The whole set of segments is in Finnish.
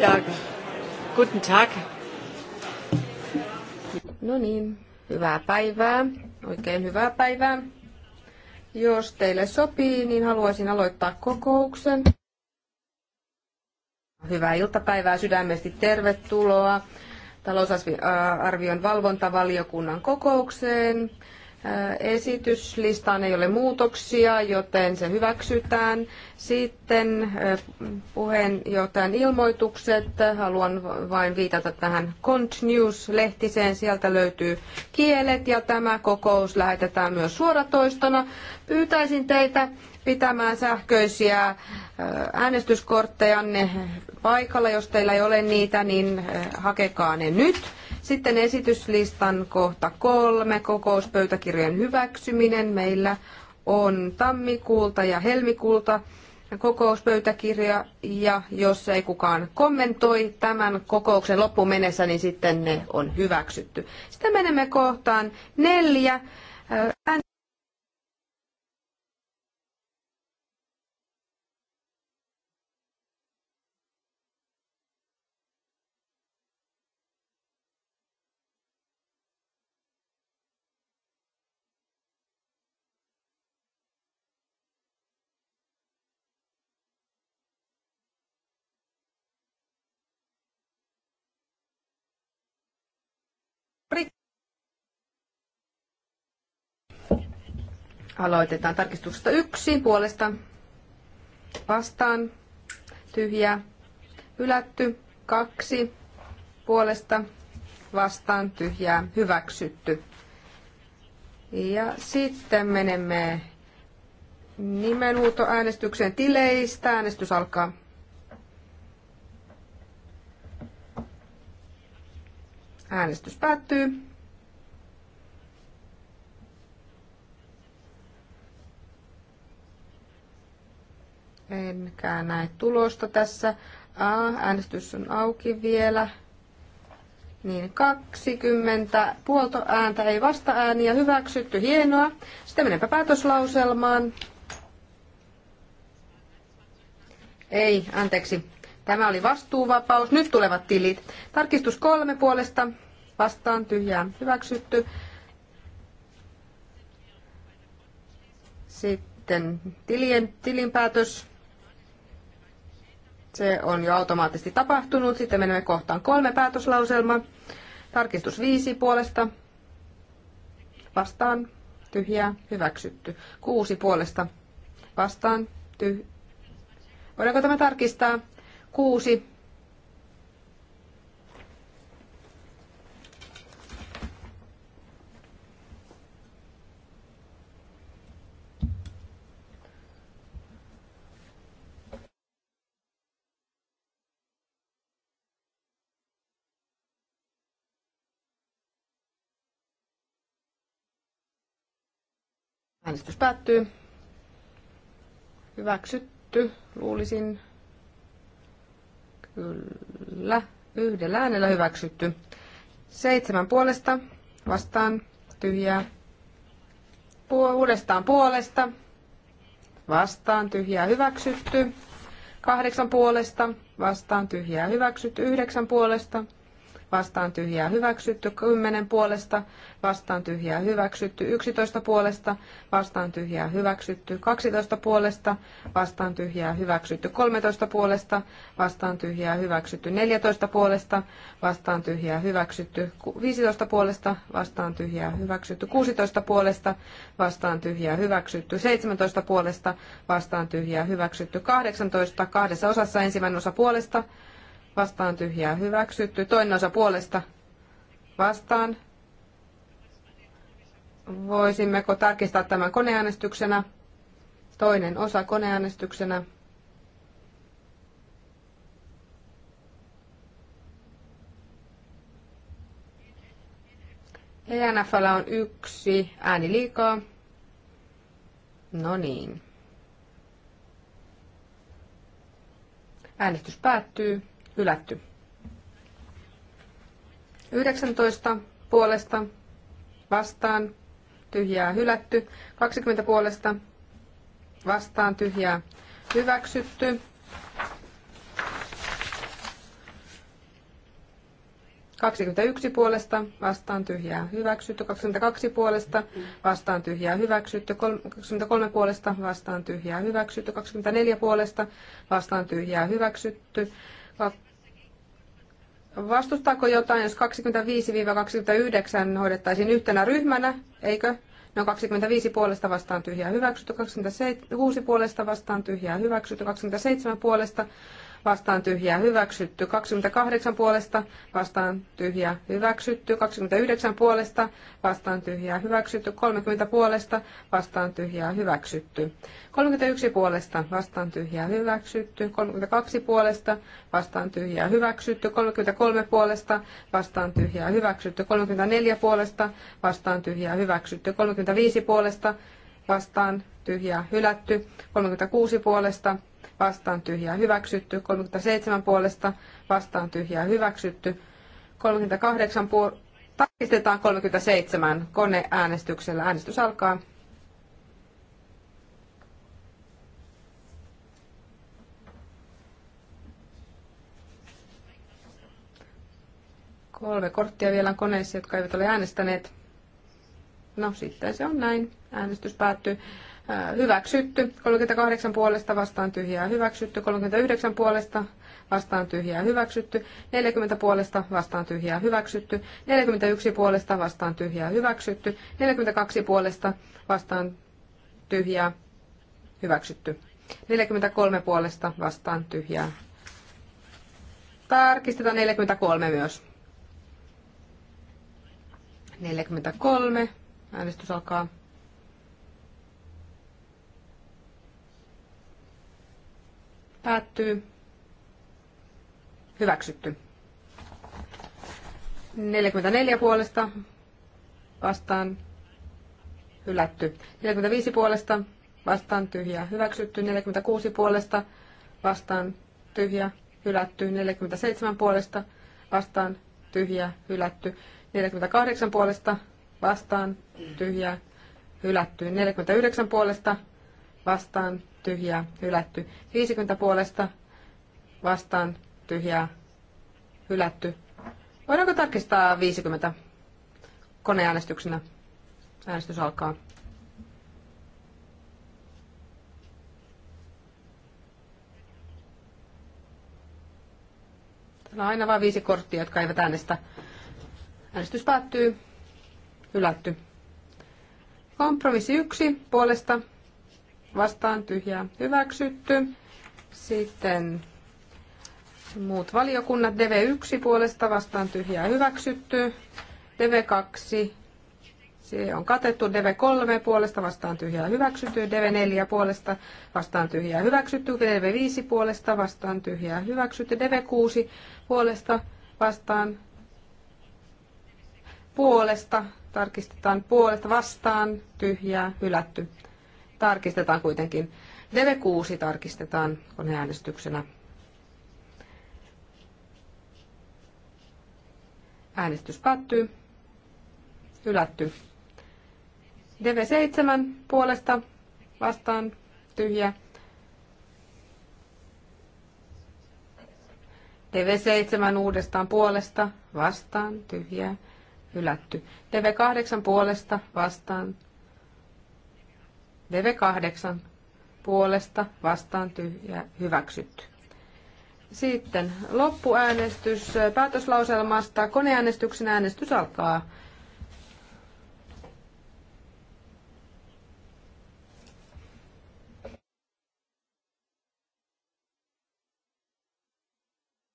Ja, guten Tag. No niin, hyvää päivää, oikein hyvää päivää. Jos teille sopii, niin haluaisin aloittaa kokouksen. Hyvää iltapäivää, sydämesti tervetuloa talousarvion valvontavaliokunnan kokoukseen. Esityslistaan ei ole muutoksia, joten se hyväksytään. Sitten puheenjohtajan ilmoitukset. Haluan vain viitata tähän Cont News-lehtiseen. Sieltä löytyy kielet ja tämä kokous lähetetään myös suoratoistona. Pyytäisin teitä pitämään sähköisiä äänestyskorttejanne paikalla. Jos teillä ei ole niitä, niin hakekaa ne nyt. Sitten esityslistan kohta kolme, kokouspöytäkirjojen hyväksyminen. Meillä on tammikuulta ja helmikuulta kokouspöytäkirja ja jos ei kukaan kommentoi tämän kokouksen loppuun mennessä, niin sitten ne on hyväksytty. Sitten menemme kohtaan neljä. Aloitetaan tarkistuksesta yksi puolesta. Vastaan. tyhjä Hylätty. Kaksi puolesta. Vastaan. Tyhjää. Hyväksytty. Ja sitten menemme nimenhuutoäänestykseen tileistä. Äänestys alkaa. Äänestys päättyy. Enkä näe tulosta tässä. Aa, äänestys on auki vielä. Niin 20 puolto ääntä, ei vasta ääniä, hyväksytty, hienoa. Sitten menenpä päätöslauselmaan. Ei, anteeksi. Tämä oli vastuuvapaus. Nyt tulevat tilit. Tarkistus kolme puolesta. Vastaan tyhjää hyväksytty. Sitten tilien, tilinpäätös. Se on jo automaattisesti tapahtunut. Sitten menemme kohtaan kolme päätöslauselma. Tarkistus viisi puolesta. Vastaan tyhjää hyväksytty. Kuusi puolesta. Vastaan tyhjää. Voidaanko tämä tarkistaa? Kuusi. Äänestys päättyy. Hyväksytty, luulisin. Kyllä, yhdellä äänellä hyväksytty. Seitsemän puolesta, vastaan, tyhjää. Pu uudestaan puolesta, vastaan, tyhjää, hyväksytty. Kahdeksan puolesta, vastaan, tyhjää, hyväksytty. Yhdeksän puolesta, vastaan tyhjää hyväksytty, 10 puolesta vastaan tyhjää hyväksytty, 11 puolesta vastaan tyhjää hyväksytty, 12 puolesta vastaan tyhjää hyväksytty, 13 puolesta vastaan tyhjää hyväksytty, 14 puolesta vastaan tyhjää hyväksytty, 15 puolesta vastaan tyhjää hyväksytty, 16 puolesta vastaan tyhjää hyväksytty, 17 puolesta vastaan tyhjää hyväksytty, 18 kahdessa osassa ensimmäinen osa puolesta vastaan tyhjää hyväksytty. Toinen osa puolesta vastaan. Voisimmeko tarkistaa tämän koneäänestyksenä? Toinen osa koneäänestyksenä. ENFllä on yksi ääni liikaa. No niin. Äänestys päättyy. Hylätty. 19 puolesta vastaan tyhjää hylätty. 20 puolesta vastaan tyhjää hyväksytty. 21 puolesta vastaan tyhjää hyväksytty, 22 puolesta vastaan tyhjää hyväksytty, 23 puolesta vastaan tyhjää hyväksytty, 24 puolesta vastaan tyhjää hyväksytty, Vastustaako jotain, jos 25-29 hoidettaisiin yhtenä ryhmänä, eikö? No 25 puolesta vastaan tyhjää hyväksytty, 26 puolesta vastaan tyhjää hyväksytty, 27 puolesta vastaan tyhjää hyväksytty. 28 puolesta vastaan tyhjää hyväksytty. 29 puolesta vastaan tyhjää hyväksytty. 30 puolesta vastaan tyhjää hyväksytty. 31 puolesta vastaan tyhjää hyväksytty. 32 puolesta vastaan tyhjää hyväksytty. 33 puolesta vastaan tyhjää hyväksytty. 34 puolesta vastaan tyhjää hyväksytty. 35 puolesta vastaan tyhjää hylätty. 36 puolesta vastaan tyhjää hyväksytty, 37 puolesta vastaan tyhjää hyväksytty, 38 puol- tarkistetaan 37 koneäänestyksellä. Äänestys alkaa. Kolme korttia vielä on koneissa, jotka eivät ole äänestäneet. No sitten se on näin. Äänestys päättyy hyväksytty, 38 puolesta vastaan tyhjää hyväksytty, 39 puolesta vastaan tyhjää hyväksytty, 40 puolesta vastaan tyhjää hyväksytty, 41 puolesta vastaan tyhjää hyväksytty, 42 puolesta vastaan tyhjää hyväksytty, 43 puolesta vastaan tyhjää. Tarkistetaan 43 myös. 43. Äänestys alkaa. Päättyy. Hyväksytty. 44 puolesta vastaan hylätty. 45 puolesta vastaan tyhjä hyväksytty. 46 puolesta vastaan tyhjä hylätty. 47 puolesta vastaan tyhjä hylätty. 48 puolesta vastaan tyhjä hylätty. 49 puolesta vastaan tyhjää, hylätty. 50 puolesta vastaan, tyhjää, hylätty. Voidaanko tarkistaa 50 koneäänestyksenä? Äänestys alkaa. Täällä on aina vain viisi korttia, jotka eivät äänestä. Äänestys päättyy. Hylätty. Kompromissi yksi puolesta vastaan tyhjää hyväksytty. Sitten muut valiokunnat DV1 puolesta vastaan tyhjää hyväksytty. DV2 se on katettu DV3 puolesta vastaan tyhjää hyväksytty, DV4 puolesta vastaan tyhjää hyväksytty, DV5 puolesta vastaan tyhjää hyväksytty, DV6 puolesta vastaan puolesta, tarkistetaan puolesta vastaan tyhjää hylätty tarkistetaan kuitenkin. DV6 tarkistetaan koneäänestyksenä. Äänestys päättyy. Hylätty. DV7 puolesta vastaan tyhjä. DV7 uudestaan puolesta vastaan tyhjä. Hylätty. DV8 puolesta vastaan DV8 puolesta vastaan tyhjä hyväksytty. Sitten loppuäänestys päätöslauselmasta. Koneäänestyksen äänestys alkaa.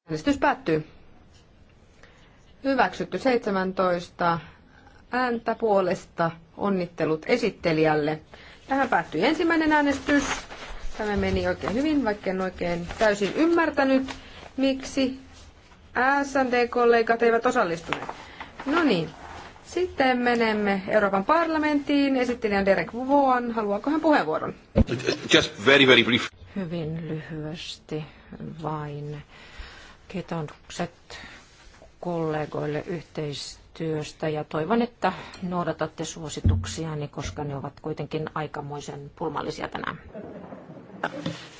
Äänestys päättyy. Hyväksytty 17 ääntä puolesta. Onnittelut esittelijälle. Tähän päättyi ensimmäinen äänestys. Tämä meni oikein hyvin, vaikka en oikein täysin ymmärtänyt, miksi SND-kollegat eivät osallistuneet. No niin, sitten menemme Euroopan parlamenttiin. Esittelijän Derek Vuon. Haluaako hän puheenvuoron? Just very, very brief. Hyvin lyhyesti vain. Kiitokset kollegoille yhteistyöstä työstä ja toivon, että noudatatte suosituksiani, koska ne ovat kuitenkin aikamoisen pulmallisia tänään.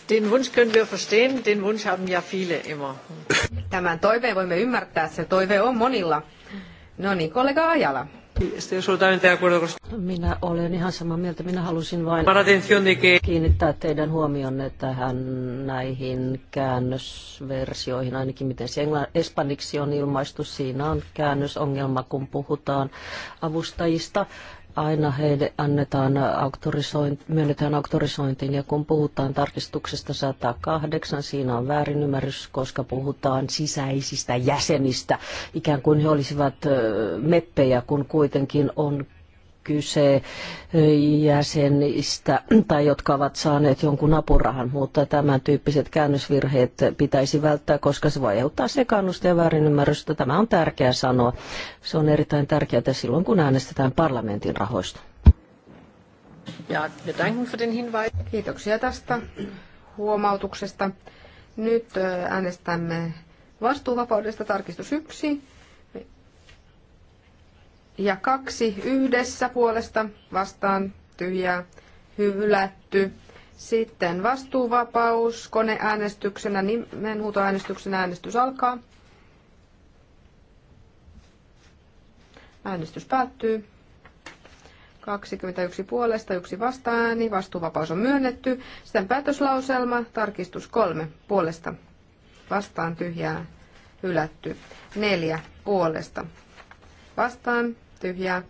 Den Wunsch können wir verstehen, den Wunsch haben ja viele immer. Tämän toiveen voimme ymmärtää, se toive on monilla. No niin, kollega Ajala. Minä olen ihan samaa mieltä. Minä halusin vain kiinnittää teidän huomionne tähän näihin käännösversioihin, ainakin miten se espanjaksi on ilmaistu. Siinä on käännösongelma, kun puhutaan avustajista aina heille annetaan auktorisointi, myönnetään auktorisointiin ja kun puhutaan tarkistuksesta 108, siinä on väärinymmärrys, koska puhutaan sisäisistä jäsenistä, ikään kuin he olisivat meppejä, kun kuitenkin on kyse jäsenistä tai jotka ovat saaneet jonkun apurahan, mutta tämän tyyppiset käännösvirheet pitäisi välttää, koska se voi aiheuttaa sekaannusta ja väärinymmärrystä. Tämä on tärkeää sanoa. Se on erittäin tärkeää silloin, kun äänestetään parlamentin rahoista. Ja, Kiitoksia tästä huomautuksesta. Nyt äänestämme vastuuvapaudesta tarkistus 1 ja kaksi yhdessä puolesta vastaan tyhjää hylätty. Sitten vastuuvapaus koneäänestyksenä, nimenhuutoäänestyksen äänestys alkaa. Äänestys päättyy. 21 puolesta, yksi vastaääni, vastuuvapaus on myönnetty. Sitten päätöslauselma, tarkistus kolme puolesta, vastaan tyhjää, hylätty. neljä puolesta, vastaan tyhjää.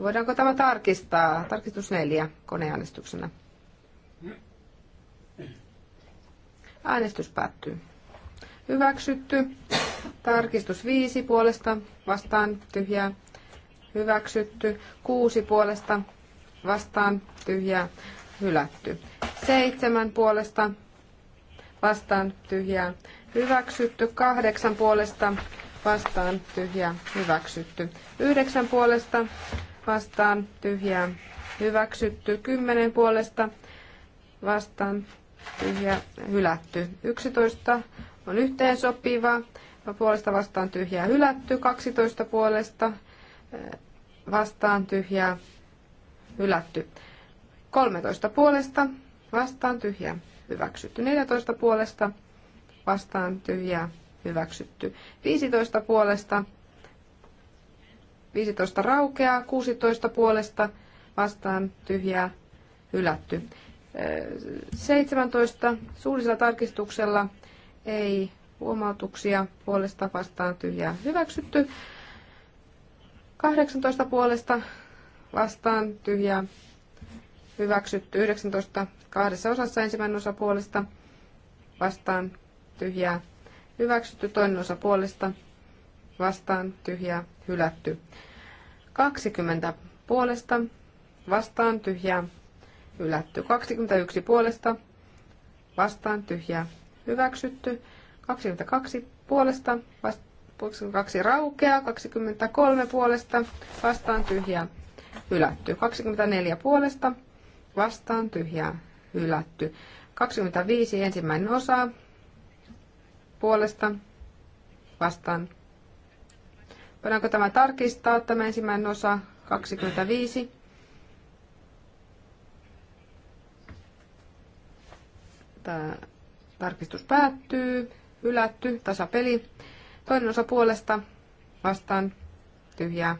Voidaanko tämä tarkistaa? Tarkistus neljä koneäänestyksenä. Äänestys päättyy. Hyväksytty. Tarkistus viisi puolesta vastaan tyhjää. Hyväksytty. Kuusi puolesta vastaan tyhjää. Hylätty. Seitsemän puolesta vastaan tyhjää. Hyväksytty. Kahdeksan puolesta vastaan tyhjä hyväksytty. Yhdeksän puolesta vastaan tyhjä hyväksytty. Kymmenen puolesta vastaan tyhjä hylätty. Yksitoista on yhteensopiva puolesta vastaan tyhjä hylätty. 12 puolesta eh, vastaan tyhjä hylätty. 13 puolesta vastaan tyhjä hyväksytty. 14 puolesta vastaan tyhjä hyväksytty. 15 puolesta, 15 raukeaa, 16 puolesta vastaan tyhjää hylätty. 17 suullisella tarkistuksella ei huomautuksia puolesta vastaan tyhjää hyväksytty. 18 puolesta vastaan tyhjää hyväksytty. 19 kahdessa osassa ensimmäinen osa puolesta vastaan tyhjää hyväksytty, toinen osa puolesta vastaan tyhjää hylätty. 20 puolesta vastaan tyhjää hylätty. 21 puolesta vastaan tyhjää hyväksytty. 22 puolesta vastaan 22 raukeaa, 23 puolesta vastaan tyhjää hylätty. 24 puolesta vastaan tyhjää hylätty. 25 ensimmäinen osa puolesta vastaan. Voidaanko tämä tarkistaa, tämä ensimmäinen osa 25? Tämä tarkistus päättyy, ylätty, tasapeli. Toinen osa puolesta vastaan tyhjää.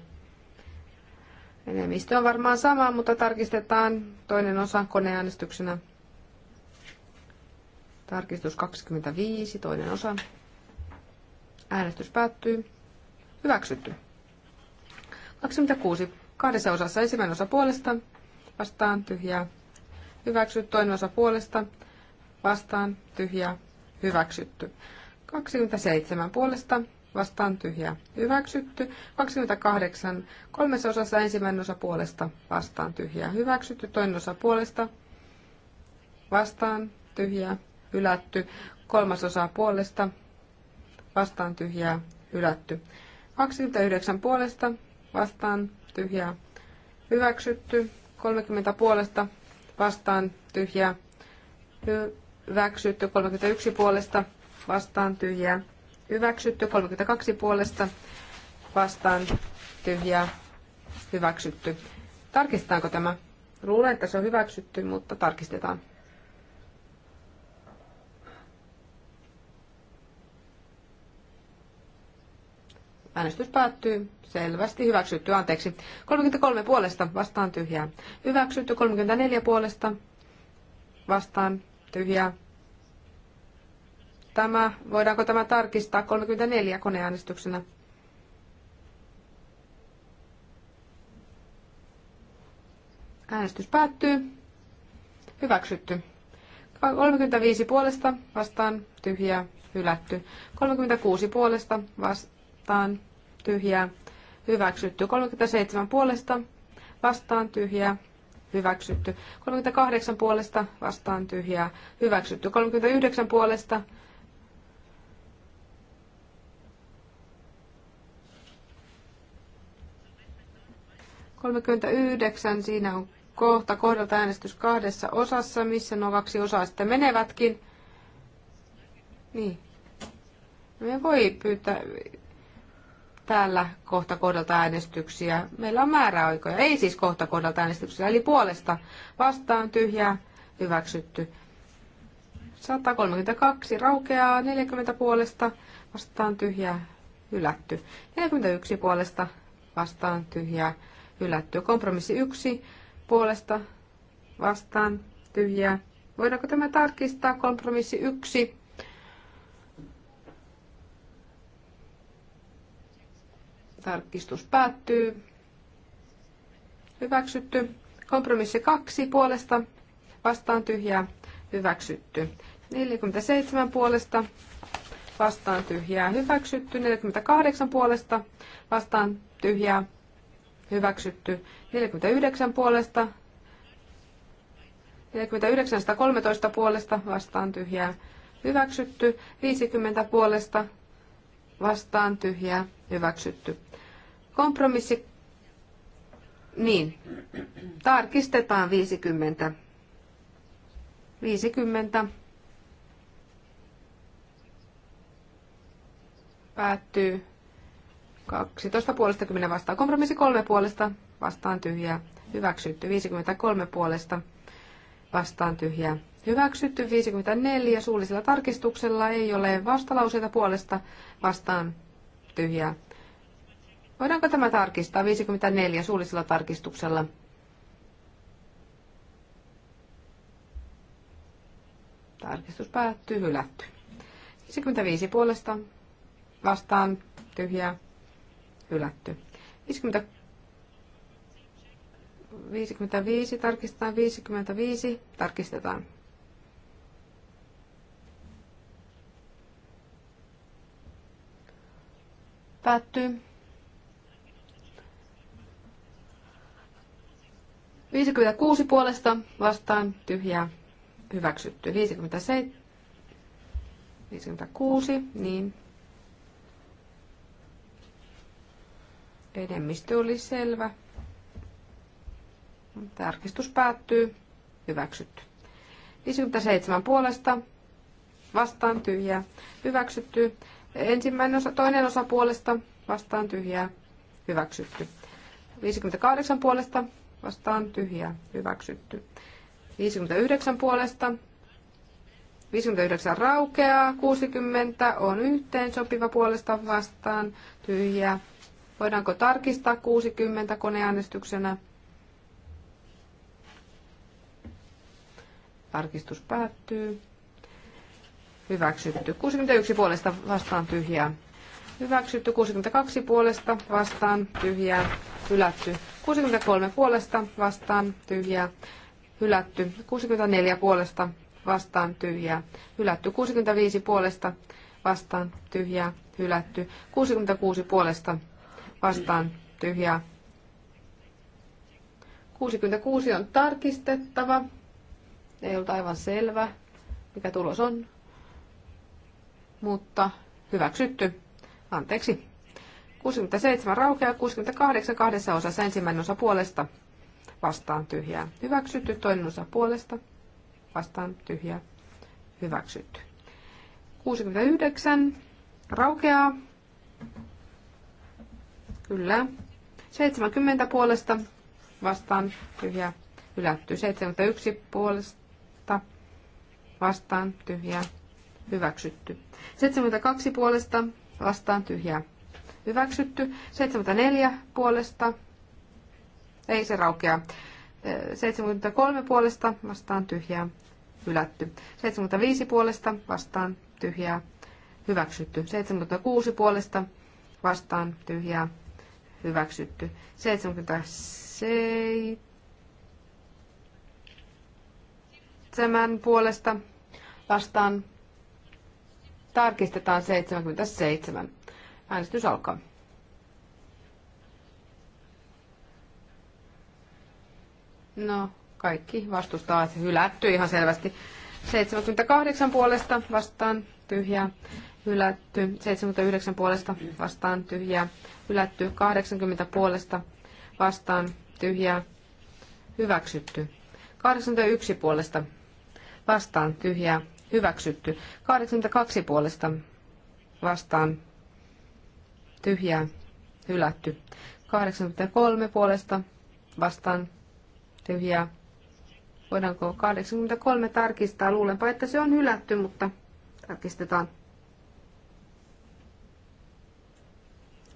Enemmistö on varmaan sama, mutta tarkistetaan toinen osa koneäänestyksenä. Tarkistus 25, toinen osa. Äänestys päättyy. Hyväksytty. 26. Kahdessa osassa ensimmäinen osa puolesta. Vastaan tyhjää. Hyväksytty. Toinen osa puolesta. Vastaan tyhjää. Hyväksytty. 27 puolesta. Vastaan tyhjä Hyväksytty. 28. Kolmessa osassa ensimmäinen osa puolesta. Vastaan tyhjä Hyväksytty. Toinen osa puolesta. Vastaan tyhjä hylätty. Kolmasosa puolesta vastaan tyhjää hylätty. 29 puolesta vastaan tyhjää hyväksytty. 30 puolesta vastaan tyhjää hyväksytty. 31 puolesta vastaan tyhjää hyväksytty. 32 puolesta vastaan tyhjää hyväksytty. Tarkistetaanko tämä? Luulen, että se on hyväksytty, mutta tarkistetaan. Äänestys päättyy. Selvästi hyväksytty. Anteeksi. 33 puolesta vastaan tyhjää. Hyväksytty. 34 puolesta vastaan tyhjää. Tämä, voidaanko tämä tarkistaa 34 koneäänestyksenä? Äänestys päättyy. Hyväksytty. 35 puolesta vastaan tyhjää, hylätty. 36 puolesta vastaan vastaan tyhjää hyväksytty. 37 puolesta vastaan tyhjää hyväksytty. 38 puolesta vastaan tyhjää hyväksytty. 39 puolesta Kolmekymmentäyhdeksän, siinä on kohta kohdalta äänestys kahdessa osassa, missä nuo kaksi osaa sitten menevätkin. Niin. Me voi pyytää täällä kohta kohdalta äänestyksiä. Meillä on määräaikoja, ei siis kohta kohdalta äänestyksiä, eli puolesta vastaan tyhjää hyväksytty. 132 raukeaa, 40 puolesta vastaan tyhjää hylätty. 41 puolesta vastaan tyhjää hylätty. Kompromissi 1 puolesta vastaan tyhjää. Voidaanko tämä tarkistaa? Kompromissi 1. Tarkistus päättyy. Hyväksytty. Kompromissi kaksi puolesta. Vastaan tyhjää. Hyväksytty. 47 puolesta. Vastaan tyhjää. Hyväksytty. 48 puolesta. Vastaan tyhjää. Hyväksytty. 49 puolesta. 4913 puolesta vastaan tyhjää. Hyväksytty. 50 puolesta vastaan tyhjää. Hyväksytty. Kompromissi, niin, tarkistetaan 50. 50 päättyy 12 puolesta 10 vastaan. Kompromissi 3 puolesta vastaan tyhjää. Hyväksytty 53 puolesta vastaan tyhjää. Hyväksytty 54 suullisella tarkistuksella ei ole vastalauseita puolesta vastaan tyhjää. Voidaanko tämä tarkistaa 54 suullisella tarkistuksella? Tarkistus päättyy, hylätty. 55 puolesta vastaan, tyhjä hylätty. 50, 55, tarkistetaan 55, tarkistetaan. Päättyy. 56 puolesta vastaan tyhjää hyväksytty. 57, 56, niin enemmistö oli selvä. Tarkistus päättyy. Hyväksytty. 57 puolesta vastaan tyhjää. Hyväksytty. Ensimmäinen osa, toinen osa puolesta vastaan tyhjää. Hyväksytty. 58 puolesta vastaan tyhjä hyväksytty. 59 puolesta 59 raukeaa, 60 on yhteen sopiva puolesta vastaan tyhjä Voidaanko tarkistaa 60 koneäänestyksenä? Tarkistus päättyy. Hyväksytty. 61 puolesta vastaan tyhjää. Hyväksytty 62 puolesta vastaan tyhjää. Hylätty 63 puolesta vastaan tyhjää. Hylätty 64 puolesta vastaan tyhjää. Hylätty 65 puolesta vastaan tyhjää. Hylätty 66 puolesta vastaan tyhjää. 66 on tarkistettava. Ei ollut aivan selvä, mikä tulos on, mutta hyväksytty. Anteeksi. 67 raukeaa, 68 kahdessa osassa ensimmäinen osa puolesta vastaan tyhjää. Hyväksytty toinen osa puolesta vastaan tyhjää. Hyväksytty. 69 raukeaa. Kyllä. 70 puolesta vastaan tyhjää. Hylätty. 71 puolesta vastaan tyhjää. Hyväksytty. 72 puolesta vastaan tyhjää. Hyväksytty. 74 puolesta. Ei se raukea. 73 puolesta vastaan tyhjää. Hylätty. 75 puolesta vastaan tyhjää. Hyväksytty. 76 puolesta vastaan tyhjää. Hyväksytty. 77 puolesta vastaan Tarkistetaan 77. Äänestys alkaa. No, kaikki vastustaa, että hylätty ihan selvästi. 78 puolesta vastaan tyhjää, hylätty. 79 puolesta vastaan tyhjää, hylätty. 80 puolesta vastaan tyhjää, hyväksytty. 81 puolesta vastaan tyhjää, hyväksytty. 82 puolesta vastaan tyhjää hylätty. 83 puolesta vastaan tyhjää. Voidaanko 83 tarkistaa? Luulenpa, että se on hylätty, mutta tarkistetaan.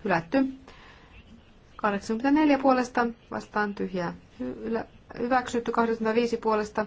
Hylätty. 84 puolesta vastaan tyhjää. Hylä, hyväksytty 85 puolesta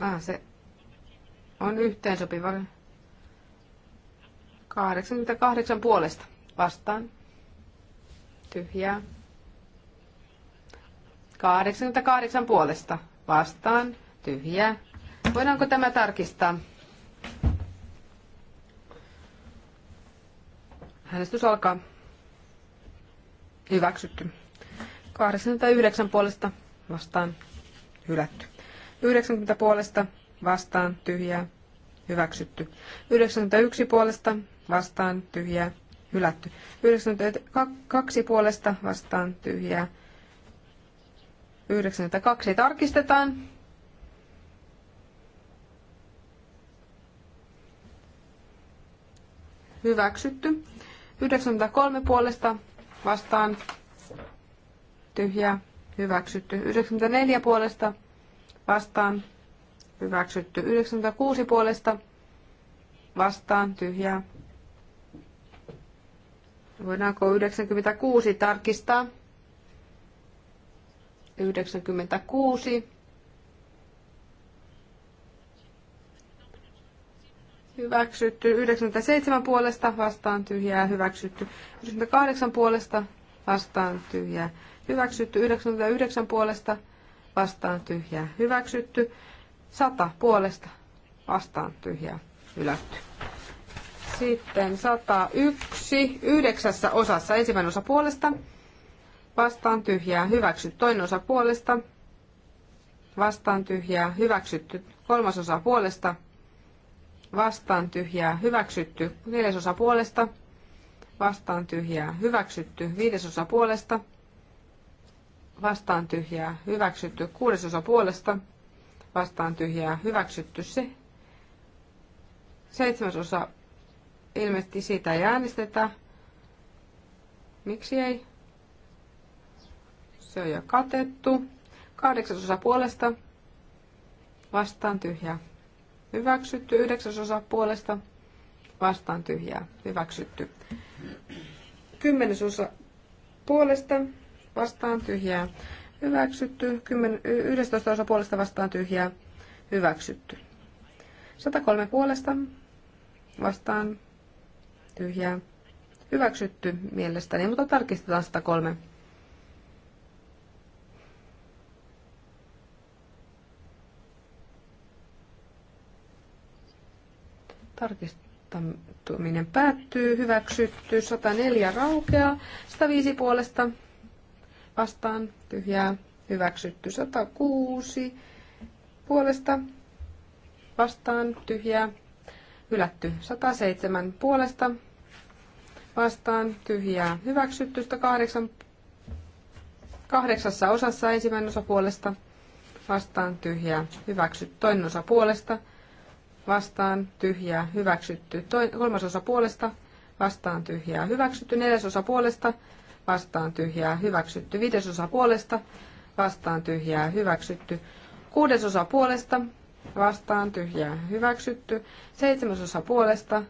Ah, se on yhteensopiva. 88 puolesta vastaan. Tyhjää. 88 puolesta vastaan. Tyhjää. Voidaanko tämä tarkistaa? Äänestys alkaa. Hyväksytty. 89 puolesta vastaan. Hylätty. 90 puolesta vastaan tyhjää hyväksytty. 91 puolesta vastaan tyhjää hylätty. 92 puolesta vastaan tyhjää. 92 tarkistetaan. Hyväksytty. 93 puolesta vastaan tyhjää. Hyväksytty. 94 puolesta vastaan, hyväksytty 96 puolesta, vastaan, tyhjää. Voidaanko 96 tarkistaa? 96. Hyväksytty 97 puolesta vastaan tyhjää, hyväksytty 98 puolesta vastaan tyhjää, hyväksytty 99 puolesta vastaan tyhjää hyväksytty. 100 puolesta vastaan tyhjää hylätty. Sitten 101 yhdeksässä osassa. Ensimmäinen osa puolesta vastaan tyhjää hyväksytty. Toinen osa puolesta vastaan tyhjää hyväksytty. Kolmas osa puolesta vastaan tyhjää hyväksytty. Neljäs osa puolesta vastaan tyhjää hyväksytty. Viides osa puolesta vastaan tyhjää hyväksytty. Kuudesosa puolesta vastaan tyhjää hyväksytty se. Seitsemäsosa ilmeisesti siitä ei äänestetä. Miksi ei? Se on jo katettu. Kahdeksasosa puolesta vastaan tyhjää. Hyväksytty. Yhdeksäsosa puolesta vastaan tyhjää. Hyväksytty. Kymmenesosa puolesta vastaan tyhjää hyväksytty. 10, 11 osa puolesta vastaan tyhjää hyväksytty. 103 puolesta vastaan tyhjää hyväksytty mielestäni, mutta tarkistetaan 103. Tarkistaminen päättyy. Hyväksytty. 104 raukeaa. 105 puolesta vastaan tyhjää hyväksytty 106 puolesta vastaan tyhjää hylätty 107 puolesta vastaan tyhjää hyväksytty 108 kahdeksassa osassa ensimmäinen osa puolesta vastaan tyhjää hyväksytty toinen osa puolesta vastaan tyhjää hyväksytty kolmas osa puolesta vastaan tyhjää hyväksytty neljäs osa puolesta vastaan tyhjää hyväksytty. Viidesosa puolesta vastaan tyhjää hyväksytty. Kuudesosa puolesta vastaan tyhjää hyväksytty. Seitsemäsosa puolesta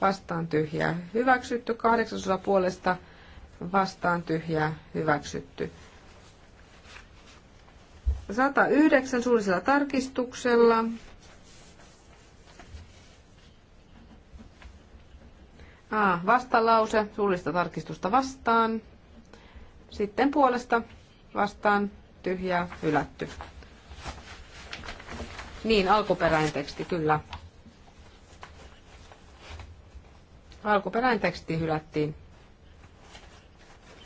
vastaan tyhjää hyväksytty. Kahdeksasosa puolesta vastaan tyhjää hyväksytty. 109 suullisella tarkistuksella. Ah, vastalause suullista tarkistusta vastaan. Sitten puolesta vastaan tyhjää hylätty. Niin, alkuperäinen teksti, kyllä. Alkuperäinen teksti hylättiin.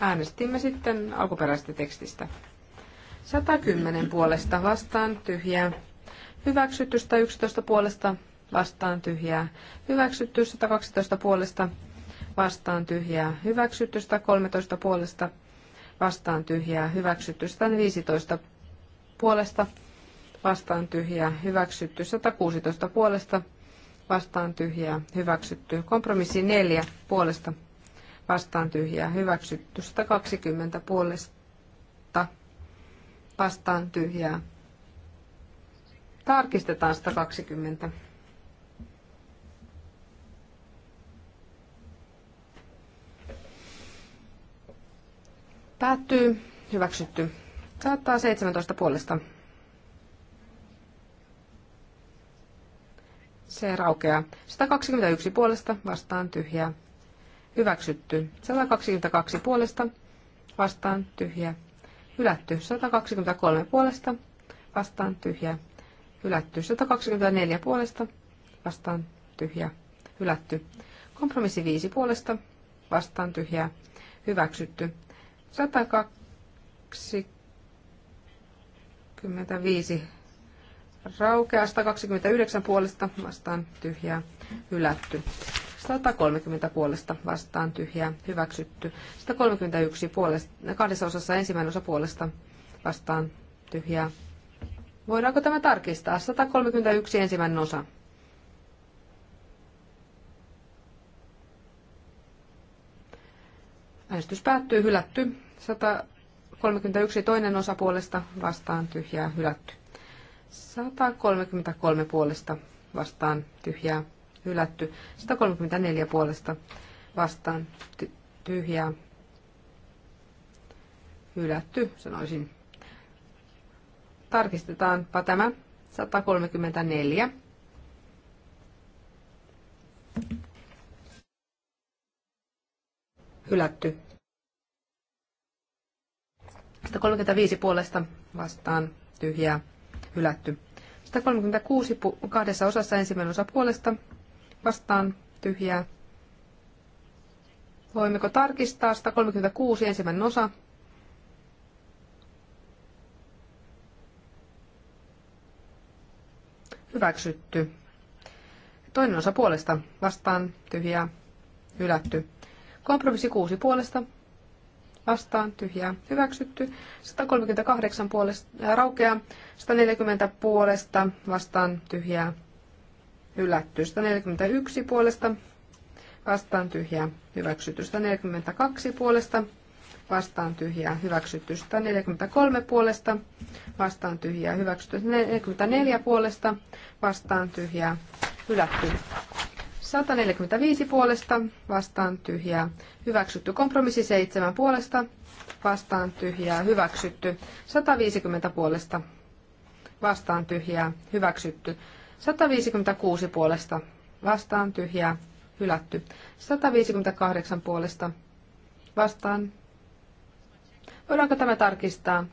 Äänestimme sitten alkuperäisestä tekstistä. 110 puolesta vastaan tyhjää. Hyväksytystä 11 puolesta vastaan tyhjää. Hyväksytty 112 puolesta vastaan tyhjää. Hyväksytystä 13 puolesta vastaan tyhjää hyväksytty 115 puolesta vastaan tyhjää hyväksytty 116 puolesta vastaan tyhjää hyväksytty kompromissi 4 puolesta vastaan tyhjää hyväksytty 120 puolesta vastaan tyhjää tarkistetaan 120 Päättyy. Hyväksytty. 17 puolesta. Se raukeaa. 121 puolesta vastaan tyhjää. Hyväksytty. 122 puolesta vastaan tyhjää. Hylätty. 123 puolesta vastaan tyhjää. Hylätty. 124 puolesta vastaan tyhjää. Hylätty. Kompromissi 5 puolesta vastaan tyhjää. Hyväksytty. 125 raukeaa, 129 puolesta vastaan tyhjää hylätty. 130 puolesta vastaan tyhjää hyväksytty. 131 puolesta, kahdessa osassa ensimmäinen osa puolesta vastaan tyhjää. Voidaanko tämä tarkistaa? 131 ensimmäinen osa. Äänestys päättyy, hylätty. 131 toinen osa puolesta vastaan tyhjää, hylätty. 133 puolesta vastaan tyhjää, hylätty. 134 puolesta vastaan ty- tyhjää, hylätty, sanoisin. Tarkistetaanpa tämä. 134 hylätty. 135 puolesta vastaan tyhjää hylätty. 136 kahdessa osassa ensimmäinen osa puolesta vastaan tyhjää. Voimmeko tarkistaa 136 ensimmäinen osa? Hyväksytty. Toinen osa puolesta vastaan tyhjää hylätty. Kompromissi 6 puolesta vastaan, tyhjää, hyväksytty. 138 puolesta, äh, raukeaa, 140 puolesta, vastaan, tyhjää, hylätty. 141 puolesta, vastaan, tyhjää, hyväksytty. 142 puolesta, vastaan, tyhjää, hyväksytty. 143 puolesta, vastaan, tyhjää, hyväksytty. 144 puolesta, vastaan, tyhjää, hylätty. 145 puolesta vastaan tyhjää hyväksytty. Kompromissi 7 puolesta vastaan tyhjää hyväksytty. 150 puolesta vastaan tyhjää hyväksytty. 156 puolesta vastaan tyhjää hylätty. 158 puolesta vastaan. Voidaanko tämä tarkistaa?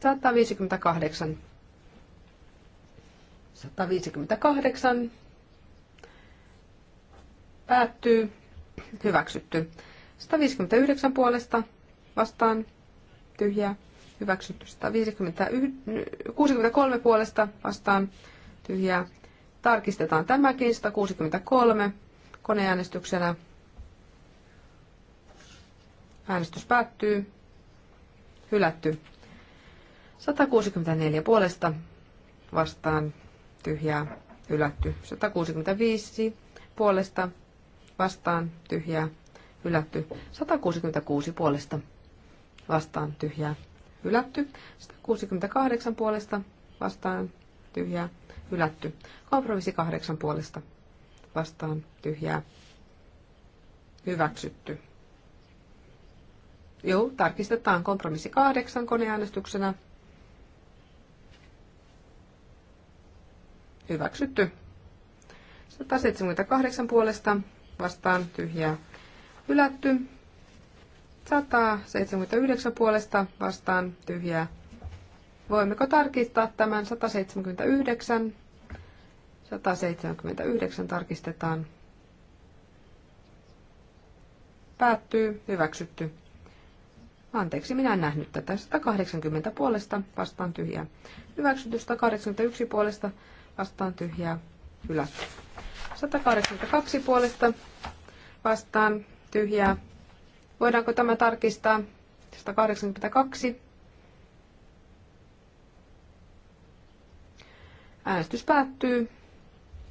158. 158 päättyy, hyväksytty. 159 puolesta vastaan tyhjä, hyväksytty. 163 puolesta vastaan tyhjää. Tarkistetaan tämäkin 163 koneäänestyksenä. Äänestys päättyy. Hylätty. 164 puolesta vastaan tyhjää hylätty. 165 puolesta vastaan tyhjää hylätty. 166 puolesta vastaan tyhjää hylätty. 168 puolesta vastaan tyhjää hylätty. Kompromissi 8 puolesta vastaan tyhjää hyväksytty. Joo, tarkistetaan kompromissi 8 koneäänestyksenä. Hyväksytty. 178 puolesta vastaan tyhjää hylätty. 179 puolesta vastaan tyhjää. Voimmeko tarkistaa tämän 179? 179 tarkistetaan. Päättyy. Hyväksytty. Anteeksi, minä en nähnyt tätä. 180 puolesta vastaan tyhjää. Hyväksytty 181 puolesta vastaan tyhjää. Hylätty. 182 puolesta vastaan tyhjää. Voidaanko tämä tarkistaa? 182. Äänestys päättyy.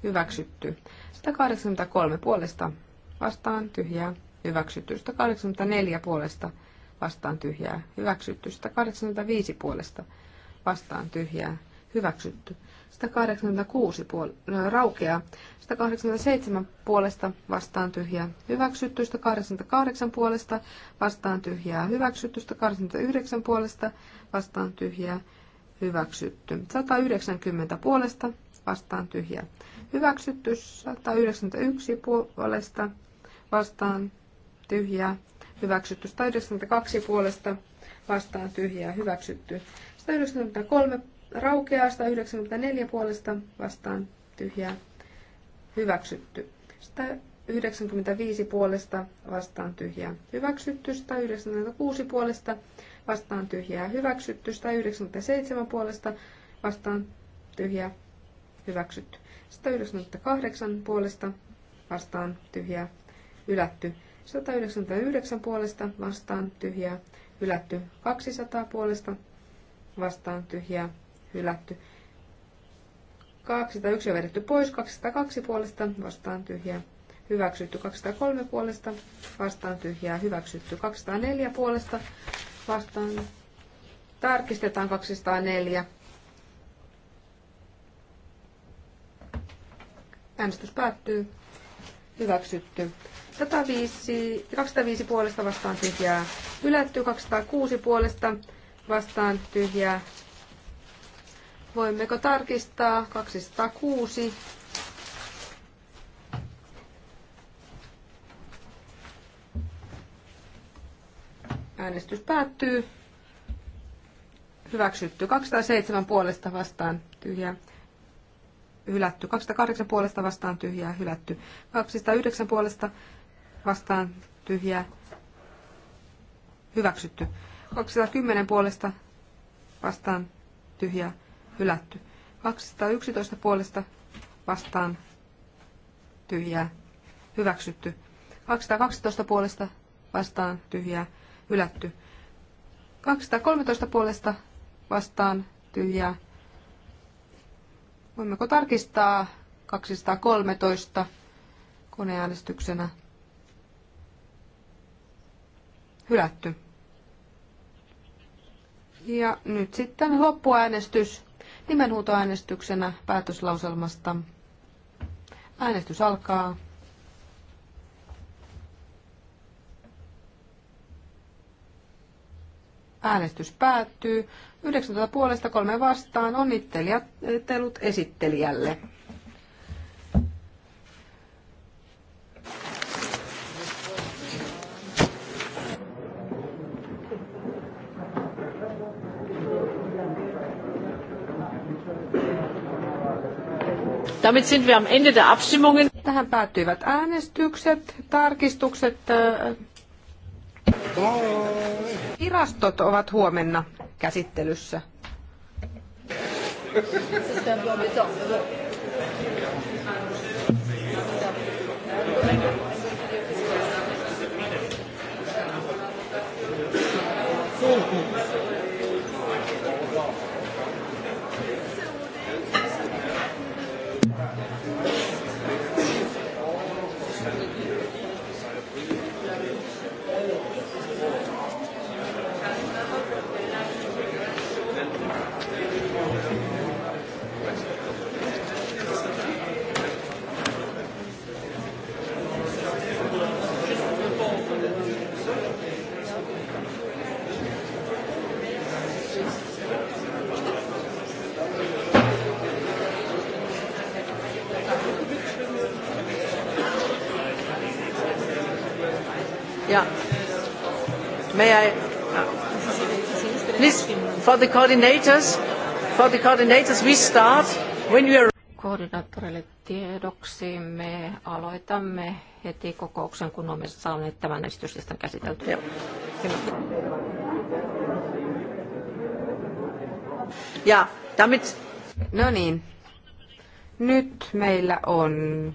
Hyväksytty. 183 puolesta vastaan tyhjää. Hyväksytty. 184 puolesta vastaan tyhjää. Hyväksytty. 185 puolesta vastaan tyhjää. Hyväksytty. 186 puol- no, raukeaa. 187 puolesta vastaan tyhjää hyväksytty, 188 puolesta vastaan tyhjää hyväksytty, 189 puolesta vastaan tyhjää hyväksytty, 190 puolesta vastaan tyhjää hyväksytty, 191 puolesta vastaan tyhjää hyväksytty, 192 puolesta vastaan tyhjää hyväksytty, 193 raukeaa 194 puolesta vastaan tyhjää hyväksytty. 195 puolesta vastaan tyhjää hyväksytty, 196 puolesta vastaan tyhjää hyväksytty, 197 puolesta vastaan tyhjää hyväksytty, 198 puolesta vastaan tyhjää ylätty, 199 puolesta vastaan tyhjää ylätty, 200 puolesta vastaan tyhjää hylätty. 201 on vedetty pois, 202 puolesta vastaan tyhjää hyväksytty, 203 puolesta vastaan tyhjää hyväksytty, 204 puolesta vastaan tarkistetaan 204. Äänestys päättyy. Hyväksytty. 105, 205 puolesta vastaan tyhjää hylätty, 206 puolesta vastaan tyhjää Voimmeko tarkistaa 206? Äänestys päättyy. Hyväksytty 207 puolesta vastaan tyhjä Hylätty 208 puolesta vastaan tyhjä Hylätty 209 puolesta vastaan tyhjä Hyväksytty 210 puolesta vastaan tyhjä hylätty. 211 puolesta vastaan tyhjää hyväksytty. 212 puolesta vastaan tyhjää hylätty. 213 puolesta vastaan tyhjää. Voimmeko tarkistaa 213 koneäänestyksenä? Hylätty. Ja nyt sitten loppuäänestys Nimenhuutoäänestyksenä päätöslauselmasta. Äänestys alkaa. Äänestys päättyy. 19 puolesta kolme vastaan. Onnittelijat äh, esittelijälle. Damit sind wir am Ende der Abstimmungen. Tähän päättyivät äänestykset, tarkistukset. Äh, virastot ovat huomenna käsittelyssä. may I? Please, for the coordinators, for the coordinators, we start when you are... Koordinaattoreille tiedoksi me aloitamme heti kokouksen, kun olemme saaneet tämän esityslistan käsiteltyä. Yeah. Ja, damit... No niin. Nyt meillä on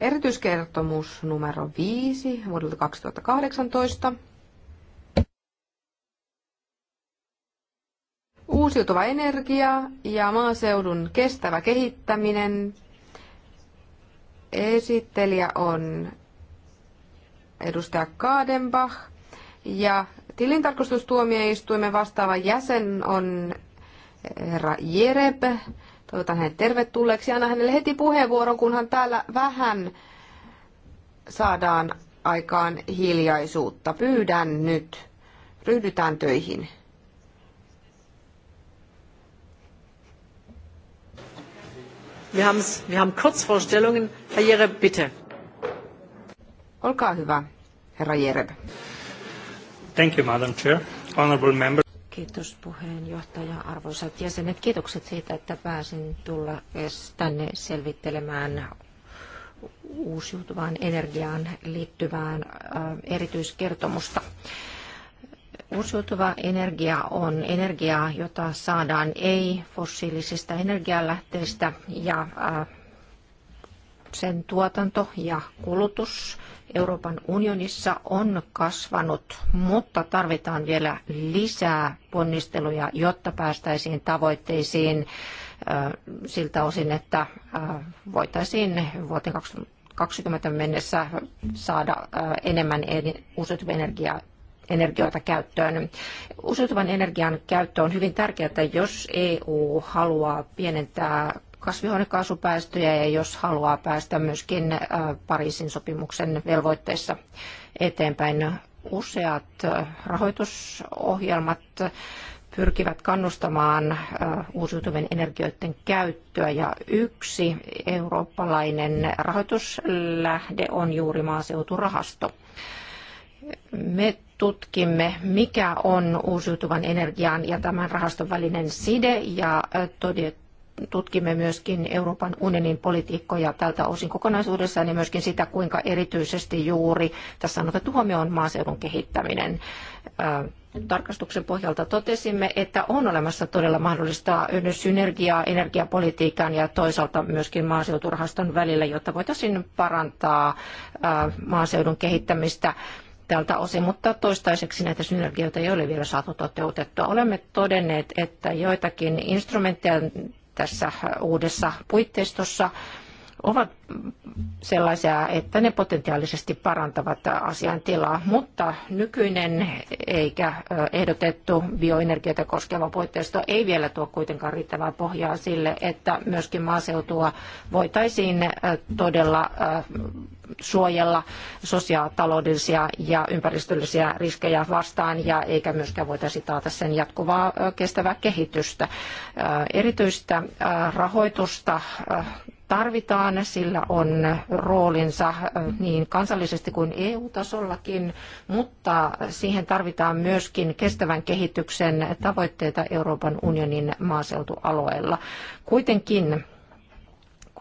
erityiskertomus numero 5 vuodelta 2018. Uusiutuva energia ja maaseudun kestävä kehittäminen. Esittelijä on edustaja Kaadenbach ja tilintarkastustuomioistuimen vastaava jäsen on herra Jereb. Toivotan hänet tervetulleeksi. Anna hänelle heti puheenvuoron, kunhan täällä vähän saadaan aikaan hiljaisuutta. Pyydän nyt. Ryhdytään töihin. Wir, haben's, wir haben Kurzvorstellungen. Herr Jereb, bitte. Olkaa hyvä, herra Jereb. Thank you, Madam Chair. Honorable member. Kiitos puheenjohtaja, arvoisat jäsenet. Kiitokset siitä, että pääsin tulla tänne selvittelemään uusiutuvaan energiaan liittyvään erityiskertomusta. Uusiutuva energia on energiaa, jota saadaan ei-fossiilisista energialähteistä ja äh, sen tuotanto ja kulutus Euroopan unionissa on kasvanut, mutta tarvitaan vielä lisää ponnisteluja, jotta päästäisiin tavoitteisiin äh, siltä osin, että äh, voitaisiin vuoteen 2020 mennessä saada enemmän uusiutuvia energiaa energioita käyttöön. Uusiutuvan energian käyttö on hyvin tärkeää, jos EU haluaa pienentää kasvihuonekaasupäästöjä ja jos haluaa päästä myöskin äh, Pariisin sopimuksen velvoitteissa eteenpäin. Useat äh, rahoitusohjelmat pyrkivät kannustamaan äh, uusiutuvien energioiden käyttöä ja yksi eurooppalainen rahoituslähde on juuri maaseuturahasto. Me tutkimme, mikä on uusiutuvan energian ja tämän rahaston välinen side ja tutkimme myöskin Euroopan unionin politiikkoja tältä osin kokonaisuudessaan ja myöskin sitä, kuinka erityisesti juuri tässä on otettu huomioon maaseudun kehittäminen tarkastuksen pohjalta totesimme, että on olemassa todella mahdollista synergiaa energiapolitiikan ja toisaalta myöskin maaseuturahaston välillä, jotta voitaisiin parantaa maaseudun kehittämistä tältä osin, mutta toistaiseksi näitä synergioita ei ole vielä saatu toteutettua. Olemme todenneet, että joitakin instrumentteja tässä uudessa puitteistossa ovat sellaisia, että ne potentiaalisesti parantavat asian tilaa, mutta nykyinen eikä ehdotettu bioenergioita koskeva puitteisto ei vielä tuo kuitenkaan riittävää pohjaa sille, että myöskin maaseutua voitaisiin todella suojella sosiaalitaloudellisia ja ympäristöllisiä riskejä vastaan ja eikä myöskään voitaisi taata sen jatkuvaa kestävää kehitystä. Erityistä rahoitusta tarvitaan, sillä on roolinsa niin kansallisesti kuin EU-tasollakin, mutta siihen tarvitaan myöskin kestävän kehityksen tavoitteita Euroopan unionin maaseutualueilla. Kuitenkin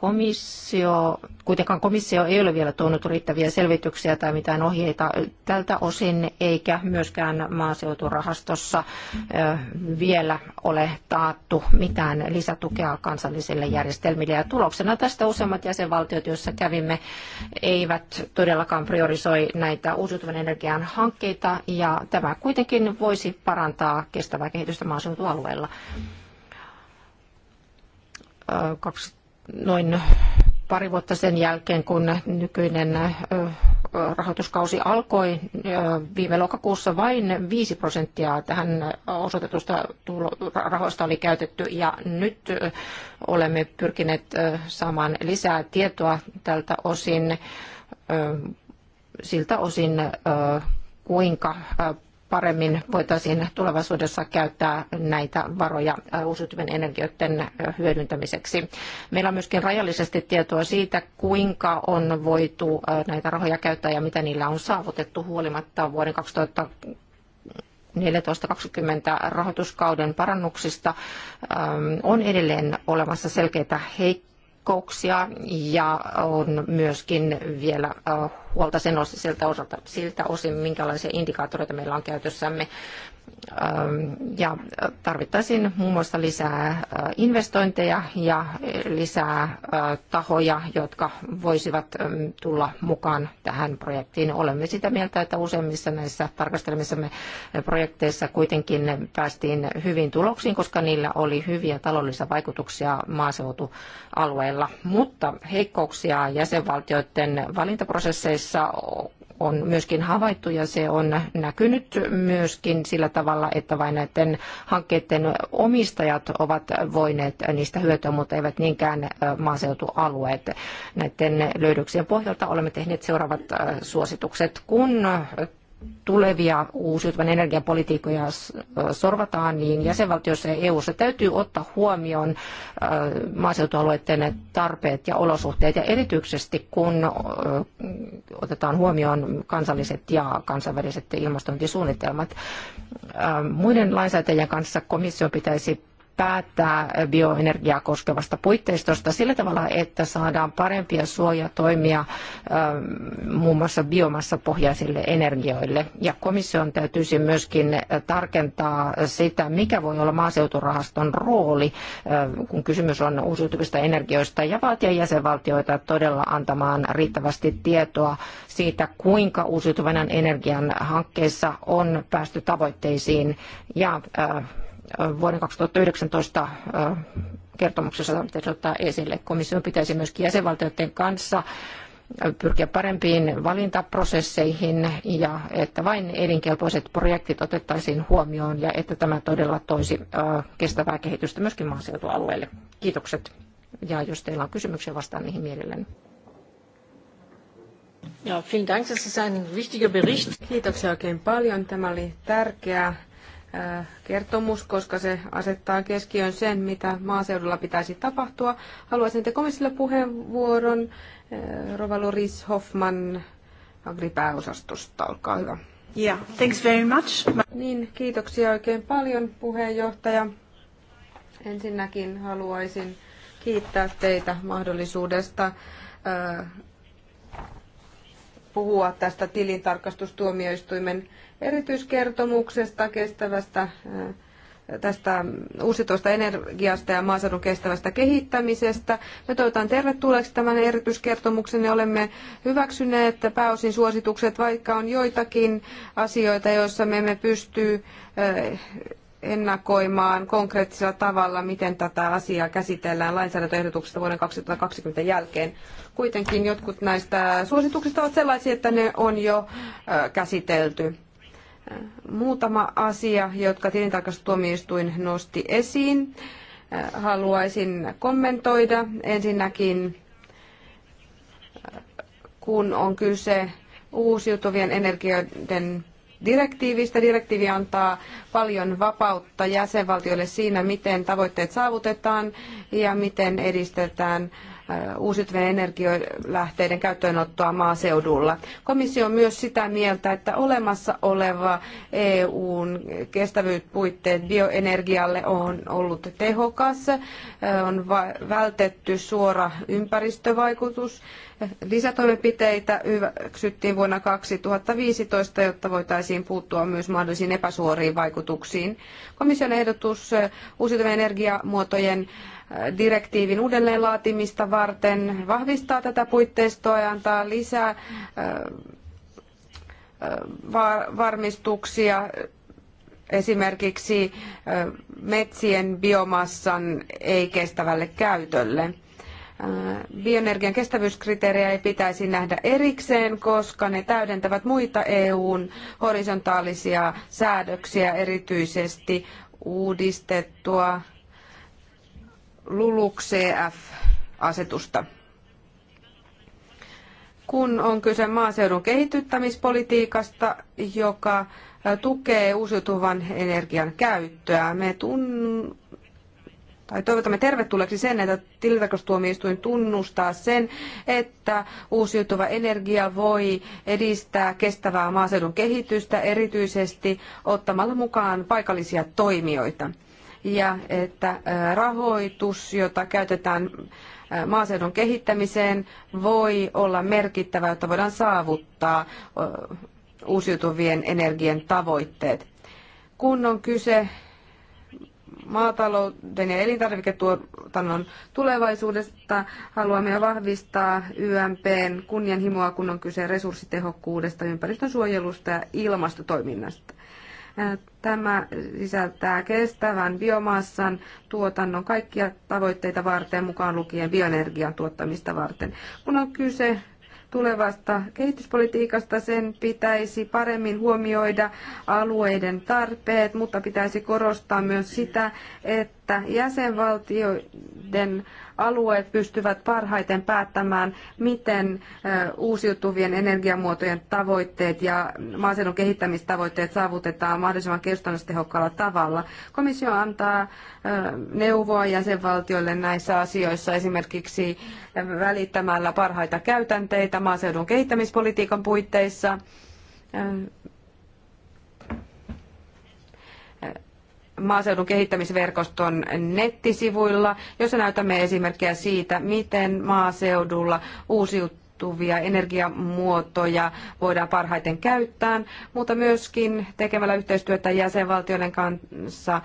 komissio, kuitenkaan komissio ei ole vielä tuonut riittäviä selvityksiä tai mitään ohjeita tältä osin, eikä myöskään maaseuturahastossa vielä ole taattu mitään lisätukea kansallisille järjestelmille. Ja tuloksena tästä useimmat jäsenvaltiot, joissa kävimme, eivät todellakaan priorisoi näitä uusiutuvan energian hankkeita, ja tämä kuitenkin voisi parantaa kestävää kehitystä maaseutualueella. 2000 noin pari vuotta sen jälkeen, kun nykyinen rahoituskausi alkoi viime lokakuussa, vain 5 prosenttia tähän osoitetusta rahoista oli käytetty ja nyt olemme pyrkineet saamaan lisää tietoa tältä osin, siltä osin kuinka paremmin voitaisiin tulevaisuudessa käyttää näitä varoja äh, uusiutuvien energioiden äh, hyödyntämiseksi. Meillä on myöskin rajallisesti tietoa siitä, kuinka on voitu äh, näitä rahoja käyttää ja mitä niillä on saavutettu huolimatta vuoden 2020 14-20 rahoituskauden parannuksista ähm, on edelleen olemassa selkeitä heikkoja heikkouksia ja on myöskin vielä äh, huolta sen osalta, siltä osin, minkälaisia indikaattoreita meillä on käytössämme ja tarvittaisiin muun muassa lisää investointeja ja lisää tahoja, jotka voisivat tulla mukaan tähän projektiin. Olemme sitä mieltä, että useimmissa näissä tarkastelemissamme projekteissa kuitenkin päästiin hyvin tuloksiin, koska niillä oli hyviä taloudellisia vaikutuksia maaseutualueilla. Mutta heikkouksia jäsenvaltioiden valintaprosesseissa on myöskin havaittu ja se on näkynyt myöskin sillä tavalla, että vain näiden hankkeiden omistajat ovat voineet niistä hyötyä, mutta eivät niinkään maaseutualueet. Näiden löydöksien pohjalta olemme tehneet seuraavat suositukset. Kun tulevia uusiutuvan energiapolitiikkoja sorvataan, niin jäsenvaltioissa ja EU-ssa täytyy ottaa huomioon maaseutualueiden tarpeet ja olosuhteet, ja erityisesti kun otetaan huomioon kansalliset ja kansainväliset ilmastointisuunnitelmat. Muiden lainsäätäjien kanssa komission pitäisi päättää bioenergiaa koskevasta puitteistosta sillä tavalla, että saadaan parempia suojatoimia ähm, muun mm. muassa biomassapohjaisille energioille. Ja komission täytyisi myöskin tarkentaa sitä, mikä voi olla maaseuturahaston rooli, ähm, kun kysymys on uusiutuvista energioista, ja vaatia jäsenvaltioita todella antamaan riittävästi tietoa siitä, kuinka uusiutuvan energian hankkeissa on päästy tavoitteisiin ja äh, vuoden 2019 kertomuksessa pitäisi ottaa esille. Komission pitäisi myöskin jäsenvaltioiden kanssa pyrkiä parempiin valintaprosesseihin ja että vain elinkelpoiset projektit otettaisiin huomioon ja että tämä todella toisi kestävää kehitystä myöskin maaseutualueille. Kiitokset ja jos teillä on kysymyksiä, vastaan niihin mielelläni. Ja, vielen Dank, das ist ein wichtiger Bericht. Kiitoksia oikein paljon. Tämä oli tärkeä kertomus, koska se asettaa keskiön sen, mitä maaseudulla pitäisi tapahtua. Haluaisin te komissille puheenvuoron. Eh, Rova Loris Hoffman agripääosastosta, olkaa hyvä. Yeah, thanks very much. Niin, kiitoksia oikein paljon puheenjohtaja. Ensinnäkin haluaisin kiittää teitä mahdollisuudesta eh, puhua tästä tilintarkastustuomioistuimen erityiskertomuksesta kestävästä tästä uusitoista energiasta ja maaseudun kestävästä kehittämisestä. Me toivotan tervetulleeksi tämän erityiskertomuksen ja olemme hyväksyneet pääosin suositukset, vaikka on joitakin asioita, joissa me emme pysty ennakoimaan konkreettisella tavalla, miten tätä asiaa käsitellään lainsäädäntöehdotuksesta vuoden 2020 jälkeen. Kuitenkin jotkut näistä suosituksista ovat sellaisia, että ne on jo käsitelty. Muutama asia, jotka tilintarkastustuomioistuin nosti esiin, äh, haluaisin kommentoida. Ensinnäkin, äh, kun on kyse uusiutuvien energioiden direktiivistä. Direktiivi antaa paljon vapautta jäsenvaltioille siinä, miten tavoitteet saavutetaan ja miten edistetään Äh, uusiutuvien energialähteiden käyttöönottoa maaseudulla. Komissio on myös sitä mieltä, että olemassa oleva EUn kestävyyspuitteet bioenergialle on ollut tehokas, äh, on vältetty suora ympäristövaikutus. Lisätoimenpiteitä hyväksyttiin vuonna 2015, jotta voitaisiin puuttua myös mahdollisiin epäsuoriin vaikutuksiin. Komission ehdotus äh, uusiutuvien energiamuotojen direktiivin uudelleenlaatimista varten, vahvistaa tätä puitteistoa ja antaa lisää varmistuksia esimerkiksi metsien biomassan ei-kestävälle käytölle. Bioenergian kestävyyskriteerejä ei pitäisi nähdä erikseen, koska ne täydentävät muita EUn horisontaalisia säädöksiä, erityisesti uudistettua LULUCF-asetusta. Kun on kyse maaseudun kehityttämispolitiikasta, joka tukee uusiutuvan energian käyttöä, me tun- tai toivotamme tervetulleeksi sen, että tilintarkastustuomioistuin tunnustaa sen, että uusiutuva energia voi edistää kestävää maaseudun kehitystä erityisesti ottamalla mukaan paikallisia toimijoita ja että rahoitus, jota käytetään maaseudun kehittämiseen, voi olla merkittävä, jotta voidaan saavuttaa uusiutuvien energian tavoitteet. Kun on kyse maatalouden ja elintarviketuotannon tulevaisuudesta. Haluamme vahvistaa YMPn kunnianhimoa, kun on kyse resurssitehokkuudesta, ympäristönsuojelusta ja ilmastotoiminnasta. Tämä sisältää kestävän biomassan tuotannon kaikkia tavoitteita varten, mukaan lukien bioenergian tuottamista varten. Kun on kyse tulevasta kehityspolitiikasta. Sen pitäisi paremmin huomioida alueiden tarpeet, mutta pitäisi korostaa myös sitä, että jäsenvaltioiden alueet pystyvät parhaiten päättämään, miten uusiutuvien energiamuotojen tavoitteet ja maaseudun kehittämistavoitteet saavutetaan mahdollisimman kustannustehokkaalla tavalla. Komissio antaa neuvoa jäsenvaltioille näissä asioissa esimerkiksi välittämällä parhaita käytänteitä maaseudun kehittämispolitiikan puitteissa maaseudun kehittämisverkoston nettisivuilla, jossa näytämme esimerkkejä siitä, miten maaseudulla uusiutuvia energiamuotoja voidaan parhaiten käyttää, mutta myöskin tekemällä yhteistyötä jäsenvaltioiden kanssa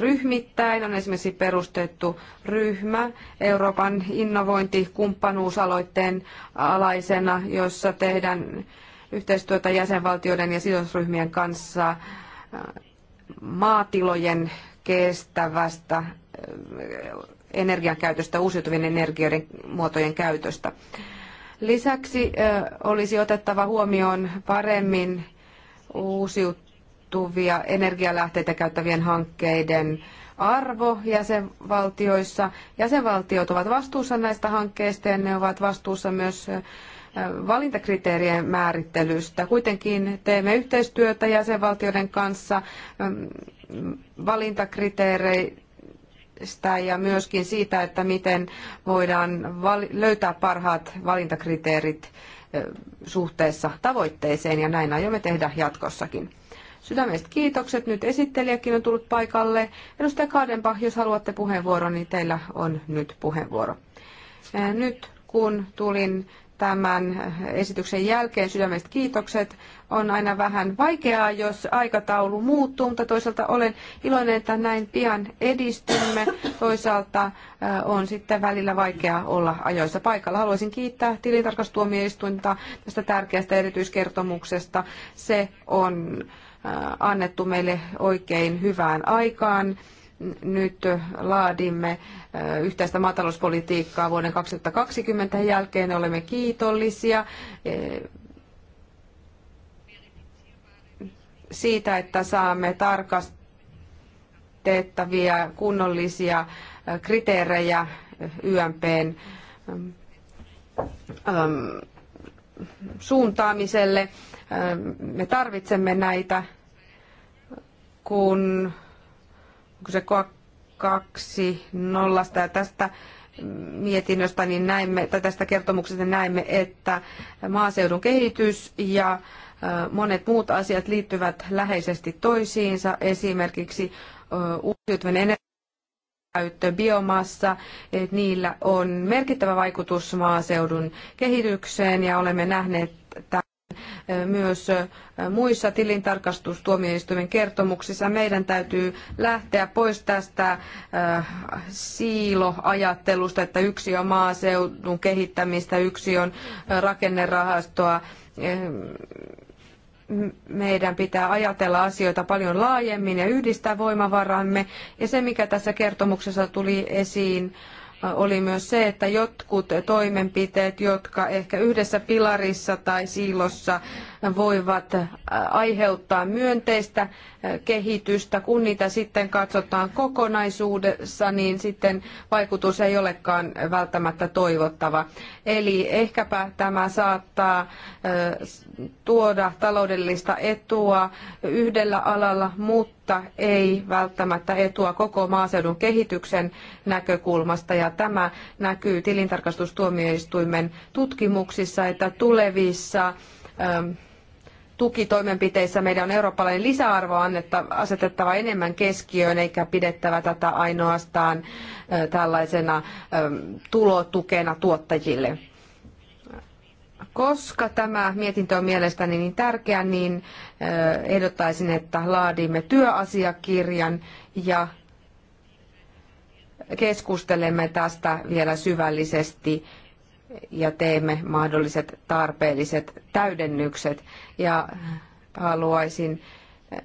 ryhmittäin. On esimerkiksi perustettu ryhmä Euroopan innovointikumppanuusaloitteen alaisena, jossa tehdään yhteistyötä jäsenvaltioiden ja sidosryhmien kanssa maatilojen kestävästä energian käytöstä, uusiutuvien energioiden muotojen käytöstä. Lisäksi olisi otettava huomioon paremmin uusiutuvia energialähteitä käyttävien hankkeiden arvo jäsenvaltioissa. Jäsenvaltiot ovat vastuussa näistä hankkeista ja ne ovat vastuussa myös valintakriteerien määrittelystä. Kuitenkin teemme yhteistyötä jäsenvaltioiden kanssa mm, valintakriteereistä ja myöskin siitä, että miten voidaan löytää parhaat valintakriteerit suhteessa tavoitteeseen ja näin aiomme tehdä jatkossakin. Sydämestä kiitokset. Nyt esittelijäkin on tullut paikalle. Edustaja Kadenbach, jos haluatte puheenvuoron, niin teillä on nyt puheenvuoro. Nyt kun tulin tämän esityksen jälkeen sydämestä kiitokset. On aina vähän vaikeaa, jos aikataulu muuttuu, mutta toisaalta olen iloinen, että näin pian edistymme. Toisaalta on sitten välillä vaikeaa olla ajoissa paikalla. Haluaisin kiittää tilintarkastuomioistuinta tästä tärkeästä erityiskertomuksesta. Se on annettu meille oikein hyvään aikaan nyt laadimme yhteistä maatalouspolitiikkaa vuoden 2020 jälkeen. Olemme kiitollisia siitä, että saamme tarkastettavia kunnollisia kriteerejä YMPn suuntaamiselle. Me tarvitsemme näitä, kun kyse kaksi nollasta ja tästä mietinnöstä niin näemme, tai tästä kertomuksesta näemme, että maaseudun kehitys ja monet muut asiat liittyvät läheisesti toisiinsa, esimerkiksi uusiutuvien energiakäyttö, biomassa, että niillä on merkittävä vaikutus maaseudun kehitykseen ja olemme nähneet, että myös muissa tilintarkastustuomioistuimen kertomuksissa. Meidän täytyy lähteä pois tästä siiloajattelusta, että yksi on maaseudun kehittämistä, yksi on rakennerahastoa meidän pitää ajatella asioita paljon laajemmin ja yhdistää voimavaramme. Ja se, mikä tässä kertomuksessa tuli esiin, oli myös se, että jotkut toimenpiteet, jotka ehkä yhdessä pilarissa tai siilossa voivat äh, aiheuttaa myönteistä äh, kehitystä. Kun niitä sitten katsotaan kokonaisuudessa, niin sitten vaikutus ei olekaan välttämättä toivottava. Eli ehkäpä tämä saattaa äh, tuoda taloudellista etua yhdellä alalla, mutta ei välttämättä etua koko maaseudun kehityksen näkökulmasta. Ja tämä näkyy tilintarkastustuomioistuimen tutkimuksissa, että tulevissa ähm, tukitoimenpiteissä meidän on eurooppalainen lisäarvo annetta, asetettava enemmän keskiöön eikä pidettävä tätä ainoastaan tällaisena tulotukena tuottajille. Koska tämä mietintö on mielestäni niin tärkeä, niin ehdottaisin, että laadimme työasiakirjan ja keskustelemme tästä vielä syvällisesti ja teemme mahdolliset tarpeelliset täydennykset. Ja haluaisin eh,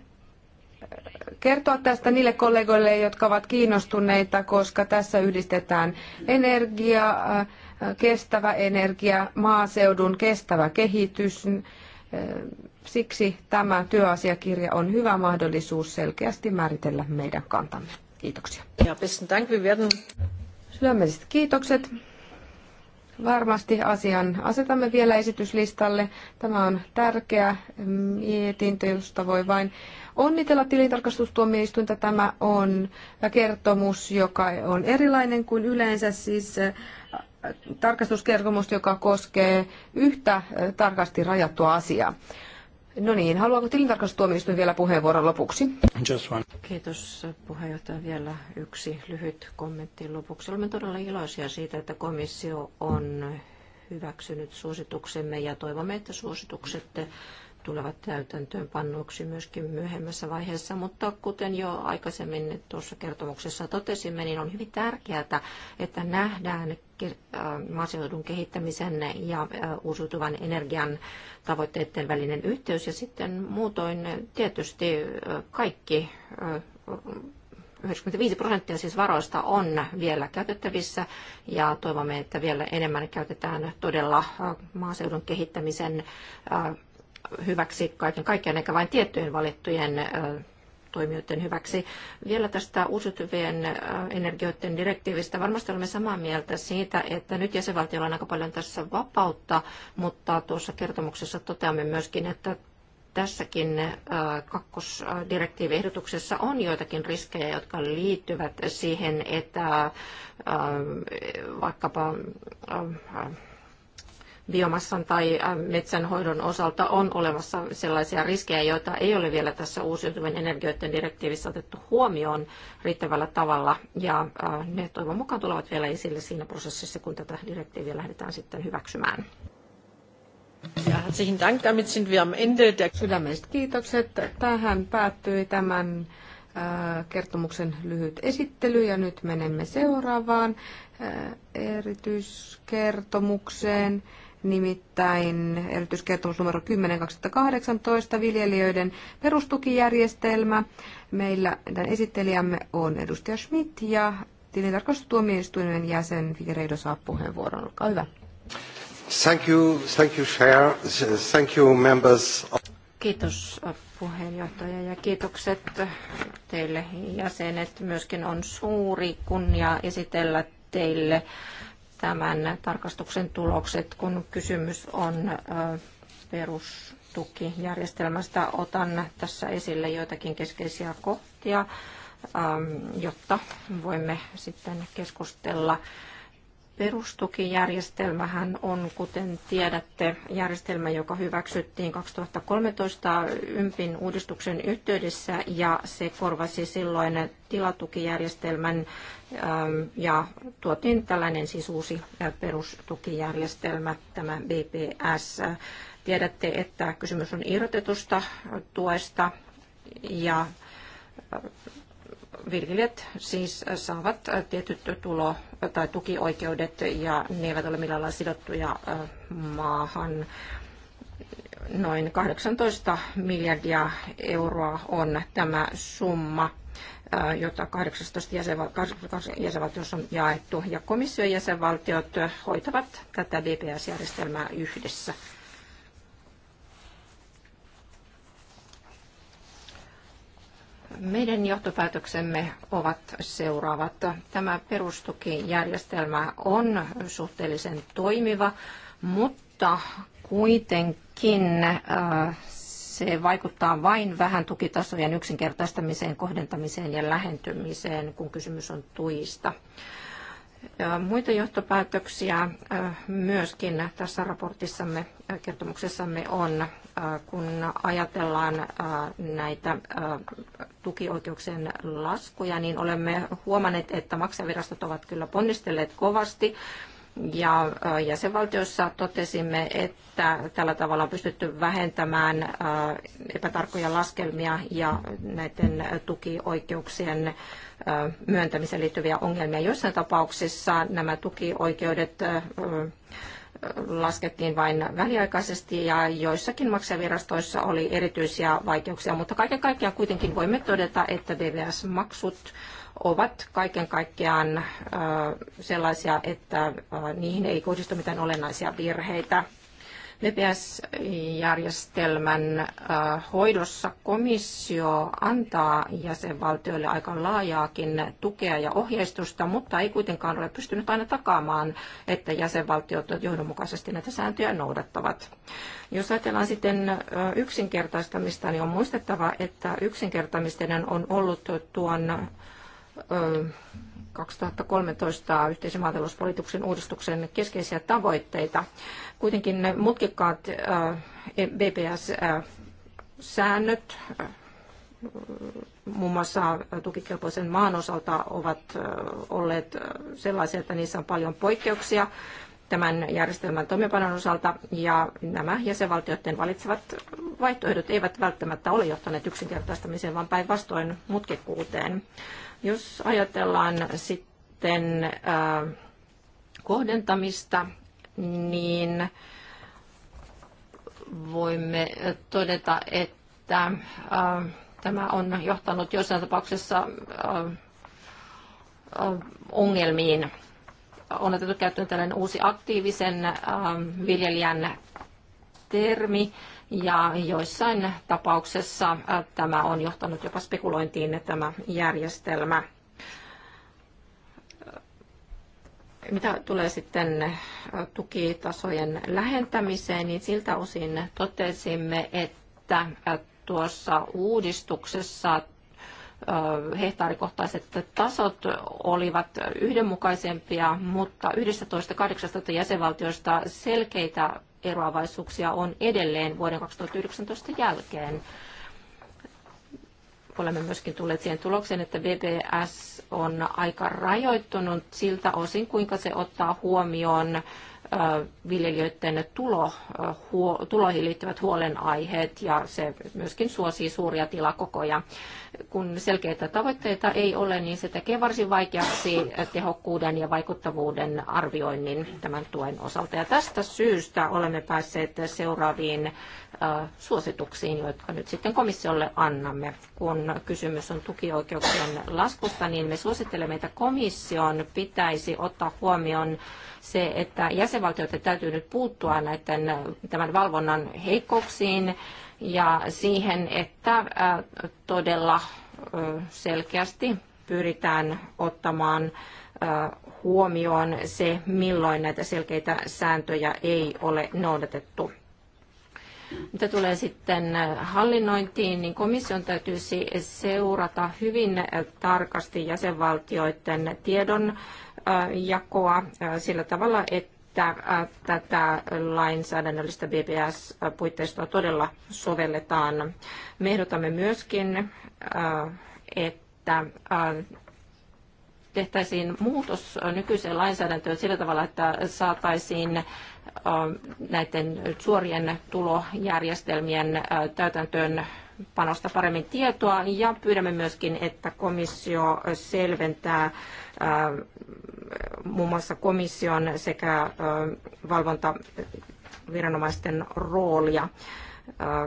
kertoa tästä niille kollegoille, jotka ovat kiinnostuneita, koska tässä yhdistetään energia, eh, kestävä energia, maaseudun kestävä kehitys. Eh, siksi tämä työasiakirja on hyvä mahdollisuus selkeästi määritellä meidän kantamme. Kiitoksia. Ja Dank, wir werden... Sydämelliset kiitokset. Varmasti asian asetamme vielä esityslistalle. Tämä on tärkeä mm, mietintö, josta voi vain onnitella tilintarkastustuomioistuinta. Tämä on kertomus, joka on erilainen kuin yleensä, siis äh, tarkastuskertomus, joka koskee yhtä äh, tarkasti rajattua asiaa. No niin, haluaako tilintarkastustuomioistuin vielä puheenvuoron lopuksi? Just one. Kiitos puheenjohtaja. Vielä yksi lyhyt kommentti lopuksi. Olemme todella iloisia siitä, että komissio on hyväksynyt suosituksemme ja toivomme, että suositukset tulevat täytäntöön pannuksi myöskin myöhemmässä vaiheessa. Mutta kuten jo aikaisemmin tuossa kertomuksessa totesimme, niin on hyvin tärkeää, että nähdään äh, maaseudun kehittämisen ja äh, uusiutuvan energian tavoitteiden välinen yhteys. Ja sitten muutoin tietysti äh, kaikki 95 prosenttia siis varoista on vielä käytettävissä ja toivomme, että vielä enemmän käytetään todella maaseudun kehittämisen hyväksi kaiken kaikkiaan, eikä vain tiettyjen valittujen toimijoiden hyväksi. Vielä tästä uusiutuvien energioiden direktiivistä. Varmasti olemme samaa mieltä siitä, että nyt jäsenvaltiolla on aika paljon tässä vapautta, mutta tuossa kertomuksessa toteamme myöskin, että tässäkin kakkosdirektiiviehdotuksessa on joitakin riskejä, jotka liittyvät siihen, että vaikkapa biomassan tai äh, metsänhoidon osalta on olemassa sellaisia riskejä, joita ei ole vielä tässä uusiutuvien energioiden direktiivissä otettu huomioon riittävällä tavalla. Ja äh, ne toivon mukaan tulevat vielä esille siinä prosessissa, kun tätä direktiiviä lähdetään sitten hyväksymään. Ja herzlichen Dank, damit sind wir am Ende der... Sydämelliset kiitokset. Tähän päättyi tämän äh, kertomuksen lyhyt esittely ja nyt menemme seuraavaan erityiskertomukseen nimittäin erityiskertomus numero 10 2018, viljelijöiden perustukijärjestelmä. Meillä esittelijämme on edustaja Schmidt ja tilintarkastustuomioistuimen jäsen Figueiredo saa puheenvuoron. Olkaa hyvä. Thank you, thank you, Chair. Thank you, members. Kiitos puheenjohtaja ja kiitokset teille jäsenet. Myöskin on suuri kunnia esitellä teille tämän tarkastuksen tulokset, kun kysymys on perustukijärjestelmästä. Otan tässä esille joitakin keskeisiä kohtia, jotta voimme sitten keskustella Perustukijärjestelmähän on, kuten tiedätte, järjestelmä, joka hyväksyttiin 2013 ympin uudistuksen yhteydessä ja se korvasi silloin tilatukijärjestelmän ähm, ja tuotiin tällainen siis uusi äh, perustukijärjestelmä, tämä BPS. Tiedätte, että kysymys on irrotetusta tuesta ja äh, viljelijät siis saavat tietyt tulo- tai tukioikeudet ja ne eivät ole millään lailla sidottuja maahan. Noin 18 miljardia euroa on tämä summa jota 18 jäsenvaltiossa on jaettu, ja komission jäsenvaltiot hoitavat tätä DPS-järjestelmää yhdessä. Meidän johtopäätöksemme ovat seuraavat. Tämä perustukijärjestelmä on suhteellisen toimiva, mutta kuitenkin äh, se vaikuttaa vain vähän tukitasojen yksinkertaistamiseen, kohdentamiseen ja lähentymiseen, kun kysymys on tuista muita johtopäätöksiä äh, myöskin tässä raportissamme, äh, kertomuksessamme on, äh, kun ajatellaan näitä tukioikeuksien laskuja, niin olemme huomanneet, että maksavirastot ovat kyllä ponnistelleet kovasti ja äh, jäsenvaltioissa totesimme, että tällä tavalla on pystytty vähentämään äh, epätarkkoja laskelmia ja näiden tukioikeuksien äh, myöntämiseen liittyviä ongelmia. Joissain tapauksissa nämä tukioikeudet laskettiin vain väliaikaisesti ja joissakin maksavirastoissa oli erityisiä vaikeuksia, mutta kaiken kaikkiaan kuitenkin voimme todeta, että DVS-maksut ovat kaiken kaikkiaan sellaisia, että niihin ei kohdistu mitään olennaisia virheitä. VPS-järjestelmän hoidossa komissio antaa jäsenvaltioille aika laajaakin tukea ja ohjeistusta, mutta ei kuitenkaan ole pystynyt aina takaamaan, että jäsenvaltiot johdonmukaisesti näitä sääntöjä noudattavat. Jos ajatellaan sitten yksinkertaistamista, niin on muistettava, että yksinkertaistaminen on ollut tuon 2013 yhteisen maatalouspolituksen uudistuksen keskeisiä tavoitteita. Kuitenkin mutkikkaat eh, BPS-säännöt eh, muun muassa tukikelpoisen maan osalta ovat eh, olleet sellaisia, että niissä on paljon poikkeuksia tämän järjestelmän toimeenpanon osalta, ja nämä jäsenvaltioiden valitsevat vaihtoehdot eivät välttämättä ole johtaneet yksinkertaistamiseen, vaan päinvastoin mutkikkuuteen. Jos ajatellaan sitten kohdentamista, niin voimme todeta, että tämä on johtanut jossain tapauksessa ongelmiin on otettu käyttöön tällainen uusi aktiivisen ähm, viljelijän termi, ja joissain tapauksessa äh, tämä on johtanut jopa spekulointiin tämä järjestelmä. Äh, mitä tulee sitten äh, tukitasojen lähentämiseen, niin siltä osin totesimme, että tuossa uudistuksessa hehtaarikohtaiset tasot olivat yhdenmukaisempia, mutta 11 jäsenvaltioista selkeitä eroavaisuuksia on edelleen vuoden 2019 jälkeen. Olemme myöskin tulleet siihen tulokseen, että BBS on aika rajoittunut siltä osin, kuinka se ottaa huomioon viljelijöiden tulo, huo, tuloihin liittyvät huolenaiheet ja se myöskin suosii suuria tilakokoja. Kun selkeitä tavoitteita ei ole, niin se tekee varsin vaikeaksi tehokkuuden ja vaikuttavuuden arvioinnin tämän tuen osalta. Ja tästä syystä olemme päässeet seuraaviin suosituksiin, jotka nyt sitten komissiolle annamme. Kun kysymys on tukioikeuksien laskusta, niin me suosittelemme, että komission pitäisi ottaa huomioon se, että jäsenvaltioiden täytyy nyt puuttua näiden, tämän valvonnan heikkouksiin ja siihen, että todella selkeästi pyritään ottamaan huomioon se, milloin näitä selkeitä sääntöjä ei ole noudatettu. Mitä tulee sitten äh, hallinnointiin, niin komission täytyisi seurata hyvin äh, tarkasti jäsenvaltioiden tiedon äh, jakoa sillä tavalla, että tätä lainsäädännöllistä BPS-puitteistoa todella sovelletaan. Me ehdotamme myöskin, että tehtäisiin muutos nykyiseen lainsäädäntöön sillä tavalla, että saataisiin näiden suorien tulojärjestelmien täytäntöön panosta paremmin tietoa ja pyydämme myöskin, että komissio selventää muun muassa komission sekä valvontaviranomaisten roolia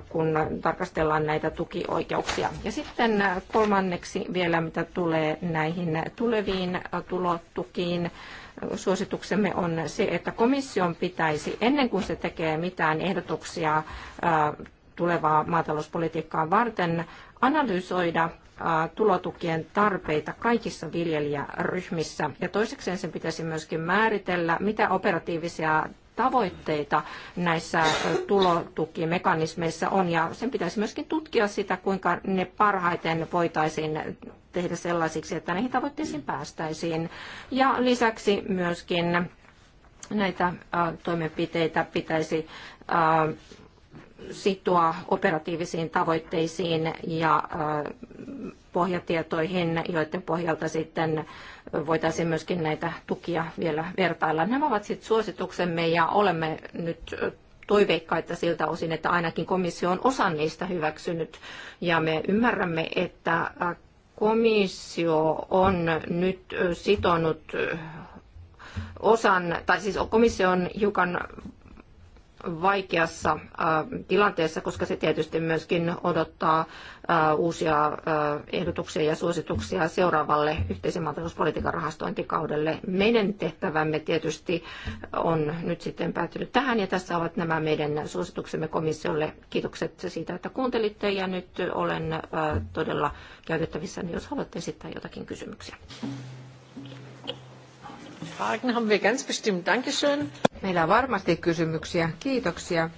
kun tarkastellaan näitä tukioikeuksia. Ja sitten kolmanneksi vielä, mitä tulee näihin tuleviin tulotukiin, suosituksemme on se, että komission pitäisi ennen kuin se tekee mitään ehdotuksia tulevaa maatalouspolitiikkaa varten, analysoida tulotukien tarpeita kaikissa viljelijäryhmissä. Ja toisekseen sen pitäisi myöskin määritellä, mitä operatiivisia tavoitteita näissä tulotukimekanismeissa on ja sen pitäisi myöskin tutkia sitä, kuinka ne parhaiten voitaisiin tehdä sellaisiksi, että näihin tavoitteisiin päästäisiin. Ja lisäksi myöskin näitä äh, toimenpiteitä pitäisi äh, sitoa operatiivisiin tavoitteisiin ja äh, pohjatietoihin, joiden pohjalta sitten voitaisiin myöskin näitä tukia vielä vertailla. Nämä ovat sitten suosituksemme ja olemme nyt toiveikkaita siltä osin, että ainakin komissio on osan niistä hyväksynyt. Ja me ymmärrämme, että komissio on nyt sitonut osan, tai siis komissio on hiukan vaikeassa äh, tilanteessa, koska se tietysti myöskin odottaa äh, uusia äh, ehdotuksia ja suosituksia seuraavalle yhteisen maatalouspolitiikan rahastointikaudelle. Meidän tehtävämme tietysti on nyt sitten päättynyt tähän ja tässä ovat nämä meidän suosituksemme komissiolle. Kiitokset siitä, että kuuntelitte ja nyt olen todella käytettävissä, jos haluatte esittää jotakin kysymyksiä. Fragen haben wir ganz bestimmt. Dankeschön. Meillä on varmasti kysymyksiä. Kiitoksia.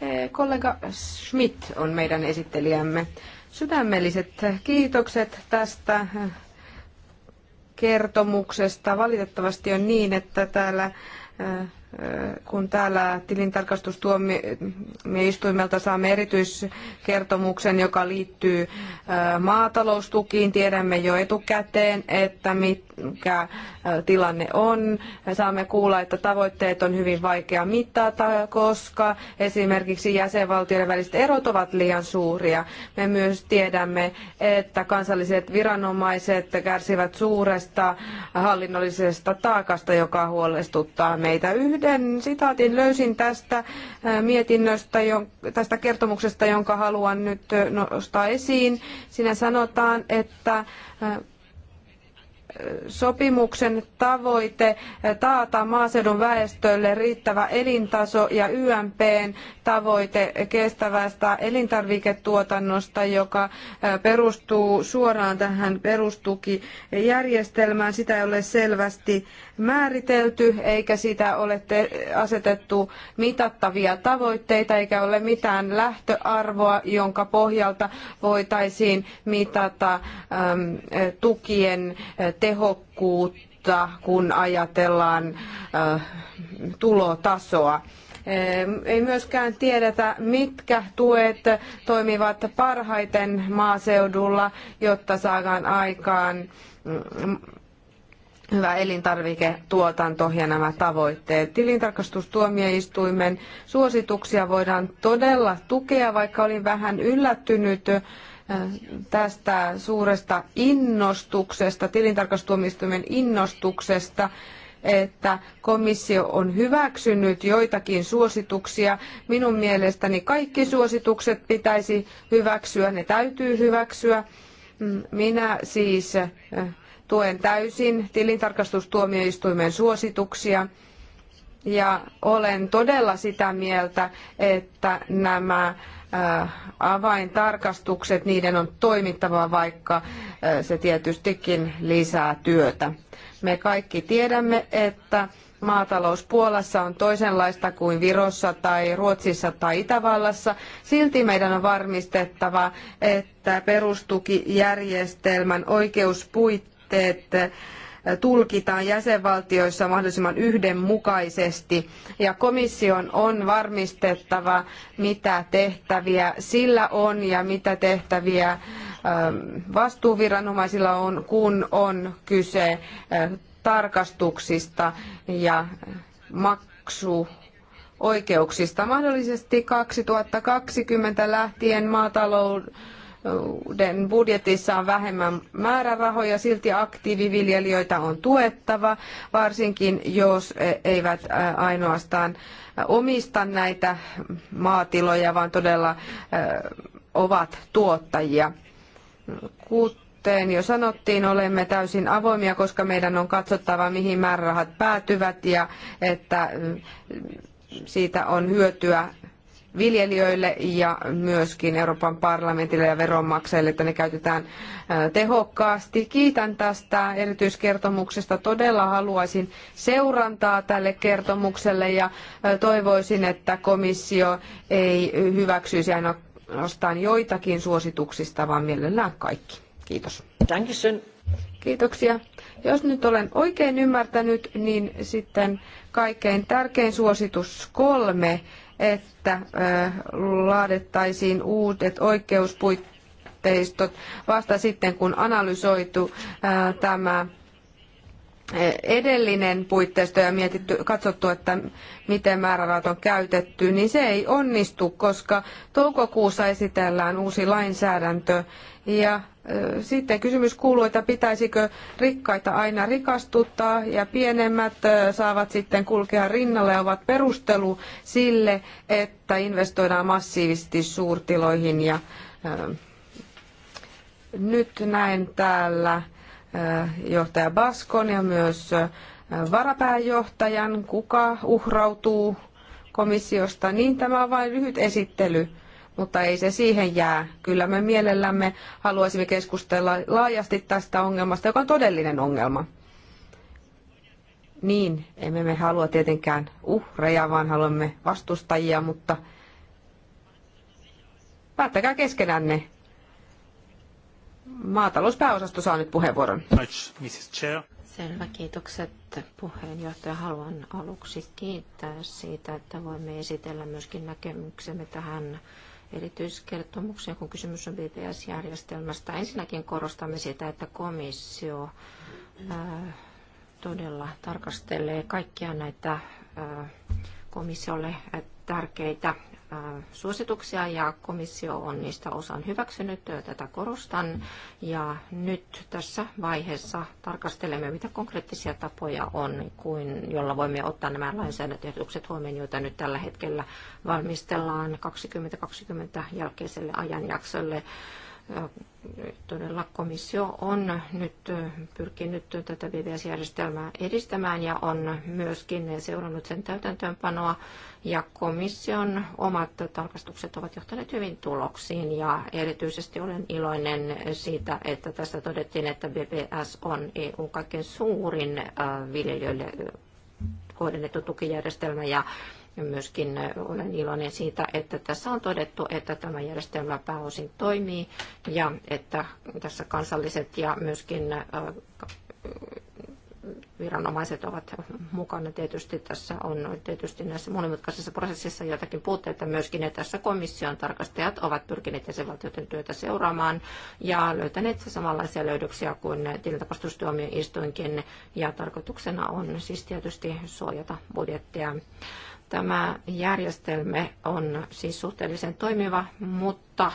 E, kollega Schmidt on meidän esittelijämme. Sydämelliset kiitokset tästä kertomuksesta. Valitettavasti on niin, että täällä e, kun täällä tilintarkastustuomioistuimelta saamme erityiskertomuksen, joka liittyy maataloustukiin. Tiedämme jo etukäteen, että mikä tilanne on. Saamme kuulla, että tavoitteet on hyvin vaikea mitata, koska esimerkiksi jäsenvaltioiden väliset erot ovat liian suuria. Me myös tiedämme, että kansalliset viranomaiset kärsivät suuresta hallinnollisesta taakasta, joka huolestuttaa meitä yhdessä Yhden sitaatin löysin tästä äh, mietinnöstä, tästä kertomuksesta, jonka haluan nyt äh, nostaa esiin. Siinä sanotaan, että äh, sopimuksen tavoite taata maaseudun väestölle riittävä elintaso ja YMPn tavoite kestävästä elintarviketuotannosta, joka perustuu suoraan tähän perustukijärjestelmään. Sitä ei ole selvästi määritelty, eikä sitä ole asetettu mitattavia tavoitteita, eikä ole mitään lähtöarvoa, jonka pohjalta voitaisiin mitata tukien tehokkuutta, kun ajatellaan äh, tulotasoa. Ei myöskään tiedetä, mitkä tuet toimivat parhaiten maaseudulla, jotta saadaan aikaan hyvä elintarviketuotanto ja nämä tavoitteet. Tilintarkastustuomioistuimen suosituksia voidaan todella tukea, vaikka olin vähän yllättynyt tästä suuresta innostuksesta, tilintarkastustuomioistuimen innostuksesta, että komissio on hyväksynyt joitakin suosituksia. Minun mielestäni kaikki suositukset pitäisi hyväksyä, ne täytyy hyväksyä. Mm, minä siis Tuen täysin tilintarkastustuomioistuimen suosituksia ja olen todella sitä mieltä, että nämä äh, avaintarkastukset, niiden on toimittava, vaikka äh, se tietystikin lisää työtä. Me kaikki tiedämme, että maatalous Puolassa on toisenlaista kuin Virossa tai Ruotsissa tai Itävallassa. Silti meidän on varmistettava, että perustukijärjestelmän oikeuspuitteet periaatteet tulkitaan jäsenvaltioissa mahdollisimman yhdenmukaisesti ja komission on varmistettava, mitä tehtäviä sillä on ja mitä tehtäviä vastuuviranomaisilla on, kun on kyse tarkastuksista ja maksu oikeuksista. Mahdollisesti 2020 lähtien maatalouden Uuden budjetissa on vähemmän määrärahoja, silti aktiiviviljelijöitä on tuettava, varsinkin jos e, eivät ainoastaan omista näitä maatiloja, vaan todella ovat tuottajia. Kuten jo sanottiin, olemme täysin avoimia, koska meidän on katsottava, mihin määrärahat päätyvät ja että siitä on hyötyä viljelijöille ja myöskin Euroopan parlamentille ja veronmaksajille, että ne käytetään tehokkaasti. Kiitän tästä erityiskertomuksesta. Todella haluaisin seurantaa tälle kertomukselle ja toivoisin, että komissio ei hyväksyisi ainoastaan joitakin suosituksista, vaan mielellään kaikki. Kiitos. Kiitoksia. Jos nyt olen oikein ymmärtänyt, niin sitten kaikkein tärkein suositus kolme että laadittaisiin uudet oikeuspuitteistot vasta sitten, kun analysoitu tämä edellinen puitteisto ja mietitty, katsottu, että miten määrärahat on käytetty, niin se ei onnistu, koska toukokuussa esitellään uusi lainsäädäntö ja sitten kysymys kuuluu, että pitäisikö rikkaita aina rikastuttaa ja pienemmät saavat sitten kulkea rinnalle ja ovat perustelu sille, että investoidaan massiivisesti suurtiloihin. Ja, nyt näen täällä johtaja Baskon ja myös varapääjohtajan, kuka uhrautuu komissiosta, niin tämä on vain lyhyt esittely mutta ei se siihen jää. Kyllä me mielellämme haluaisimme keskustella laajasti tästä ongelmasta, joka on todellinen ongelma. Niin, emme me halua tietenkään uhreja, vaan haluamme vastustajia, mutta päättäkää keskenänne. Maatalouspääosasto saa nyt puheenvuoron. Selvä, kiitokset puheenjohtaja. Haluan aluksi kiittää siitä, että voimme esitellä myöskin näkemyksemme tähän erityiskertomuksen, kun kysymys on BPS-järjestelmästä. Ensinnäkin korostamme sitä, että komissio todella tarkastelee kaikkia näitä komissiolle tärkeitä suosituksia ja komissio on niistä osan hyväksynyt, tätä korostan. Ja nyt tässä vaiheessa tarkastelemme, mitä konkreettisia tapoja on, kuin, jolla voimme ottaa nämä lainsäädäntöehdotukset huomioon, joita nyt tällä hetkellä valmistellaan 2020 jälkeiselle ajanjaksolle todella komissio on nyt pyrkinyt tätä VVS-järjestelmää edistämään ja on myöskin seurannut sen täytäntöönpanoa ja komission omat tarkastukset ovat johtaneet hyvin tuloksiin ja erityisesti olen iloinen siitä, että tässä todettiin, että BPS on EU kaikkein suurin äh, viljelijöille äh, kohdennettu tukijärjestelmä ja myöskin äh, olen iloinen siitä, että tässä on todettu, että tämä järjestelmä pääosin toimii ja että tässä kansalliset ja myöskin viranomaiset ovat mukana tietysti tässä on tietysti näissä monimutkaisissa prosessissa jotakin puutteita myöskin ja tässä komission tarkastajat ovat pyrkineet jäsenvaltioiden työtä seuraamaan ja löytäneet samanlaisia löydöksiä kuin tilintarkastustuomioistuinkin ja tarkoituksena on siis tietysti suojata budjettia. Tämä järjestelmä on siis suhteellisen toimiva, mutta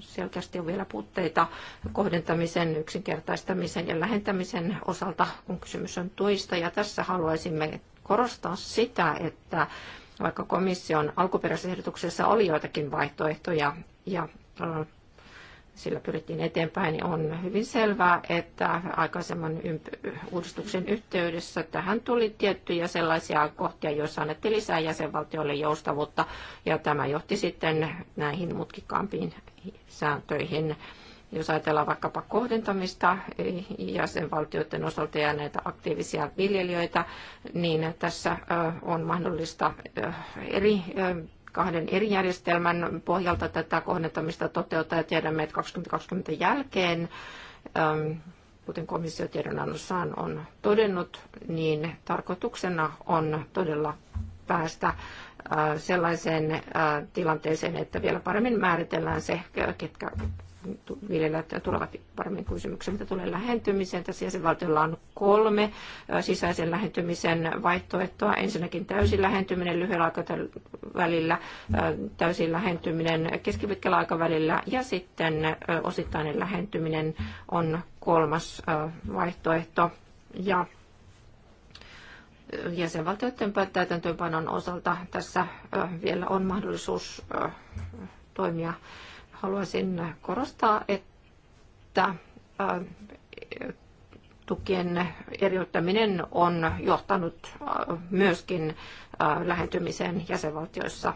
selkeästi on vielä puutteita kohdentamisen, yksinkertaistamisen ja lähentämisen osalta, kun kysymys on tuista. Ja tässä haluaisimme korostaa sitä, että vaikka komission alkuperäisessä ehdotuksessa oli joitakin vaihtoehtoja ja sillä pyrittiin eteenpäin, niin on hyvin selvää, että aikaisemman uudistuksen yhteydessä tähän tuli tiettyjä sellaisia kohtia, joissa annettiin lisää jäsenvaltioille joustavuutta, ja tämä johti sitten näihin mutkikkaampiin sääntöihin. Jos ajatellaan vaikkapa kohdentamista jäsenvaltioiden osalta ja näitä aktiivisia viljelijöitä, niin tässä on mahdollista eri kahden eri järjestelmän pohjalta tätä kohdentamista toteuttaa ja tiedämme, että 2020 jälkeen ähm, kuten komissio tiedonannossaan on todennut, niin tarkoituksena on todella päästä äh, sellaiseen äh, tilanteeseen, että vielä paremmin määritellään se, ketkä viljelijät tulevat paremmin kysymykseen, mitä tulee lähentymiseen. Tässä jäsenvaltiolla on kolme sisäisen lähentymisen vaihtoehtoa. Ensinnäkin täysin lähentyminen lyhyellä aikavälillä, täysin lähentyminen keskipitkällä aikavälillä ja sitten osittainen lähentyminen on kolmas vaihtoehto. Ja jäsenvaltioiden täytäntöönpanon osalta tässä vielä on mahdollisuus toimia haluaisin korostaa, että tukien eriyttäminen on johtanut myöskin lähentymiseen jäsenvaltioissa.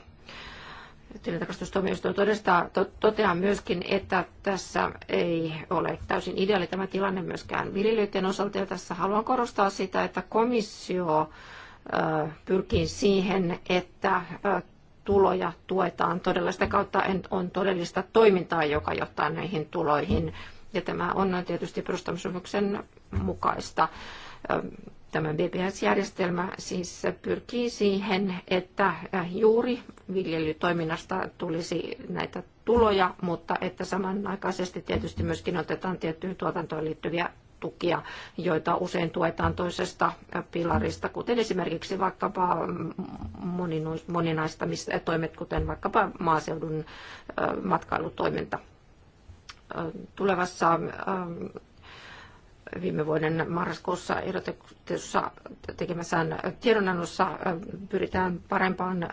Tilintarkastustuomioistuin todistaa, to, toteaa myöskin, että tässä ei ole täysin ideaali tämä tilanne myöskään viljelijöiden osalta. Ja tässä haluan korostaa sitä, että komissio pyrkii siihen, että tuloja tuetaan todella sitä kautta on todellista toimintaa, joka johtaa näihin tuloihin. Ja tämä on tietysti perustamisen mukaista. Tämä BPS-järjestelmä siis pyrkii siihen, että juuri viljelytoiminnasta tulisi näitä tuloja, mutta että samanaikaisesti tietysti myöskin otetaan tiettyyn tuotantoon liittyviä tukia, joita usein tuetaan toisesta pilarista, kuten esimerkiksi vaikkapa moninaistamistoimet, kuten vaikkapa maaseudun matkailutoiminta. Tulevassa viime vuoden marraskuussa ehdotetussa tekemässään tiedonannossa pyritään parempaan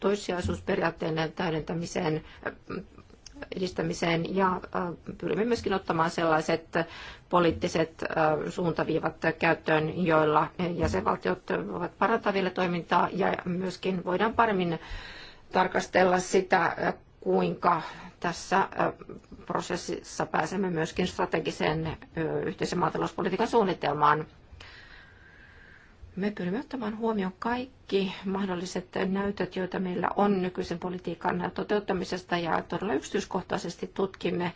toissijaisuusperiaatteen täydentämiseen, edistämiseen ja pyrimme myöskin ottamaan sellaiset poliittiset suuntaviivat käyttöön, joilla jäsenvaltiot voivat parantaa vielä toimintaa ja myöskin voidaan paremmin tarkastella sitä, kuinka tässä prosessissa pääsemme myöskin strategiseen yhteisen maatalouspolitiikan suunnitelmaan me pyrimme ottamaan huomioon kaikki mahdolliset näytöt, joita meillä on nykyisen politiikan toteuttamisesta ja todella yksityiskohtaisesti tutkimme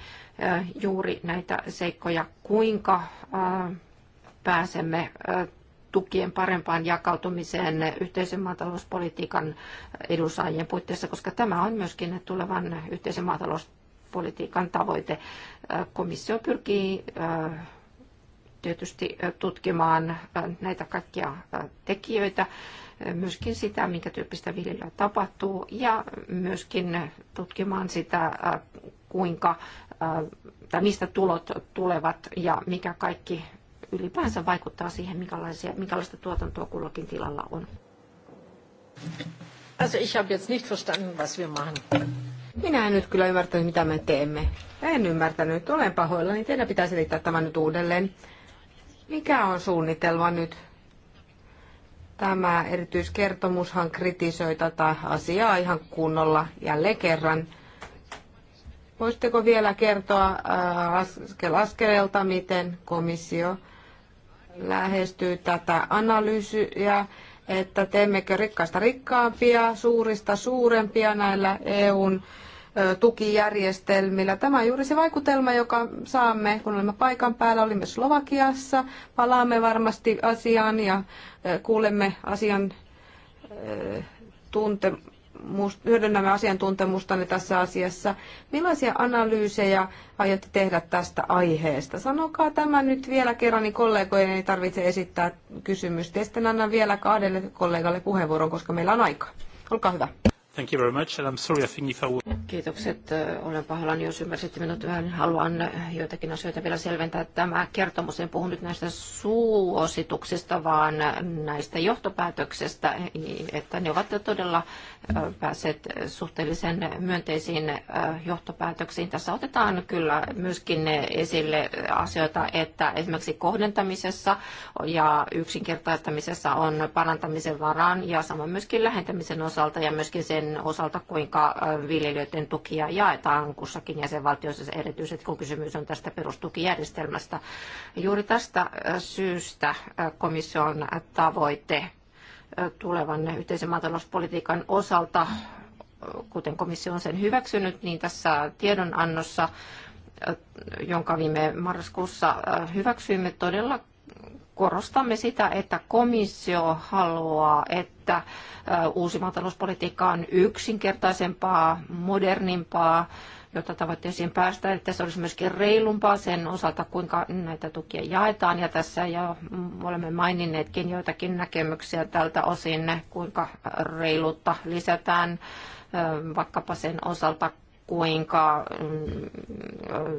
juuri näitä seikkoja, kuinka pääsemme tukien parempaan jakautumiseen yhteisen maatalouspolitiikan edunsaajien puitteissa, koska tämä on myöskin tulevan yhteisen maatalouspolitiikan tavoite. Komissio pyrkii tietysti tutkimaan näitä kaikkia tekijöitä, myöskin sitä, minkä tyyppistä viljelyä tapahtuu, ja myöskin tutkimaan sitä, kuinka tai mistä tulot tulevat ja mikä kaikki ylipäänsä vaikuttaa siihen, minkälaisia, minkälaista tuotantoa kullakin tilalla on. Also ich habe jetzt nicht verstanden, was wir machen. Minä en nyt kyllä ymmärtänyt, mitä me teemme. En ymmärtänyt, olen pahoillani. Teidän pitää selittää tämä nyt uudelleen. Mikä on suunnitelma nyt? Tämä erityiskertomushan kritisoi tätä asiaa ihan kunnolla jälleen kerran. Voisitteko vielä kertoa äh, askel askeleelta, miten komissio lähestyy tätä analyysiä, että teemmekö rikkaista rikkaampia, suurista suurempia näillä EUn tukijärjestelmillä. Tämä on juuri se vaikutelma, joka saamme, kun olemme paikan päällä. Olimme Slovakiassa, palaamme varmasti asiaan ja kuulemme asian tunte hyödynnämme asiantuntemustanne tässä asiassa. Millaisia analyysejä aiotte tehdä tästä aiheesta? Sanokaa tämä nyt vielä kerran, niin kollegojen ei tarvitse esittää kysymystä. Ja sitten annan vielä kahdelle kollegalle puheenvuoron, koska meillä on aika. Olkaa hyvä. Thank you very much, and I'm sorry, I think if I will... Kiitokset. Äh, olen pahoillani, jos ymmärsitte minut vähän. Haluan äh, joitakin asioita vielä selventää. Tämä kertomus, en puhu nyt näistä suosituksista, vaan äh, näistä johtopäätöksistä, niin, että ne ovat todella päässeet suhteellisen myönteisiin johtopäätöksiin. Tässä otetaan kyllä myöskin esille asioita, että esimerkiksi kohdentamisessa ja yksinkertaistamisessa on parantamisen varaan ja samoin myöskin lähentämisen osalta ja myöskin sen osalta, kuinka viljelijöiden tukia jaetaan kussakin jäsenvaltiossa, erityisesti kun kysymys on tästä perustukijärjestelmästä. Juuri tästä syystä komission tavoite tulevan yhteisen maatalouspolitiikan osalta, kuten komissio on sen hyväksynyt, niin tässä tiedonannossa jonka viime marraskuussa hyväksyimme, todella korostamme sitä, että komissio haluaa, että uusi maatalouspolitiikka on yksinkertaisempaa, modernimpaa, jotta tavoitteisiin päästään, että se olisi myöskin reilumpaa sen osalta, kuinka näitä tukia jaetaan. Ja tässä jo olemme maininneetkin joitakin näkemyksiä tältä osin, kuinka reiluutta lisätään vaikkapa sen osalta, kuinka mm,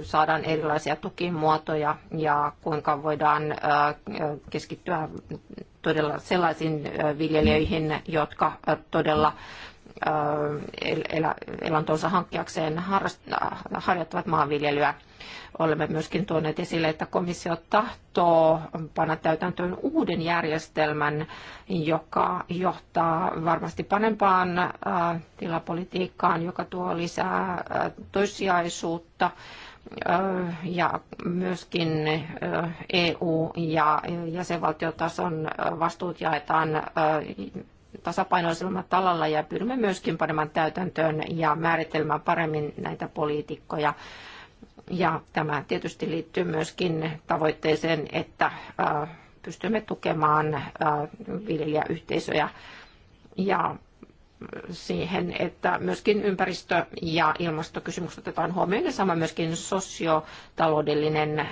saadaan erilaisia tukimuotoja ja kuinka voidaan keskittyä todella sellaisiin viljelijöihin, jotka todella elantonsa hankkiakseen harjoittavat maanviljelyä. Olemme myöskin tuoneet esille, että komissio tahtoo panna täytäntöön uuden järjestelmän, joka johtaa varmasti panempaan äh, tilapolitiikkaan, joka tuo lisää äh, toissijaisuutta äh, ja myöskin EU- ja jäsenvaltiotason vastuut jaetaan tasapainoisella talalla ja pyrimme myöskin panemaan täytäntöön ja määritelmään paremmin näitä poliitikkoja ja tämä tietysti liittyy myöskin tavoitteeseen, että pystymme tukemaan viljelijäyhteisöjä ja siihen, että myöskin ympäristö- ja ilmastokysymykset otetaan huomioon ja sama myöskin sosiotaloudellinen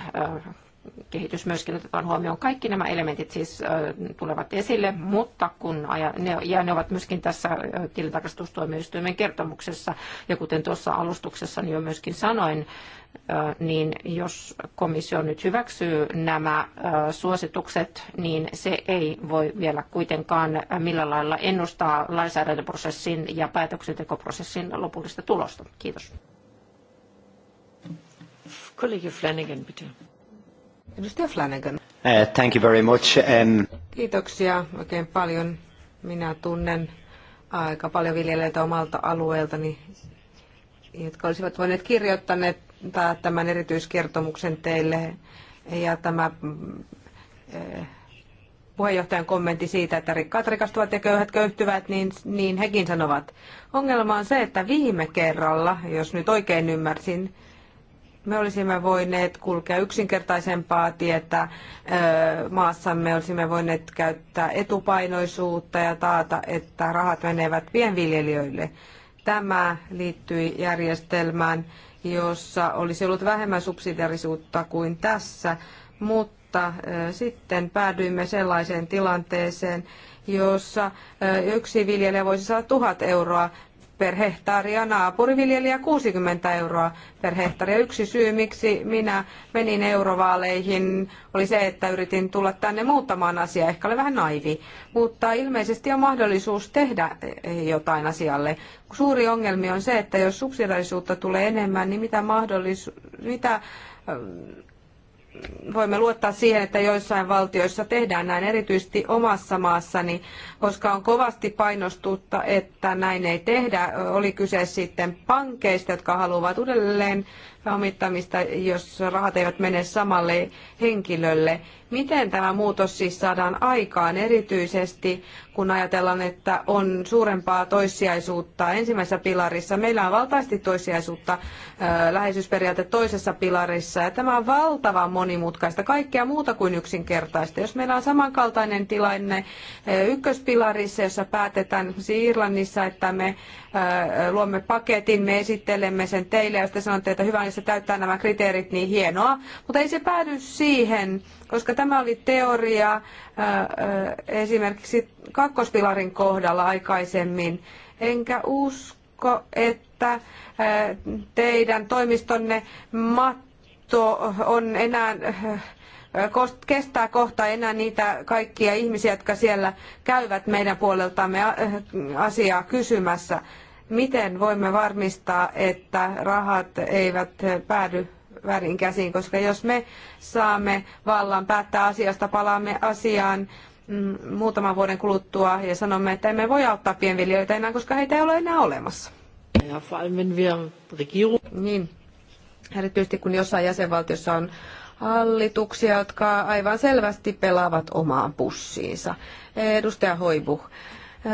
kehitys myöskin otetaan huomioon. Kaikki nämä elementit siis tulevat esille, mutta kun ne, ja ne ovat myöskin tässä tilintarkastustuomioistuimen kertomuksessa, ja kuten tuossa alustuksessa jo myöskin sanoin, niin jos komissio nyt hyväksyy nämä suositukset, niin se ei voi vielä kuitenkaan millä lailla ennustaa lainsäädäntöprosessin ja päätöksentekoprosessin lopullista tulosta. Kiitos. Kollege Flanagan, bitte. Edustaja Flanagan. Uh, thank you very much. Um... Kiitoksia oikein paljon. Minä tunnen aika paljon viljelijöitä omalta alueeltani, jotka olisivat voineet kirjoittaneet tämän erityiskertomuksen teille. Ja tämä eh, puheenjohtajan kommentti siitä, että rikkaat rikastuvat ja köyhät köyhtyvät, niin, niin hekin sanovat. Ongelma on se, että viime kerralla, jos nyt oikein ymmärsin, me olisimme voineet kulkea yksinkertaisempaa tietä maassamme, olisimme voineet käyttää etupainoisuutta ja taata, että rahat menevät pienviljelijöille. Tämä liittyi järjestelmään, jossa olisi ollut vähemmän subsidiarisuutta kuin tässä, mutta sitten päädyimme sellaiseen tilanteeseen, jossa yksi viljelijä voisi saada tuhat euroa per hehtaari ja naapuriviljelijä 60 euroa per hehtaari. Ja yksi syy, miksi minä menin eurovaaleihin, oli se, että yritin tulla tänne muuttamaan asiaa. Ehkä olen vähän naivi, mutta ilmeisesti on mahdollisuus tehdä jotain asialle. Suuri ongelmi on se, että jos subsidaarisuutta tulee enemmän, niin mitä, mahdollisuus, mitä voimme luottaa siihen, että joissain valtioissa tehdään näin, erityisesti omassa maassani, koska on kovasti painostutta, että näin ei tehdä. Oli kyse sitten pankeista, jotka haluavat uudelleen pääomittamista, jos rahat eivät mene samalle henkilölle. Miten tämä muutos siis saadaan aikaan, erityisesti kun ajatellaan, että on suurempaa toissijaisuutta ensimmäisessä pilarissa. Meillä on valtaisesti toissijaisuutta, läheisyysperiaate toisessa pilarissa, ja tämä on valtavan monimutkaista, kaikkea muuta kuin yksinkertaista. Jos meillä on samankaltainen tilanne ykköspilarissa, jossa päätetään siis Irlannissa, että me luomme paketin, me esittelemme sen teille, ja sitten sanotte, että hyvä, niin se täyttää nämä kriteerit, niin hienoa. Mutta ei se päädy siihen, koska tämä oli teoria äh, äh, esimerkiksi kakkospilarin kohdalla aikaisemmin. Enkä usko, että äh, teidän toimistonne matto on enää kestää kohta enää niitä kaikkia ihmisiä, jotka siellä käyvät meidän puoleltamme asiaa kysymässä miten voimme varmistaa, että rahat eivät päädy väärin käsiin, koska jos me saamme vallan päättää asiasta, palaamme asiaan mm, muutaman vuoden kuluttua ja sanomme, että emme voi auttaa pienviljelijöitä enää, koska heitä ei ole enää olemassa. Ja vor allem, wenn wir Regierung... Niin. Erityisesti kun jossain jäsenvaltiossa on hallituksia, jotka aivan selvästi pelaavat omaan pussiinsa. Edustaja Hoibu,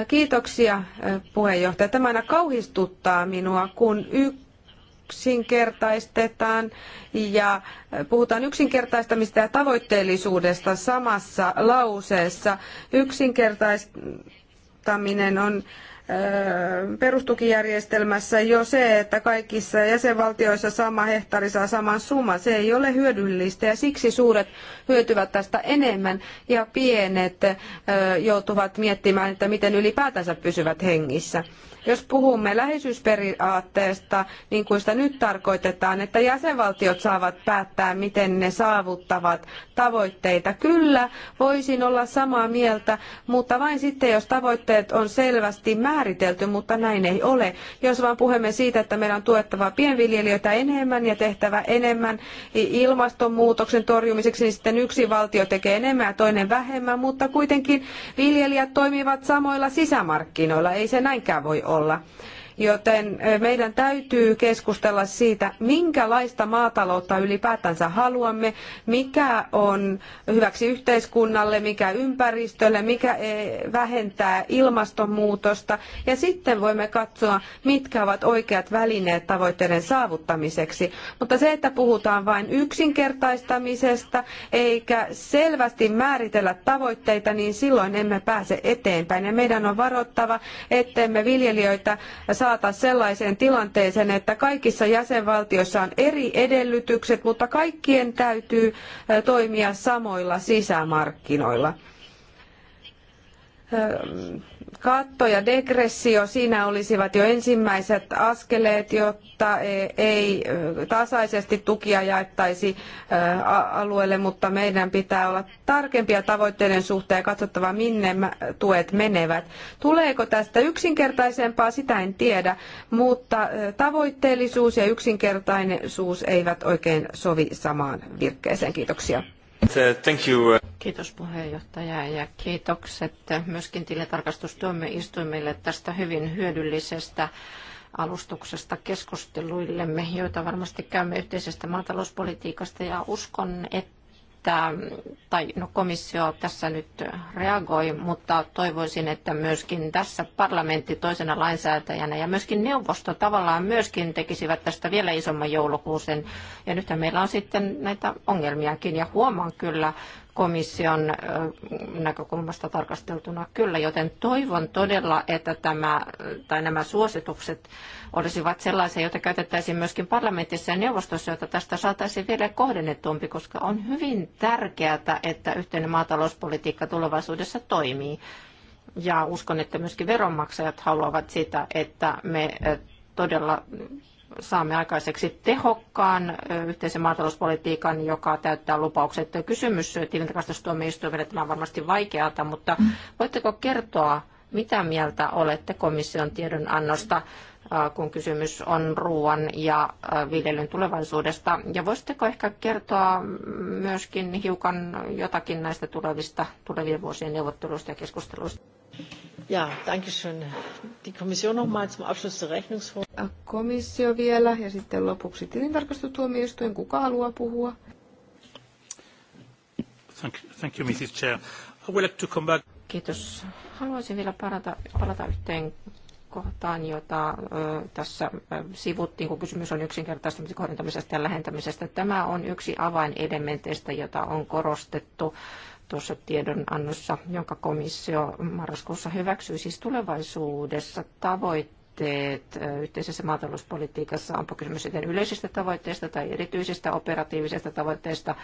Kiitoksia puheenjohtaja. Tämä aina kauhistuttaa minua, kun yksinkertaistetaan ja puhutaan yksinkertaistamista ja tavoitteellisuudesta samassa lauseessa. Yksinkertaistaminen on perustukijärjestelmässä jo se, että kaikissa jäsenvaltioissa sama hehtaari saa saman summan. Se ei ole hyödyllistä ja siksi suuret hyötyvät tästä enemmän ja pienet joutuvat miettimään, että miten ylipäätänsä pysyvät hengissä. Jos puhumme läheisyysperiaatteesta, niin kuin sitä nyt tarkoitetaan, että jäsenvaltiot saavat päättää, miten ne saavuttavat tavoitteita. Kyllä, voisin olla samaa mieltä, mutta vain sitten, jos tavoitteet on selvästi määritelty, mutta näin ei ole. Jos vaan puhumme siitä, että meidän on tuettava pienviljelijöitä enemmän ja tehtävä enemmän ilmastonmuutoksen torjumiseksi, niin sitten yksi valtio tekee enemmän ja toinen vähemmän, mutta kuitenkin viljelijät toimivat samoilla sisämarkkinoilla. Ei se näinkään voi olla olla Joten meidän täytyy keskustella siitä, minkälaista maataloutta ylipäätänsä haluamme, mikä on hyväksi yhteiskunnalle, mikä ympäristölle, mikä e, vähentää ilmastonmuutosta. Ja sitten voimme katsoa, mitkä ovat oikeat välineet tavoitteiden saavuttamiseksi. Mutta se, että puhutaan vain yksinkertaistamisesta eikä selvästi määritellä tavoitteita, niin silloin emme pääse eteenpäin. Ja meidän on varoittava, ettemme viljelijöitä saata sellaiseen tilanteeseen, että kaikissa jäsenvaltioissa on eri edellytykset, mutta kaikkien täytyy toimia samoilla sisämarkkinoilla katto ja degressio, siinä olisivat jo ensimmäiset askeleet, jotta e- ei tasaisesti tukia jaettaisi alueelle, mutta meidän pitää olla tarkempia tavoitteiden suhteen ja katsottava, minne tuet menevät. Tuleeko tästä yksinkertaisempaa, sitä en tiedä, mutta tavoitteellisuus ja yksinkertaisuus eivät oikein sovi samaan virkkeeseen. Kiitoksia. Thank you. Kiitos puheenjohtaja ja kiitokset myöskin tilintarkastustuomioistuimille tästä hyvin hyödyllisestä alustuksesta keskusteluillemme, joita varmasti käymme yhteisestä maatalouspolitiikasta ja uskon, että että, tai no komissio tässä nyt reagoi, mutta toivoisin, että myöskin tässä parlamentti toisena lainsäätäjänä ja myöskin neuvosto tavallaan myöskin tekisivät tästä vielä isomman joulukuusen. Ja nythän meillä on sitten näitä ongelmiakin ja huomaan kyllä komission näkökulmasta tarkasteltuna kyllä, joten toivon todella, että tämä, tai nämä suositukset olisivat sellaisia, joita käytettäisiin myöskin parlamentissa ja neuvostossa, jotta tästä saataisiin vielä kohdennetumpi, koska on hyvin tärkeää, että yhteinen maatalouspolitiikka tulevaisuudessa toimii. Ja uskon, että myöskin veronmaksajat haluavat sitä, että me eh, todella saamme aikaiseksi tehokkaan eh, yhteisen maatalouspolitiikan, joka täyttää lupaukset. Kysymys tilintarkastustuomioistuimelle, tämä on varmasti vaikeata, mutta voitteko kertoa, mitä mieltä olette komission tiedonannosta kun kysymys on ruoan ja viljelyn tulevaisuudesta. Ja voisitteko ehkä kertoa myöskin hiukan jotakin näistä tulevista, tulevien vuosien neuvotteluista ja keskusteluista? Ja, danke schön. Die Kommission nochmal zum Abschluss der Rechnungshof. Komissio vielä ja sitten lopuksi tilintarkastustuomioistuin. Kuka haluaa puhua? Thank, thank you, Mrs. Chair. I would like to come back. Kiitos. Haluaisin vielä palata, palata yhteen kohtaan, jota tässä sivuttiin, kun kysymys on yksinkertaistamisesta, kohdentamisesta ja lähentämisestä. Tämä on yksi avainelementeistä, jota on korostettu tuossa tiedonannossa, jonka komissio marraskuussa hyväksyi. Siis tulevaisuudessa tavoitteet yhteisessä maatalouspolitiikassa, onpa kysymys sitten yleisistä tavoitteista tai erityisistä operatiivisista tavoitteista,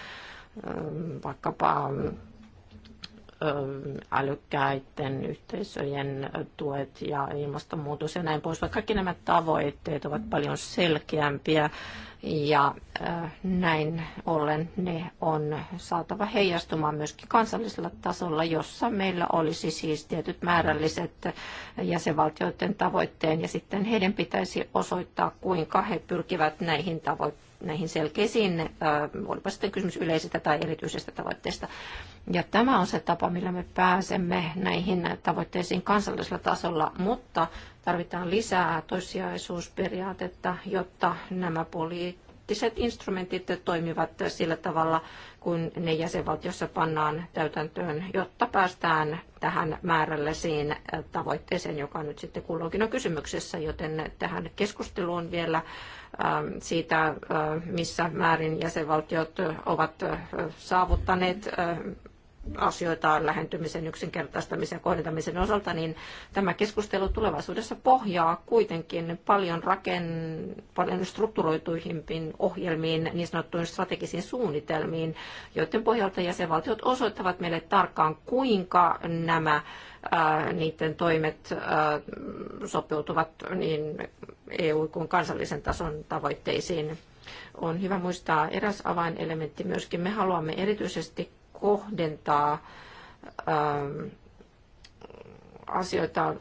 vaikkapa älykkäiden yhteisöjen tuet ja ilmastonmuutos ja näin poispäin. kaikki nämä tavoitteet ovat paljon selkeämpiä ja näin ollen ne on saatava heijastumaan myöskin kansallisella tasolla, jossa meillä olisi siis tietyt määrälliset jäsenvaltioiden tavoitteen ja sitten heidän pitäisi osoittaa, kuinka he pyrkivät näihin tavoitteisiin näihin selkeisiin, äh, olipa sitten kysymys yleisestä tai erityisestä tavoitteesta. Ja tämä on se tapa, millä me pääsemme näihin tavoitteisiin kansallisella tasolla, mutta tarvitaan lisää toissijaisuusperiaatetta, jotta nämä poliittiset instrumentit toimivat sillä tavalla, kun ne jäsenvaltiossa pannaan täytäntöön, jotta päästään tähän määrällisiin tavoitteeseen, joka nyt sitten kulloinkin on kysymyksessä, joten tähän keskusteluun vielä Ähm, siitä, äh, missä määrin jäsenvaltiot ovat äh, saavuttaneet äh, asioita lähentymisen yksinkertaistamisen ja kohdentamisen osalta, niin tämä keskustelu tulevaisuudessa pohjaa kuitenkin paljon, raken, paljon strukturoituihimpiin ohjelmiin, niin sanottuihin strategisiin suunnitelmiin, joiden pohjalta jäsenvaltiot osoittavat meille tarkkaan, kuinka nämä ää, niiden toimet ää, sopeutuvat niin EU- kuin kansallisen tason tavoitteisiin on hyvä muistaa eräs avainelementti myöskin. Me haluamme erityisesti kohdentaa ähm, asioita äh,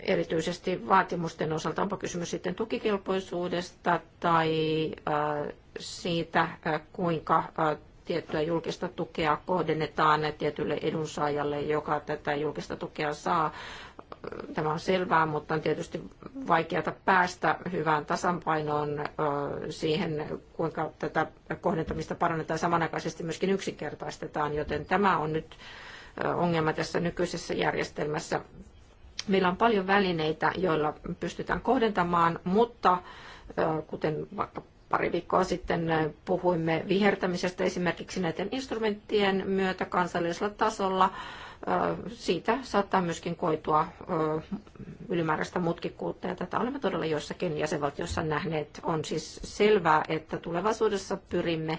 erityisesti vaatimusten osalta, onpa kysymys sitten tukikelpoisuudesta tai äh, siitä, äh, kuinka tiettyä julkista tukea kohdennetaan tietylle edunsaajalle, joka tätä julkista tukea saa tämä on selvää, mutta on tietysti vaikeata päästä hyvään tasapainoon siihen, kuinka tätä kohdentamista parannetaan samanaikaisesti myöskin yksinkertaistetaan, joten tämä on nyt ongelma tässä nykyisessä järjestelmässä. Meillä on paljon välineitä, joilla pystytään kohdentamaan, mutta kuten vaikka pari viikkoa sitten puhuimme vihertämisestä esimerkiksi näiden instrumenttien myötä kansallisella tasolla, siitä saattaa myöskin koitua ylimääräistä mutkikkuutta, ja tätä olemme todella joissakin jäsenvaltiossa nähneet. On siis selvää, että tulevaisuudessa pyrimme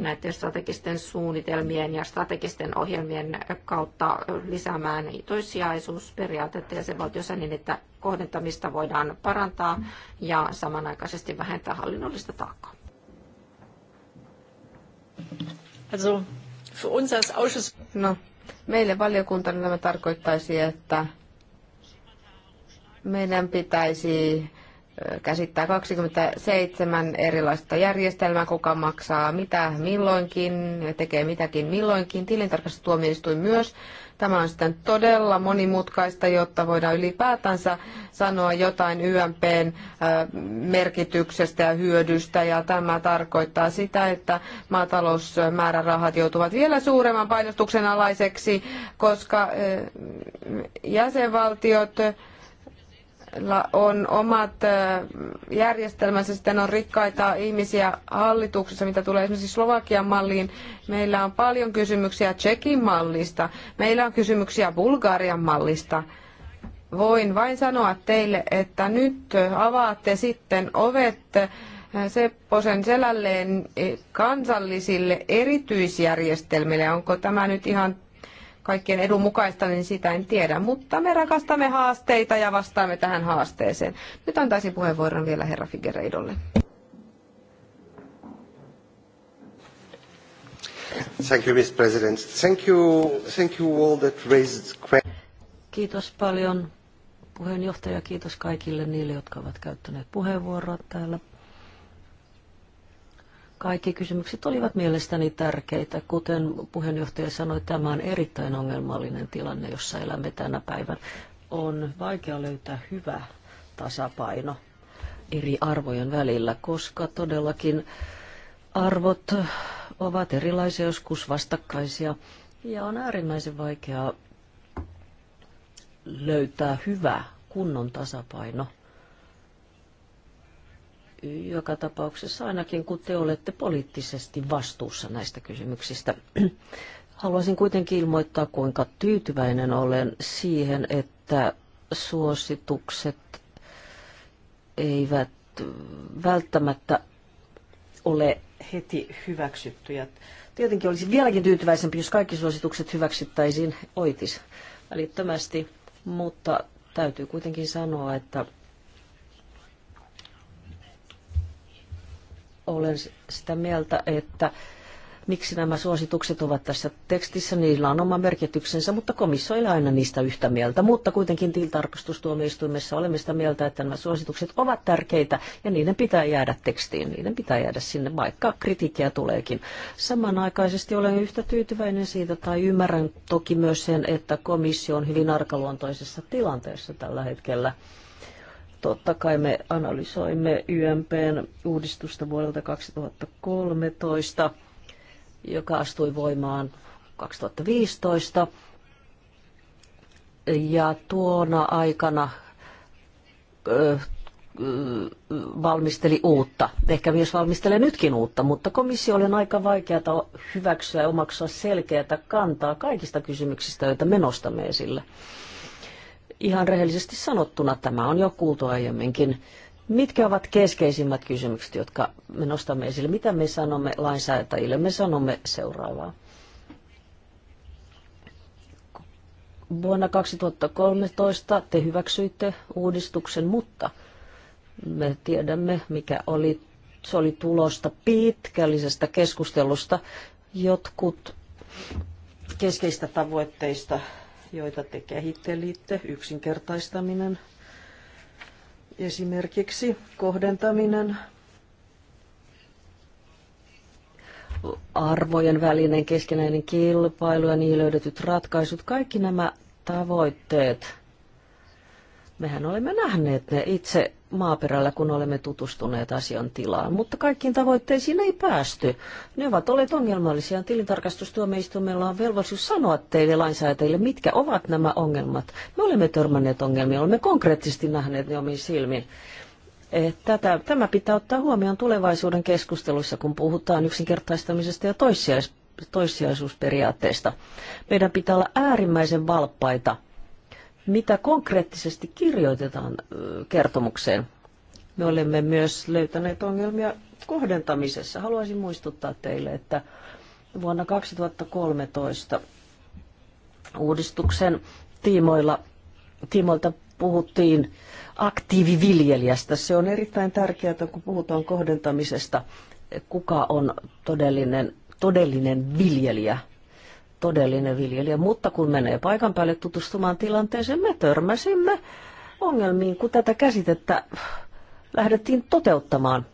näiden strategisten suunnitelmien ja strategisten ohjelmien kautta lisäämään toissijaisuusperiaatetta jäsenvaltiossa niin, että kohdentamista voidaan parantaa ja samanaikaisesti vähentää hallinnollista taakkaa. Also, für uns als Ausschuss... No, Meille valiokuntana tämä tarkoittaisi, että meidän pitäisi käsittää 27 erilaista järjestelmää, kuka maksaa mitä milloinkin, tekee mitäkin milloinkin. Tilintarkastustuomioistuin myös. Tämä on sitten todella monimutkaista, jotta voidaan ylipäätänsä sanoa jotain YMPn merkityksestä ja hyödystä. Ja tämä tarkoittaa sitä, että maatalousmäärärahat joutuvat vielä suuremman painostuksen alaiseksi, koska jäsenvaltiot on omat järjestelmänsä, sitten on rikkaita ihmisiä hallituksessa, mitä tulee esimerkiksi Slovakian malliin. Meillä on paljon kysymyksiä Tsekin mallista, meillä on kysymyksiä Bulgarian mallista. Voin vain sanoa teille, että nyt avaatte sitten ovet Sepposen selälleen kansallisille erityisjärjestelmille. Onko tämä nyt ihan kaikkien edun mukaista, niin sitä en tiedä. Mutta me rakastamme haasteita ja vastaamme tähän haasteeseen. Nyt antaisin puheenvuoron vielä herra Figueiredolle. Thank you, Mr. President. Thank you, thank you all that raised Kiitos paljon puheenjohtaja, kiitos kaikille niille, jotka ovat käyttäneet puheenvuoroa täällä. Kaikki kysymykset olivat mielestäni tärkeitä. Kuten puheenjohtaja sanoi, tämä on erittäin ongelmallinen tilanne, jossa elämme tänä päivänä. On vaikea löytää hyvä tasapaino eri arvojen välillä, koska todellakin arvot ovat erilaisia, joskus vastakkaisia, ja on äärimmäisen vaikea löytää hyvä kunnon tasapaino joka tapauksessa ainakin, kun te olette poliittisesti vastuussa näistä kysymyksistä. Haluaisin kuitenkin ilmoittaa, kuinka tyytyväinen olen siihen, että suositukset eivät välttämättä ole heti hyväksyttyjä. Tietenkin olisi vieläkin tyytyväisempi, jos kaikki suositukset hyväksyttäisiin oitis välittömästi, mutta täytyy kuitenkin sanoa, että olen sitä mieltä, että miksi nämä suositukset ovat tässä tekstissä, niillä on oma merkityksensä, mutta komissio ei ole aina niistä yhtä mieltä. Mutta kuitenkin tilintarkastustuomioistuimessa olemme sitä mieltä, että nämä suositukset ovat tärkeitä ja niiden pitää jäädä tekstiin, niiden pitää jäädä sinne, vaikka kritiikkiä tuleekin. Samanaikaisesti olen yhtä tyytyväinen siitä tai ymmärrän toki myös sen, että komissio on hyvin arkaluontoisessa tilanteessa tällä hetkellä. Totta kai me analysoimme YMPn uudistusta vuodelta 2013, joka astui voimaan 2015. Ja tuona aikana valmisteli uutta. Ehkä myös valmistelee nytkin uutta, mutta komissio on aika vaikeaa hyväksyä ja omaksua selkeää kantaa kaikista kysymyksistä, joita me nostamme esille. Ihan rehellisesti sanottuna tämä on jo kuultu aiemminkin. Mitkä ovat keskeisimmät kysymykset, jotka me nostamme esille? Mitä me sanomme lainsäätäjille? Me sanomme seuraavaa. Vuonna 2013 te hyväksyitte uudistuksen, mutta me tiedämme, mikä oli, se oli tulosta pitkällisestä keskustelusta. Jotkut keskeistä tavoitteista joita te kehittelitte, yksinkertaistaminen esimerkiksi, kohdentaminen, arvojen välinen keskinäinen kilpailu ja niihin löydetyt ratkaisut, kaikki nämä tavoitteet, mehän olemme nähneet ne itse maaperällä, kun olemme tutustuneet asian tilaan, mutta kaikkiin tavoitteisiin ei päästy. Ne ovat olleet ongelmallisia. Tilintarkastustuomioistuimella on velvollisuus sanoa teille lainsäätäjille, mitkä ovat nämä ongelmat. Me olemme törmänneet ongelmia, olemme konkreettisesti nähneet ne omiin silmiin. Eh, tätä, tämä pitää ottaa huomioon tulevaisuuden keskusteluissa, kun puhutaan yksinkertaistamisesta ja toissijais, toissijaisuusperiaatteesta. Meidän pitää olla äärimmäisen valppaita – mitä konkreettisesti kirjoitetaan kertomukseen. Me olemme myös löytäneet ongelmia kohdentamisessa. Haluaisin muistuttaa teille, että vuonna 2013 uudistuksen tiimoilla, tiimoilta puhuttiin aktiiviviljelijästä. Se on erittäin tärkeää, kun puhutaan kohdentamisesta, kuka on todellinen, todellinen viljelijä, todellinen viljelijä, mutta kun menee paikan päälle tutustumaan tilanteeseen, me törmäsimme ongelmiin, kun tätä käsitettä lähdettiin toteuttamaan.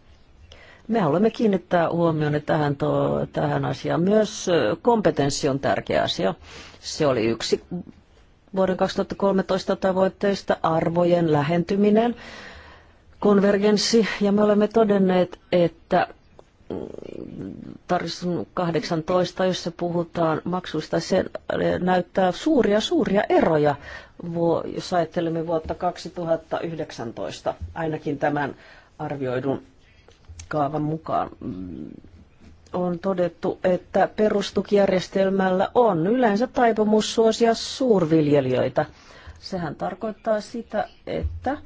Me haluamme kiinnittää huomioon tähän, to, tähän asiaan. Myös kompetenssi on tärkeä asia. Se oli yksi vuoden 2013 tavoitteista arvojen lähentyminen, konvergenssi, ja me olemme todenneet, että tarkistus 18, jossa puhutaan maksuista, se näyttää suuria suuria eroja, jos ajattelemme vuotta 2019, ainakin tämän arvioidun kaavan mukaan. Mm, on todettu, että perustukijärjestelmällä on yleensä taipumus suosia suurviljelijöitä. Sehän tarkoittaa sitä, että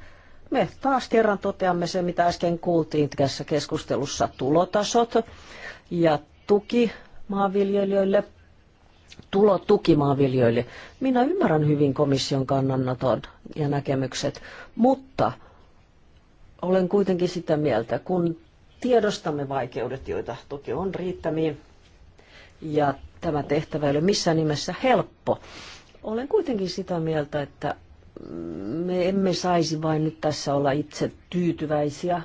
me taas kerran toteamme sen, mitä äsken kuultiin tässä keskustelussa, tulotasot ja tuki maanviljelijöille, tulotuki maanviljelijöille. Minä ymmärrän hyvin komission kannanoton ja näkemykset, mutta olen kuitenkin sitä mieltä, kun tiedostamme vaikeudet, joita toki on riittämiin, ja tämä tehtävä ei ole missään nimessä helppo. Olen kuitenkin sitä mieltä, että me emme saisi vain nyt tässä olla itse tyytyväisiä,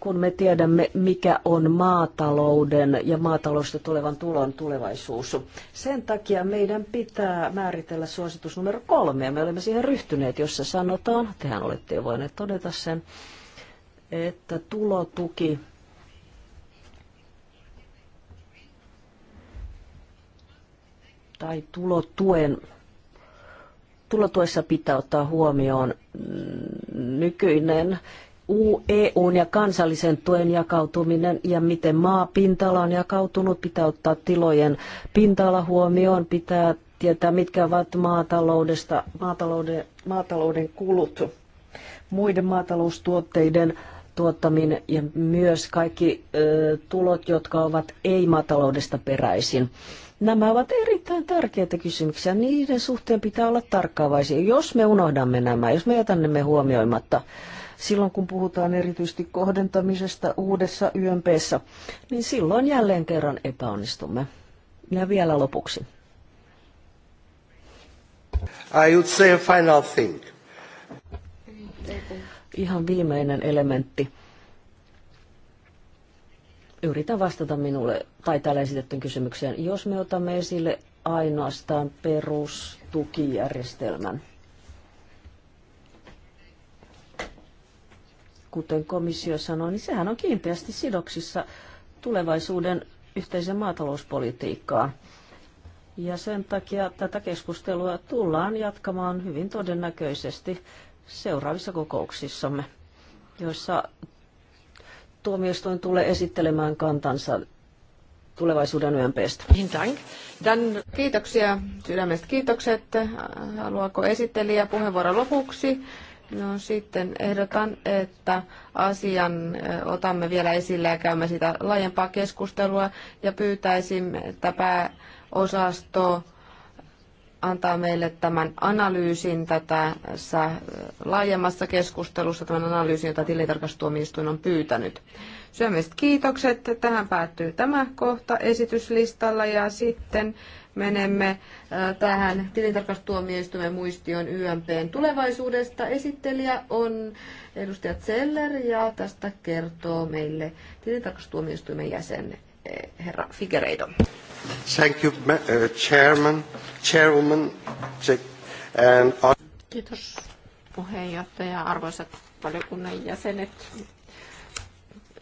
kun me tiedämme, mikä on maatalouden ja maataloudesta tulevan tulon tulevaisuus. Sen takia meidän pitää määritellä suositus numero kolme, ja me olemme siihen ryhtyneet, jossa sanotaan, tehän olette jo voineet todeta sen, että tulotuki tai tulotuen tulotuessa pitää ottaa huomioon mm, nykyinen EUn ja kansallisen tuen jakautuminen ja miten maapinta-ala on jakautunut, pitää ottaa tilojen pinta-ala huomioon, pitää tietää, mitkä ovat maataloudesta, maatalouden, maatalouden kulut, muiden maataloustuotteiden tuottaminen ja myös kaikki ö, tulot, jotka ovat ei-maataloudesta peräisin. Nämä ovat erittäin tärkeitä kysymyksiä. Niiden suhteen pitää olla tarkkaavaisia. Jos me unohdamme nämä, jos me jätämme huomioimatta, silloin kun puhutaan erityisesti kohdentamisesta uudessa YMPssä, niin silloin jälleen kerran epäonnistumme. Ja vielä lopuksi. I would say a final thing. Ihan viimeinen elementti. Yritä vastata minulle tai täällä esitettyn kysymykseen. Jos me otamme esille ainoastaan perustukijärjestelmän, kuten komissio sanoi, niin sehän on kiinteästi sidoksissa tulevaisuuden yhteisen maatalouspolitiikkaan. Ja sen takia tätä keskustelua tullaan jatkamaan hyvin todennäköisesti seuraavissa kokouksissamme, joissa tuomioistuin tulee esittelemään kantansa tulevaisuuden YMPstä. Kiitoksia, sydämestä kiitokset. Haluaako esittelijä puheenvuoron lopuksi? No sitten ehdotan, että asian otamme vielä esille ja käymme sitä laajempaa keskustelua ja pyytäisimme, että pääosasto antaa meille tämän analyysin tätä äh, laajemmassa keskustelussa, tämän analyysin, jota tilintarkastustuomioistuin on pyytänyt. Syömiset kiitokset. Tähän päättyy tämä kohta esityslistalla ja sitten menemme äh, tähän tilintarkastustuomioistuimen muistioon YMPn tulevaisuudesta. Esittelijä on edustaja Zeller ja tästä kertoo meille tilintarkastustuomioistuimen jäsen eh, herra Figereido. Thank you, uh, chairman, chairwoman, and... Kiitos puheenjohtaja, arvoisat valiokunnan jäsenet.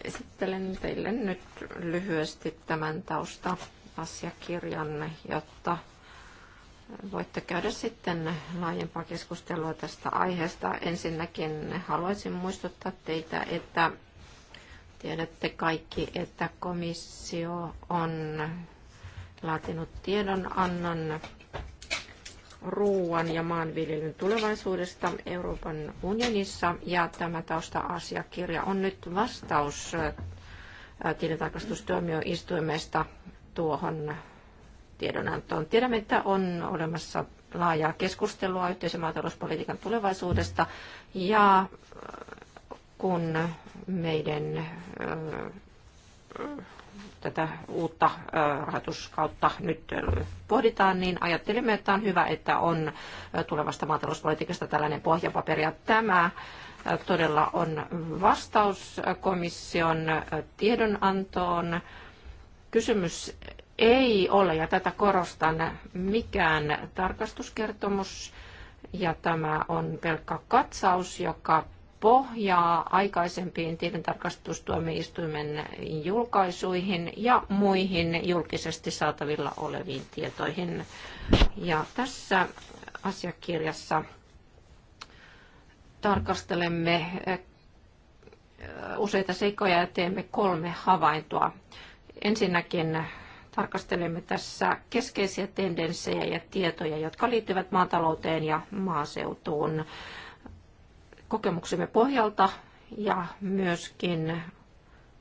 Esittelen teille nyt lyhyesti tämän tausta asiakirjan jotta voitte käydä sitten laajempaa keskustelua tästä aiheesta. Ensinnäkin haluaisin muistuttaa teitä, että tiedätte kaikki, että komissio on laatinut tiedonannon ruoan ja maanviljelyn tulevaisuudesta Euroopan unionissa. Ja tämä tausta-asiakirja on nyt vastaus tilintarkastustuomioistuimesta tuohon tiedonantoon. Tiedämme, että on olemassa laajaa keskustelua yhteisen maatalouspolitiikan tulevaisuudesta ja kun meidän tätä uutta rahoituskautta nyt pohditaan, niin ajattelimme, että on hyvä, että on tulevasta maatalouspolitiikasta tällainen pohjapaperi. Ja tämä todella on vastaus komission tiedonantoon. Kysymys ei ole, ja tätä korostan, mikään tarkastuskertomus, ja tämä on pelkkä katsaus, joka pohjaa aikaisempiin tilintarkastustuomioistuimen julkaisuihin ja muihin julkisesti saatavilla oleviin tietoihin. Ja tässä asiakirjassa tarkastelemme eh, useita seikkoja ja teemme kolme havaintoa. Ensinnäkin tarkastelemme tässä keskeisiä tendenssejä ja tietoja, jotka liittyvät maatalouteen ja maaseutuun kokemuksemme pohjalta ja myöskin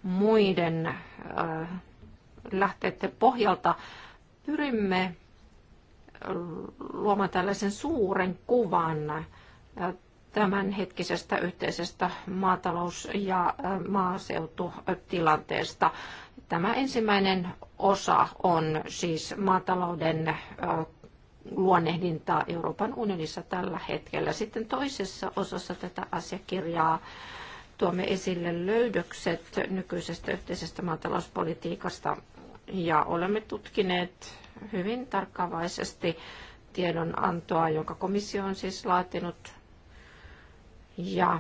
muiden äh, lähteiden pohjalta pyrimme äh, luomaan tällaisen suuren kuvan äh, tämänhetkisestä yhteisestä maatalous- ja maaseututilanteesta. Tämä ensimmäinen osa on siis maatalouden luonnehdintaa Euroopan unionissa tällä hetkellä. Sitten toisessa osassa tätä asiakirjaa tuomme esille löydökset nykyisestä yhteisestä maatalouspolitiikasta ja olemme tutkineet hyvin tarkkaavaisesti tiedonantoa, jonka komissio on siis laatinut ja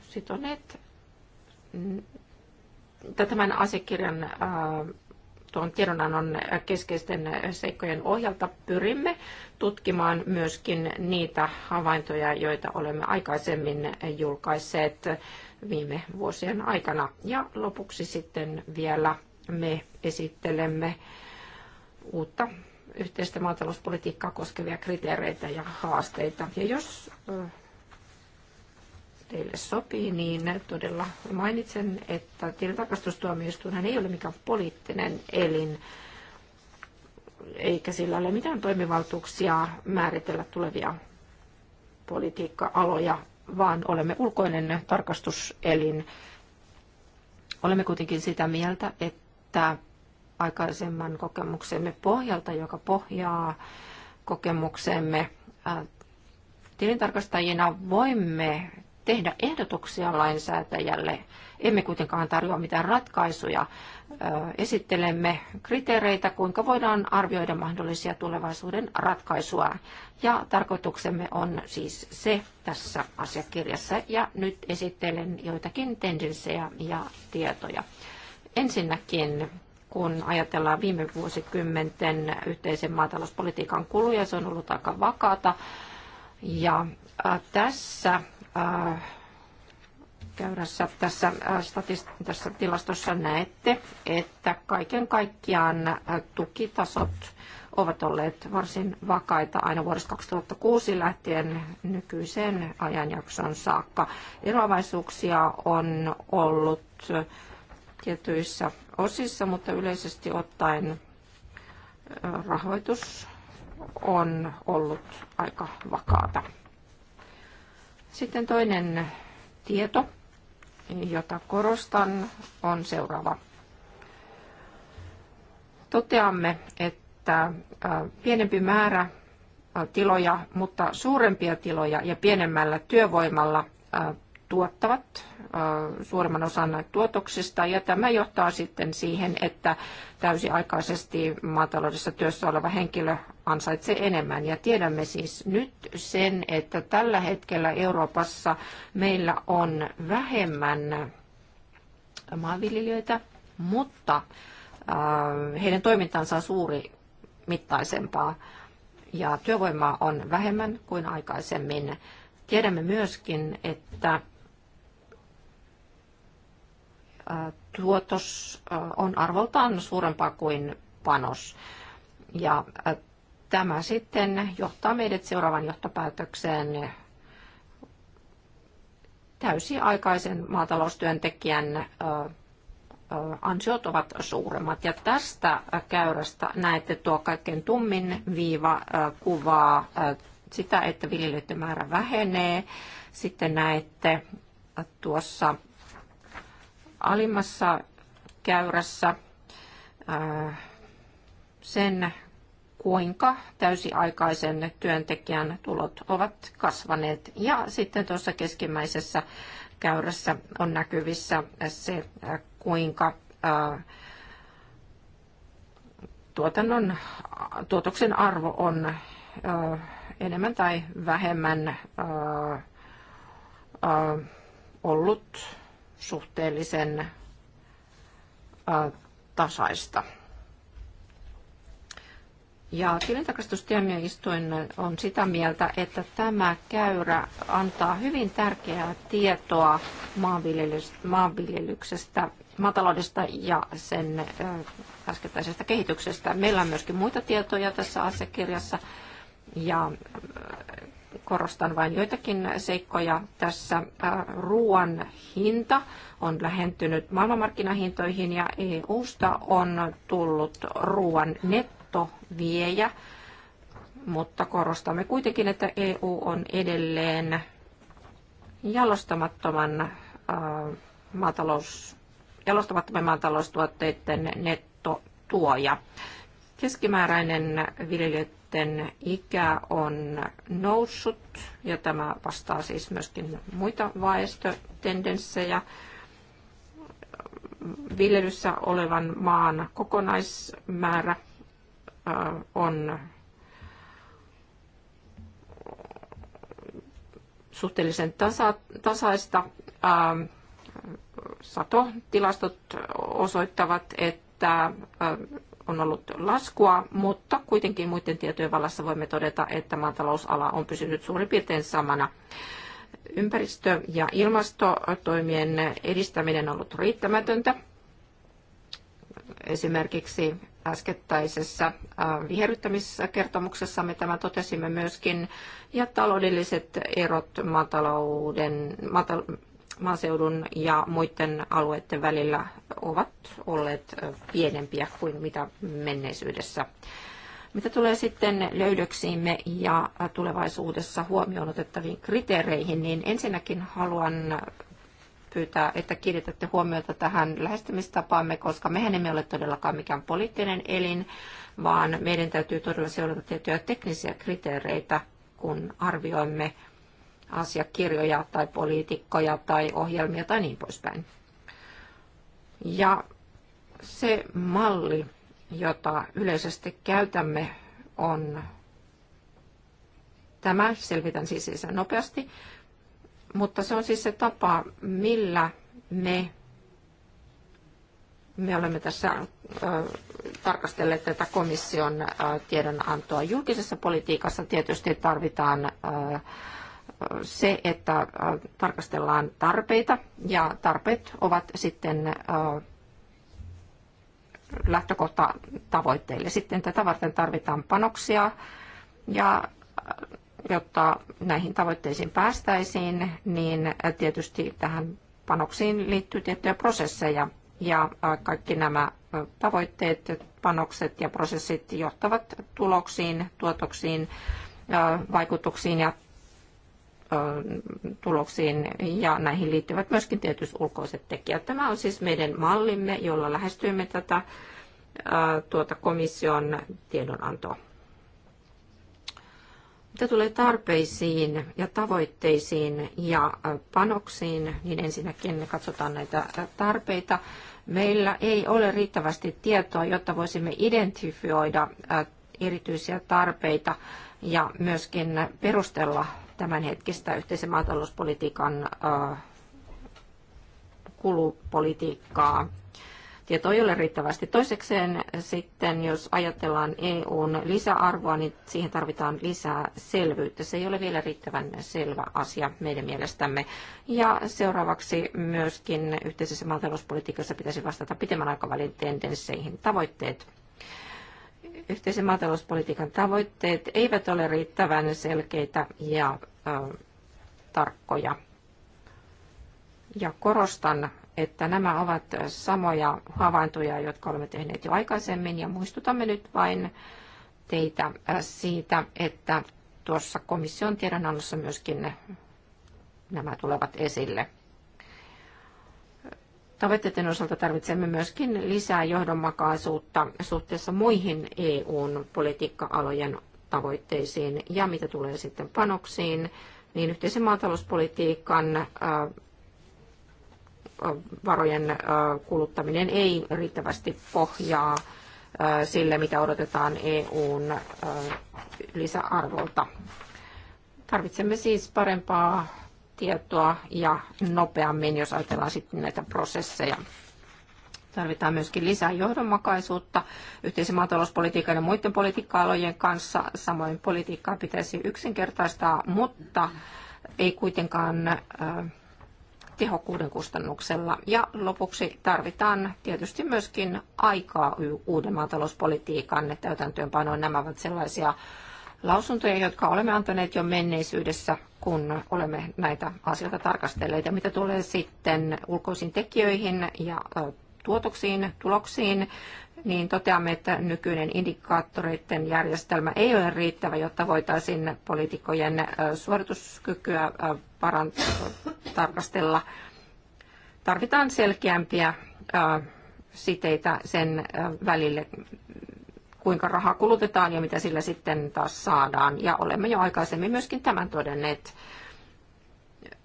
sitoneet tämän asiakirjan tuon tiedonannon keskeisten seikkojen ohjalta pyrimme tutkimaan myöskin niitä havaintoja, joita olemme aikaisemmin julkaisseet viime vuosien aikana. Ja lopuksi sitten vielä me esittelemme uutta yhteistä maatalouspolitiikkaa koskevia kriteereitä ja haasteita. Ja jos teille sopii, niin todella mainitsen, että tilintarkastustuomioistuinhan ei ole mikään poliittinen elin, eikä sillä ole mitään toimivaltuuksia määritellä tulevia politiikka-aloja, vaan olemme ulkoinen tarkastuselin. Olemme kuitenkin sitä mieltä, että aikaisemman kokemuksemme pohjalta, joka pohjaa kokemuksemme äh, tilintarkastajina voimme tehdä ehdotuksia lainsäätäjälle. Emme kuitenkaan tarjoa mitään ratkaisuja. Esittelemme kriteereitä, kuinka voidaan arvioida mahdollisia tulevaisuuden ratkaisuja. Ja tarkoituksemme on siis se tässä asiakirjassa. Ja nyt esittelen joitakin tendenssejä ja tietoja. Ensinnäkin kun ajatellaan viime vuosikymmenten yhteisen maatalouspolitiikan kuluja, se on ollut aika vakaata. Ja tässä Äh, käyrässä tässä, äh, tässä tilastossa näette, että kaiken kaikkiaan äh, tukitasot ovat olleet varsin vakaita aina vuodesta 2006 lähtien nykyiseen ajanjakson saakka. Eroavaisuuksia on ollut tietyissä osissa, mutta yleisesti ottaen rahoitus on ollut aika vakaata. Sitten toinen tieto, jota korostan, on seuraava. Toteamme, että äh, pienempi määrä äh, tiloja, mutta suurempia tiloja ja pienemmällä työvoimalla äh, tuottavat äh, suurimman osan tuotoksista ja tämä johtaa sitten siihen, että täysiaikaisesti maataloudessa työssä oleva henkilö ansaitsee enemmän. Ja tiedämme siis nyt sen, että tällä hetkellä Euroopassa meillä on vähemmän maanviljelijöitä, mutta äh, heidän toimintansa on suuri mittaisempaa ja työvoimaa on vähemmän kuin aikaisemmin. Tiedämme myöskin, että tuotos on arvoltaan suurempaa kuin panos. Ja tämä sitten johtaa meidät seuraavan johtopäätökseen täysiaikaisen maataloustyöntekijän ansiot ovat suuremmat. Ja tästä käyrästä näette tuo kaikkein tummin viiva kuvaa sitä, että viljelijöiden määrä vähenee. Sitten näette tuossa alimmassa käyrässä äh, sen, kuinka täysiaikaisen työntekijän tulot ovat kasvaneet. Ja sitten tuossa keskimmäisessä käyrässä on näkyvissä se, äh, kuinka äh, tuotannon, tuotoksen arvo on enemmän tai vähemmän ollut suhteellisen tasaista. Ja tilintarkastustuomioistuin on sitä mieltä, että tämä käyrä antaa hyvin tärkeää tietoa maanviljelyksestä, maataloudesta ja sen äskettäisestä kehityksestä. Meillä on myöskin muita tietoja tässä asiakirjassa ja korostan vain joitakin seikkoja. Tässä äh, ruoan hinta on lähentynyt maailmanmarkkinahintoihin ja EUsta on tullut ruoan nettoviejä, mutta korostamme kuitenkin, että EU on edelleen jalostamattoman äh, maatalous, jalostamattoman maataloustuotteiden nettotuoja. Keskimääräinen viljelijöiden nuorten ikä on noussut ja tämä vastaa siis myöskin muita väestötendenssejä. Viljelyssä olevan maan kokonaismäärä on suhteellisen tasa, tasaista. Satotilastot osoittavat, että on ollut laskua, mutta kuitenkin muiden tietojen vallassa voimme todeta, että maatalousala on pysynyt suurin piirtein samana ympäristö- ja ilmastotoimien edistäminen on ollut riittämätöntä. Esimerkiksi äskettäisessä viherryttämiskertomuksessa me tämä totesimme myöskin, ja taloudelliset erot maatalouden, maatal- maaseudun ja muiden alueiden välillä ovat olleet pienempiä kuin mitä menneisyydessä. Mitä tulee sitten löydöksiimme ja tulevaisuudessa huomioon otettaviin kriteereihin, niin ensinnäkin haluan pyytää, että kiinnitätte huomiota tähän lähestymistapaamme, koska mehän emme ole todellakaan mikään poliittinen elin, vaan meidän täytyy todella seurata tiettyjä teknisiä kriteereitä, kun arvioimme asiakirjoja tai poliitikkoja tai ohjelmia tai niin poispäin. Ja se malli, jota yleisesti käytämme, on tämä, selvitän siis sen nopeasti, mutta se on siis se tapa, millä me, me olemme tässä äh, tarkastelleet tätä komission äh, tiedonantoa. Julkisessa politiikassa tietysti tarvitaan äh, se, että äh, tarkastellaan tarpeita ja tarpeet ovat sitten äh, lähtökohta tavoitteille. Sitten tätä varten tarvitaan panoksia ja äh, jotta näihin tavoitteisiin päästäisiin, niin tietysti tähän panoksiin liittyy tiettyjä prosesseja ja kaikki nämä tavoitteet, panokset ja prosessit johtavat tuloksiin, tuotoksiin, vaikutuksiin ja tuloksiin ja näihin liittyvät myöskin tietyt ulkoiset tekijät. Tämä on siis meidän mallimme, jolla lähestyimme tätä tuota komission tiedonantoa. Mitä tulee tarpeisiin ja tavoitteisiin ja panoksiin, niin ensinnäkin katsotaan näitä tarpeita. Meillä ei ole riittävästi tietoa, jotta voisimme identifioida erityisiä tarpeita ja myöskin perustella tämänhetkistä yhteisen maatalouspolitiikan äh, kulupolitiikkaa. Tietoa ei ole riittävästi. Toisekseen sitten, jos ajatellaan EUn lisäarvoa, niin siihen tarvitaan lisää selvyyttä. Se ei ole vielä riittävän selvä asia meidän mielestämme. Ja seuraavaksi myöskin yhteisessä maatalouspolitiikassa pitäisi vastata pitemmän aikavälin tendensseihin. Tavoitteet Yhteisen maatalouspolitiikan tavoitteet eivät ole riittävän selkeitä ja ö, tarkkoja. Ja korostan, että nämä ovat samoja havaintoja, jotka olemme tehneet jo aikaisemmin, ja muistutamme nyt vain teitä siitä, että tuossa komission tiedonannossa myöskin nämä tulevat esille. Tavoitteiden osalta tarvitsemme myöskin lisää johdonmakaisuutta suhteessa muihin EUn politiikka-alojen tavoitteisiin ja mitä tulee sitten panoksiin, niin yhteisen maatalouspolitiikan äh, varojen äh, kuluttaminen ei riittävästi pohjaa äh, sille, mitä odotetaan EUn lisäarvolta. Tarvitsemme siis parempaa tietoa ja nopeammin, jos ajatellaan sitten näitä prosesseja. Tarvitaan myöskin lisää johdonmukaisuutta yhteisen maatalouspolitiikan ja muiden politiikka-alojen kanssa. Samoin politiikkaa pitäisi yksinkertaistaa, mutta ei kuitenkaan tehokkuuden kustannuksella. Ja lopuksi tarvitaan tietysti myöskin aikaa uuden maatalouspolitiikan täytäntöönpanoon. Nämä ovat sellaisia lausuntoja, jotka olemme antaneet jo menneisyydessä, kun olemme näitä asioita tarkastelleet. Ja mitä tulee sitten ulkoisiin tekijöihin ja tuotoksiin, tuloksiin, niin toteamme, että nykyinen indikaattoreiden järjestelmä ei ole riittävä, jotta voitaisiin poliitikkojen suorituskykyä tarkastella. Tarvitaan selkeämpiä siteitä sen välille, kuinka rahaa kulutetaan ja mitä sillä sitten taas saadaan. Ja olemme jo aikaisemmin myöskin tämän todenneet.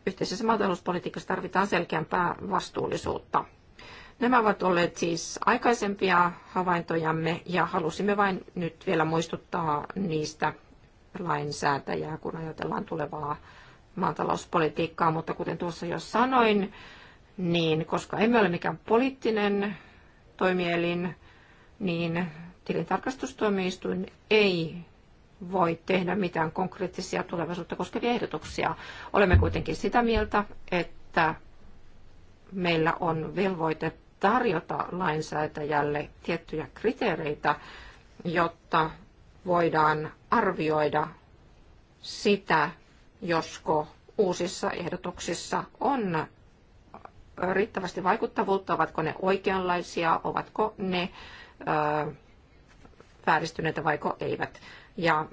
Yhteisessä maatalouspolitiikassa tarvitaan selkeämpää vastuullisuutta. Nämä ovat olleet siis aikaisempia havaintojamme ja halusimme vain nyt vielä muistuttaa niistä lainsäätäjää, kun ajatellaan tulevaa maatalouspolitiikkaa, mutta kuten tuossa jo sanoin, niin koska emme ole mikään poliittinen toimielin, niin tilintarkastustuomioistuin ei voi tehdä mitään konkreettisia tulevaisuutta koskevia ehdotuksia. Olemme kuitenkin sitä mieltä, että meillä on velvoite tarjota lainsäätäjälle tiettyjä kriteereitä, jotta voidaan arvioida sitä, josko uusissa ehdotuksissa on riittävästi vaikuttavuutta, ovatko ne oikeanlaisia, ovatko ne vääristyneitä vaiko eivät. Ja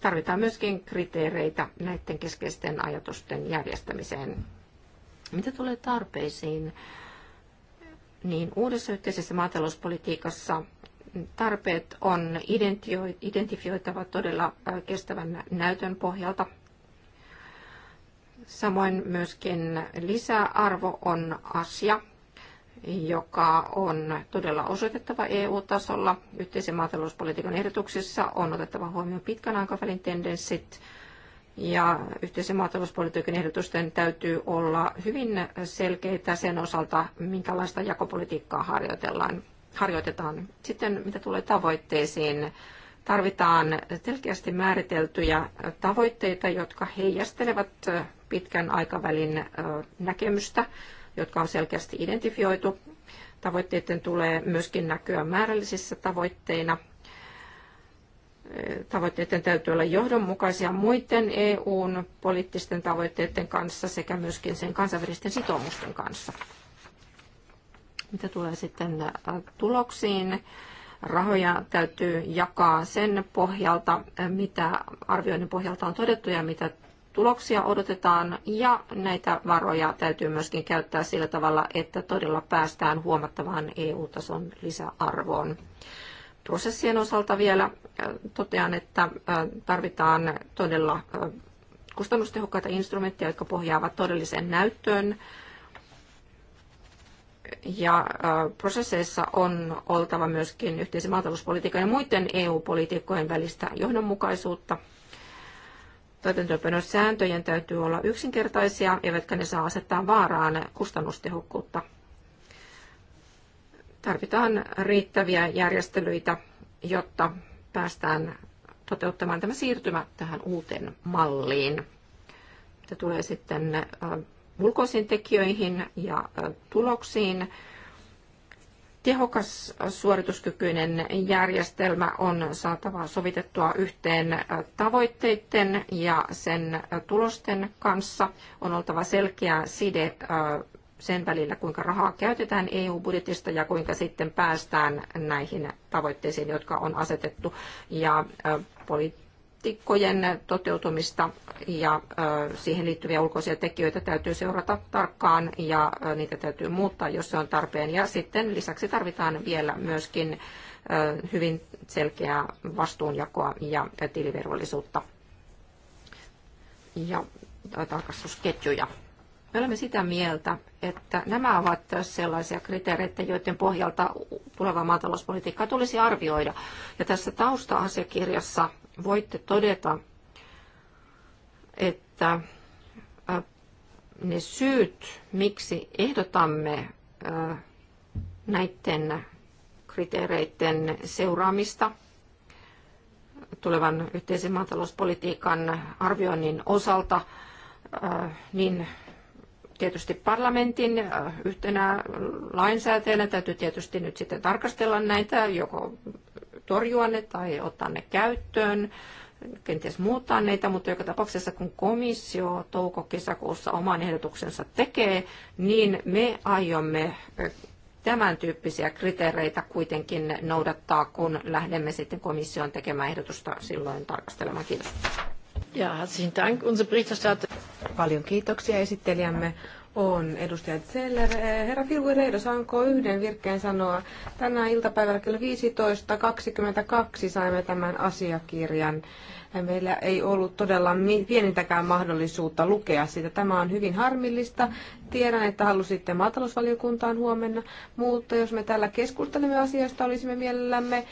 tarvitaan myöskin kriteereitä näiden keskeisten ajatusten järjestämiseen. Mitä tulee tarpeisiin, niin uudessa yhteisessä maatalouspolitiikassa tarpeet on identifioitava todella kestävän näytön pohjalta. Samoin myöskin lisäarvo on asia, joka on todella osoitettava EU-tasolla. Yhteisen maatalouspolitiikan ehdotuksissa on otettava huomioon pitkän aikavälin tendenssit, ja yhteisen maatalouspolitiikan ehdotusten täytyy olla hyvin selkeitä sen osalta, minkälaista jakopolitiikkaa harjoitellaan, harjoitetaan. Sitten mitä tulee tavoitteisiin, tarvitaan selkeästi määriteltyjä tavoitteita, jotka heijastelevat pitkän aikavälin näkemystä jotka on selkeästi identifioitu. Tavoitteiden tulee myöskin näkyä määrällisissä tavoitteina. Tavoitteiden täytyy olla johdonmukaisia muiden EUn poliittisten tavoitteiden kanssa sekä myöskin sen kansainvälisten sitoumusten kanssa. Mitä tulee sitten äh, tuloksiin, rahoja täytyy jakaa sen pohjalta, äh, mitä arvioinnin pohjalta on todettu ja mitä tuloksia odotetaan ja näitä varoja täytyy myöskin käyttää sillä tavalla, että todella päästään huomattavaan EU-tason lisäarvoon. Prosessien osalta vielä äh, totean, että äh, tarvitaan todella äh, kustannustehokkaita instrumentteja, jotka pohjaavat todelliseen näyttöön. Ja prosesseissa on oltava myöskin yhteisen maatalouspolitiikan ja muiden EU-politiikkojen välistä johdonmukaisuutta – sääntöjen täytyy olla yksinkertaisia, eivätkä ne saa asettaa vaaraan kustannustehokkuutta. Tarvitaan riittäviä järjestelyitä, jotta päästään toteuttamaan tämä siirtymä tähän uuteen malliin. Mitä tulee sitten äh, ulkoisiin tekijöihin ja äh, tuloksiin, Tehokas suorituskykyinen järjestelmä on saatava sovitettua yhteen tavoitteiden ja sen tulosten kanssa. On oltava selkeä side äh, sen välillä, kuinka rahaa käytetään EU-budjetista ja kuinka sitten päästään näihin tavoitteisiin, jotka on asetettu. Ja äh, poli- tikkojen toteutumista ja siihen liittyviä ulkoisia tekijöitä täytyy seurata tarkkaan ja niitä täytyy muuttaa, jos se on tarpeen. Ja sitten lisäksi tarvitaan vielä myöskin hyvin selkeää vastuunjakoa ja tilivervollisuutta ja tarkastusketjuja. Me olemme sitä mieltä, että nämä ovat sellaisia kriteereitä, joiden pohjalta tulevaa maatalouspolitiikkaa tulisi arvioida. Ja tässä tausta-asiakirjassa voitte todeta, että ne syyt, miksi ehdotamme näiden kriteereiden seuraamista tulevan yhteisen maatalouspolitiikan arvioinnin osalta, niin tietysti parlamentin yhtenä lainsäätäjänä täytyy tietysti nyt sitten tarkastella näitä joko torjua ne tai ottaa ne käyttöön, kenties muuttaa niitä, mutta joka tapauksessa kun komissio touko-kesäkuussa oman ehdotuksensa tekee, niin me aiomme tämän tyyppisiä kriteereitä kuitenkin noudattaa, kun lähdemme sitten komission tekemään ehdotusta silloin tarkastelemaan. Kiitos. Ja, herzlichen Dank, unser Paljon kiitoksia esittelijämme on edustaja Zeller. Eh, herra Reido, saanko yhden virkkeen sanoa? Tänä iltapäivällä kello 15.22 saimme tämän asiakirjan. Eh, meillä ei ollut todella pienintäkään mahdollisuutta lukea sitä. Tämä on hyvin harmillista. Tiedän, että halusitte maatalousvaliokuntaan huomenna, mutta jos me täällä keskustelemme asioista, olisimme mielellämme eh,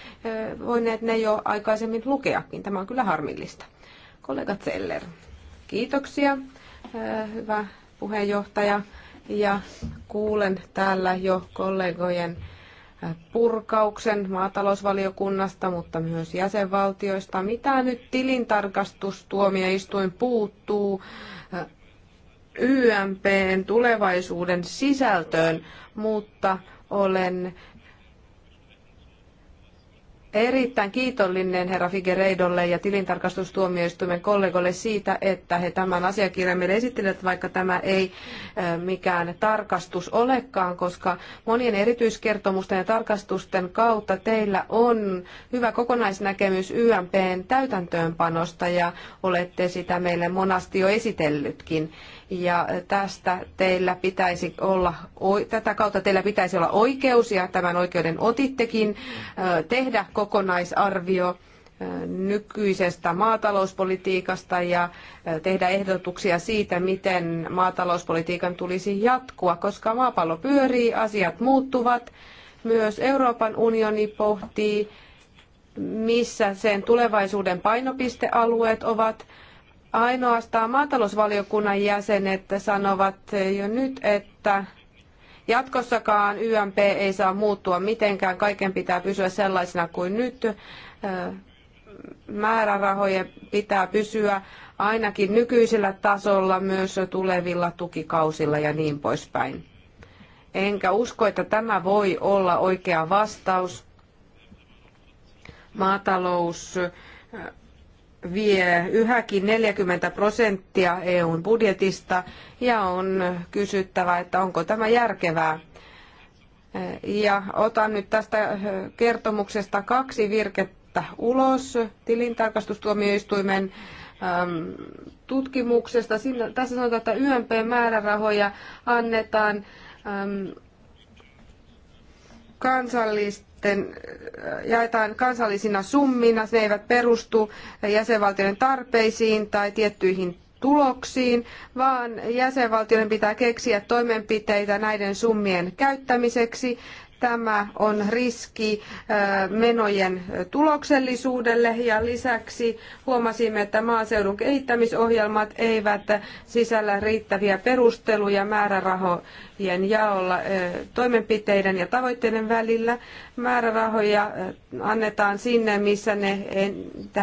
voineet ne jo aikaisemmin lukeakin. Tämä on kyllä harmillista. Kollega Zeller, kiitoksia. Hyvä puheenjohtaja, ja kuulen täällä jo kollegojen äh, purkauksen maatalousvaliokunnasta, mutta myös jäsenvaltioista. Mitä nyt tilintarkastustuomioistuin puuttuu äh, YMPn tulevaisuuden sisältöön, mutta olen erittäin kiitollinen herra Figueiredolle ja tilintarkastustuomioistuimen kollegoille siitä, että he tämän asiakirjan meille esittelivät, vaikka tämä ei mikään tarkastus olekaan, koska monien erityiskertomusten ja tarkastusten kautta teillä on hyvä kokonaisnäkemys YMPn täytäntöönpanosta ja olette sitä meille monasti jo esitellytkin ja tästä teillä pitäisi olla, tätä kautta teillä pitäisi olla oikeus ja tämän oikeuden otittekin tehdä kokonaisarvio nykyisestä maatalouspolitiikasta ja tehdä ehdotuksia siitä, miten maatalouspolitiikan tulisi jatkua, koska maapallo pyörii, asiat muuttuvat. Myös Euroopan unioni pohtii, missä sen tulevaisuuden painopistealueet ovat Ainoastaan maatalousvaliokunnan jäsenet sanovat jo nyt, että jatkossakaan YMP ei saa muuttua mitenkään. Kaiken pitää pysyä sellaisena kuin nyt. Määrärahojen pitää pysyä ainakin nykyisellä tasolla myös tulevilla tukikausilla ja niin poispäin. Enkä usko, että tämä voi olla oikea vastaus. Maatalous vie yhäkin 40 prosenttia EUn budjetista ja on kysyttävä, että onko tämä järkevää. Ja otan nyt tästä kertomuksesta kaksi virkettä ulos tilintarkastustuomioistuimen ähm, tutkimuksesta. Siinä, tässä sanotaan, että YMP-määrärahoja annetaan ähm, kansallista sitten äh, jaetaan kansallisina summina, ne eivät perustu jäsenvaltioiden tarpeisiin tai tiettyihin tuloksiin, vaan jäsenvaltioiden pitää keksiä toimenpiteitä näiden summien käyttämiseksi Tämä on riski menojen tuloksellisuudelle ja lisäksi huomasimme, että maaseudun kehittämisohjelmat eivät sisällä riittäviä perusteluja määrärahojen jaolla toimenpiteiden ja tavoitteiden välillä. Määrärahoja annetaan sinne, missä ne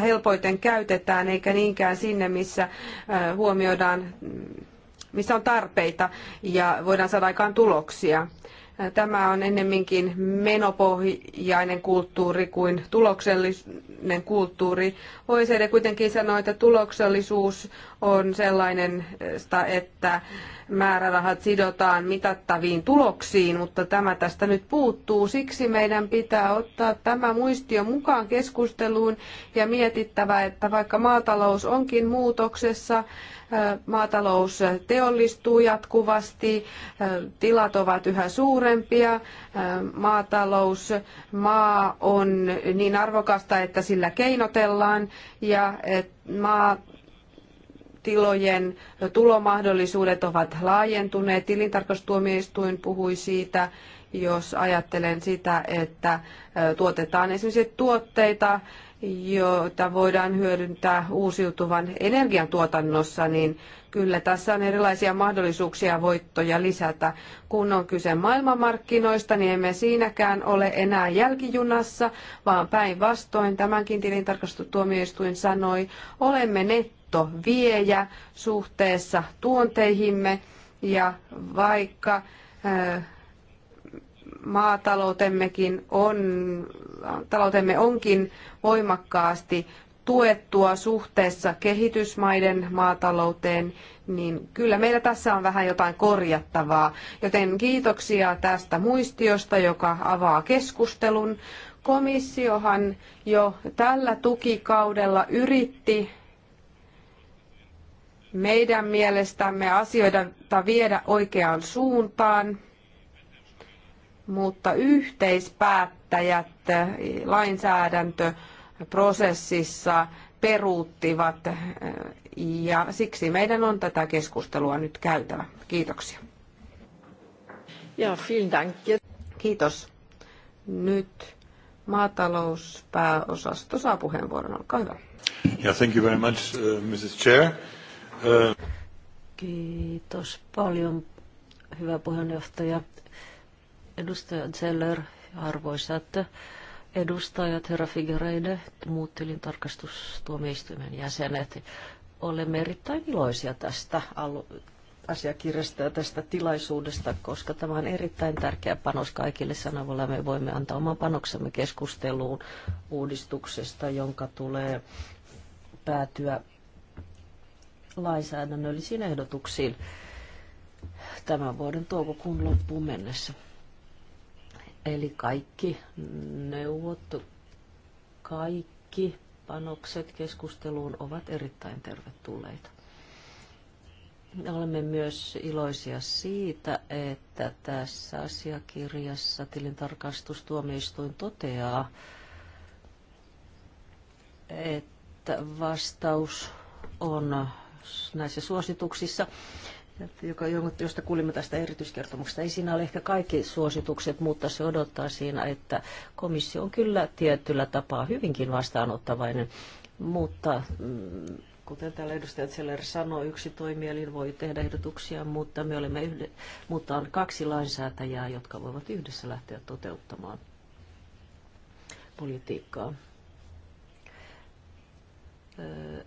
helpoiten käytetään, eikä niinkään sinne, missä huomioidaan missä on tarpeita ja voidaan saada aikaan tuloksia. Tämä on ennemminkin menopohjainen kulttuuri kuin tuloksellinen kulttuuri. OECD kuitenkin sanoi, että tuloksellisuus on sellainen, että määrärahat sidotaan mitattaviin tuloksiin, mutta tämä tästä nyt puuttuu. Siksi meidän pitää ottaa tämä muistio mukaan keskusteluun ja mietittävä, että vaikka maatalous onkin muutoksessa, maatalous teollistuu jatkuvasti, tilat ovat yhä suurempia, maatalous, maa on niin arvokasta, että sillä keinotellaan ja maa tilojen tulomahdollisuudet ovat laajentuneet. Tilintarkastustuomioistuin puhui siitä, jos ajattelen sitä, että tuotetaan esimerkiksi tuotteita, jota voidaan hyödyntää uusiutuvan energian tuotannossa, niin kyllä tässä on erilaisia mahdollisuuksia voittoja lisätä. Kun on kyse maailmanmarkkinoista, niin emme siinäkään ole enää jälkijunassa, vaan päinvastoin, tämänkin tilintarkastustuomioistuin sanoi, olemme nettoviejä suhteessa tuonteihimme, ja vaikka äh, maataloutemmekin on, taloutemme onkin voimakkaasti tuettua suhteessa kehitysmaiden maatalouteen, niin kyllä meillä tässä on vähän jotain korjattavaa. Joten kiitoksia tästä muistiosta, joka avaa keskustelun. Komissiohan jo tällä tukikaudella yritti meidän mielestämme asioita viedä oikeaan suuntaan mutta yhteispäättäjät lainsäädäntöprosessissa peruuttivat ja siksi meidän on tätä keskustelua nyt käytävä. Kiitoksia. Ja, vielen dank. Kiitos. Nyt maatalouspääosasto saa puheenvuoron. Olkaa hyvä. Yeah, thank you very much, uh, Mrs. Chair. Uh... Kiitos paljon, hyvä puheenjohtaja. Edustaja Zeller, arvoisat edustajat, herra Figereide, muut tilintarkastustuomioistuimen jäsenet, olemme erittäin iloisia tästä asiakirjasta ja tästä tilaisuudesta, koska tämä on erittäin tärkeä panos kaikille sanavalla. Me voimme antaa oman panoksemme keskusteluun uudistuksesta, jonka tulee päätyä lainsäädännöllisiin ehdotuksiin tämän vuoden toukokuun loppuun mennessä. Eli kaikki neuvot, kaikki panokset keskusteluun ovat erittäin tervetulleita. Me olemme myös iloisia siitä, että tässä asiakirjassa tilintarkastustuomioistuin toteaa, että vastaus on näissä suosituksissa joka, josta kuulimme tästä erityiskertomuksesta. Ei siinä ole ehkä kaikki suositukset, mutta se odottaa siinä, että komissio on kyllä tietyllä tapaa hyvinkin vastaanottavainen, mutta mm, kuten täällä edustaja Zeller sanoi, yksi toimielin voi tehdä ehdotuksia, mutta, me olemme yhde, mutta on kaksi lainsäätäjää, jotka voivat yhdessä lähteä toteuttamaan politiikkaa. Öö,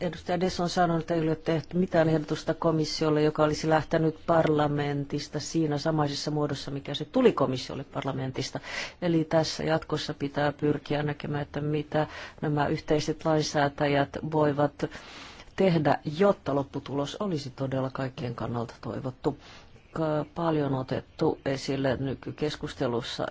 Edustaja Des on sanonut, että ei ole tehty mitään ehdotusta komissiolle, joka olisi lähtenyt parlamentista siinä samaisessa muodossa, mikä se tuli komissiolle parlamentista. Eli tässä jatkossa pitää pyrkiä näkemään, että mitä nämä yhteiset lainsäätäjät voivat tehdä, jotta lopputulos olisi todella kaikkien kannalta toivottu paljon otettu esille nykykeskustelussa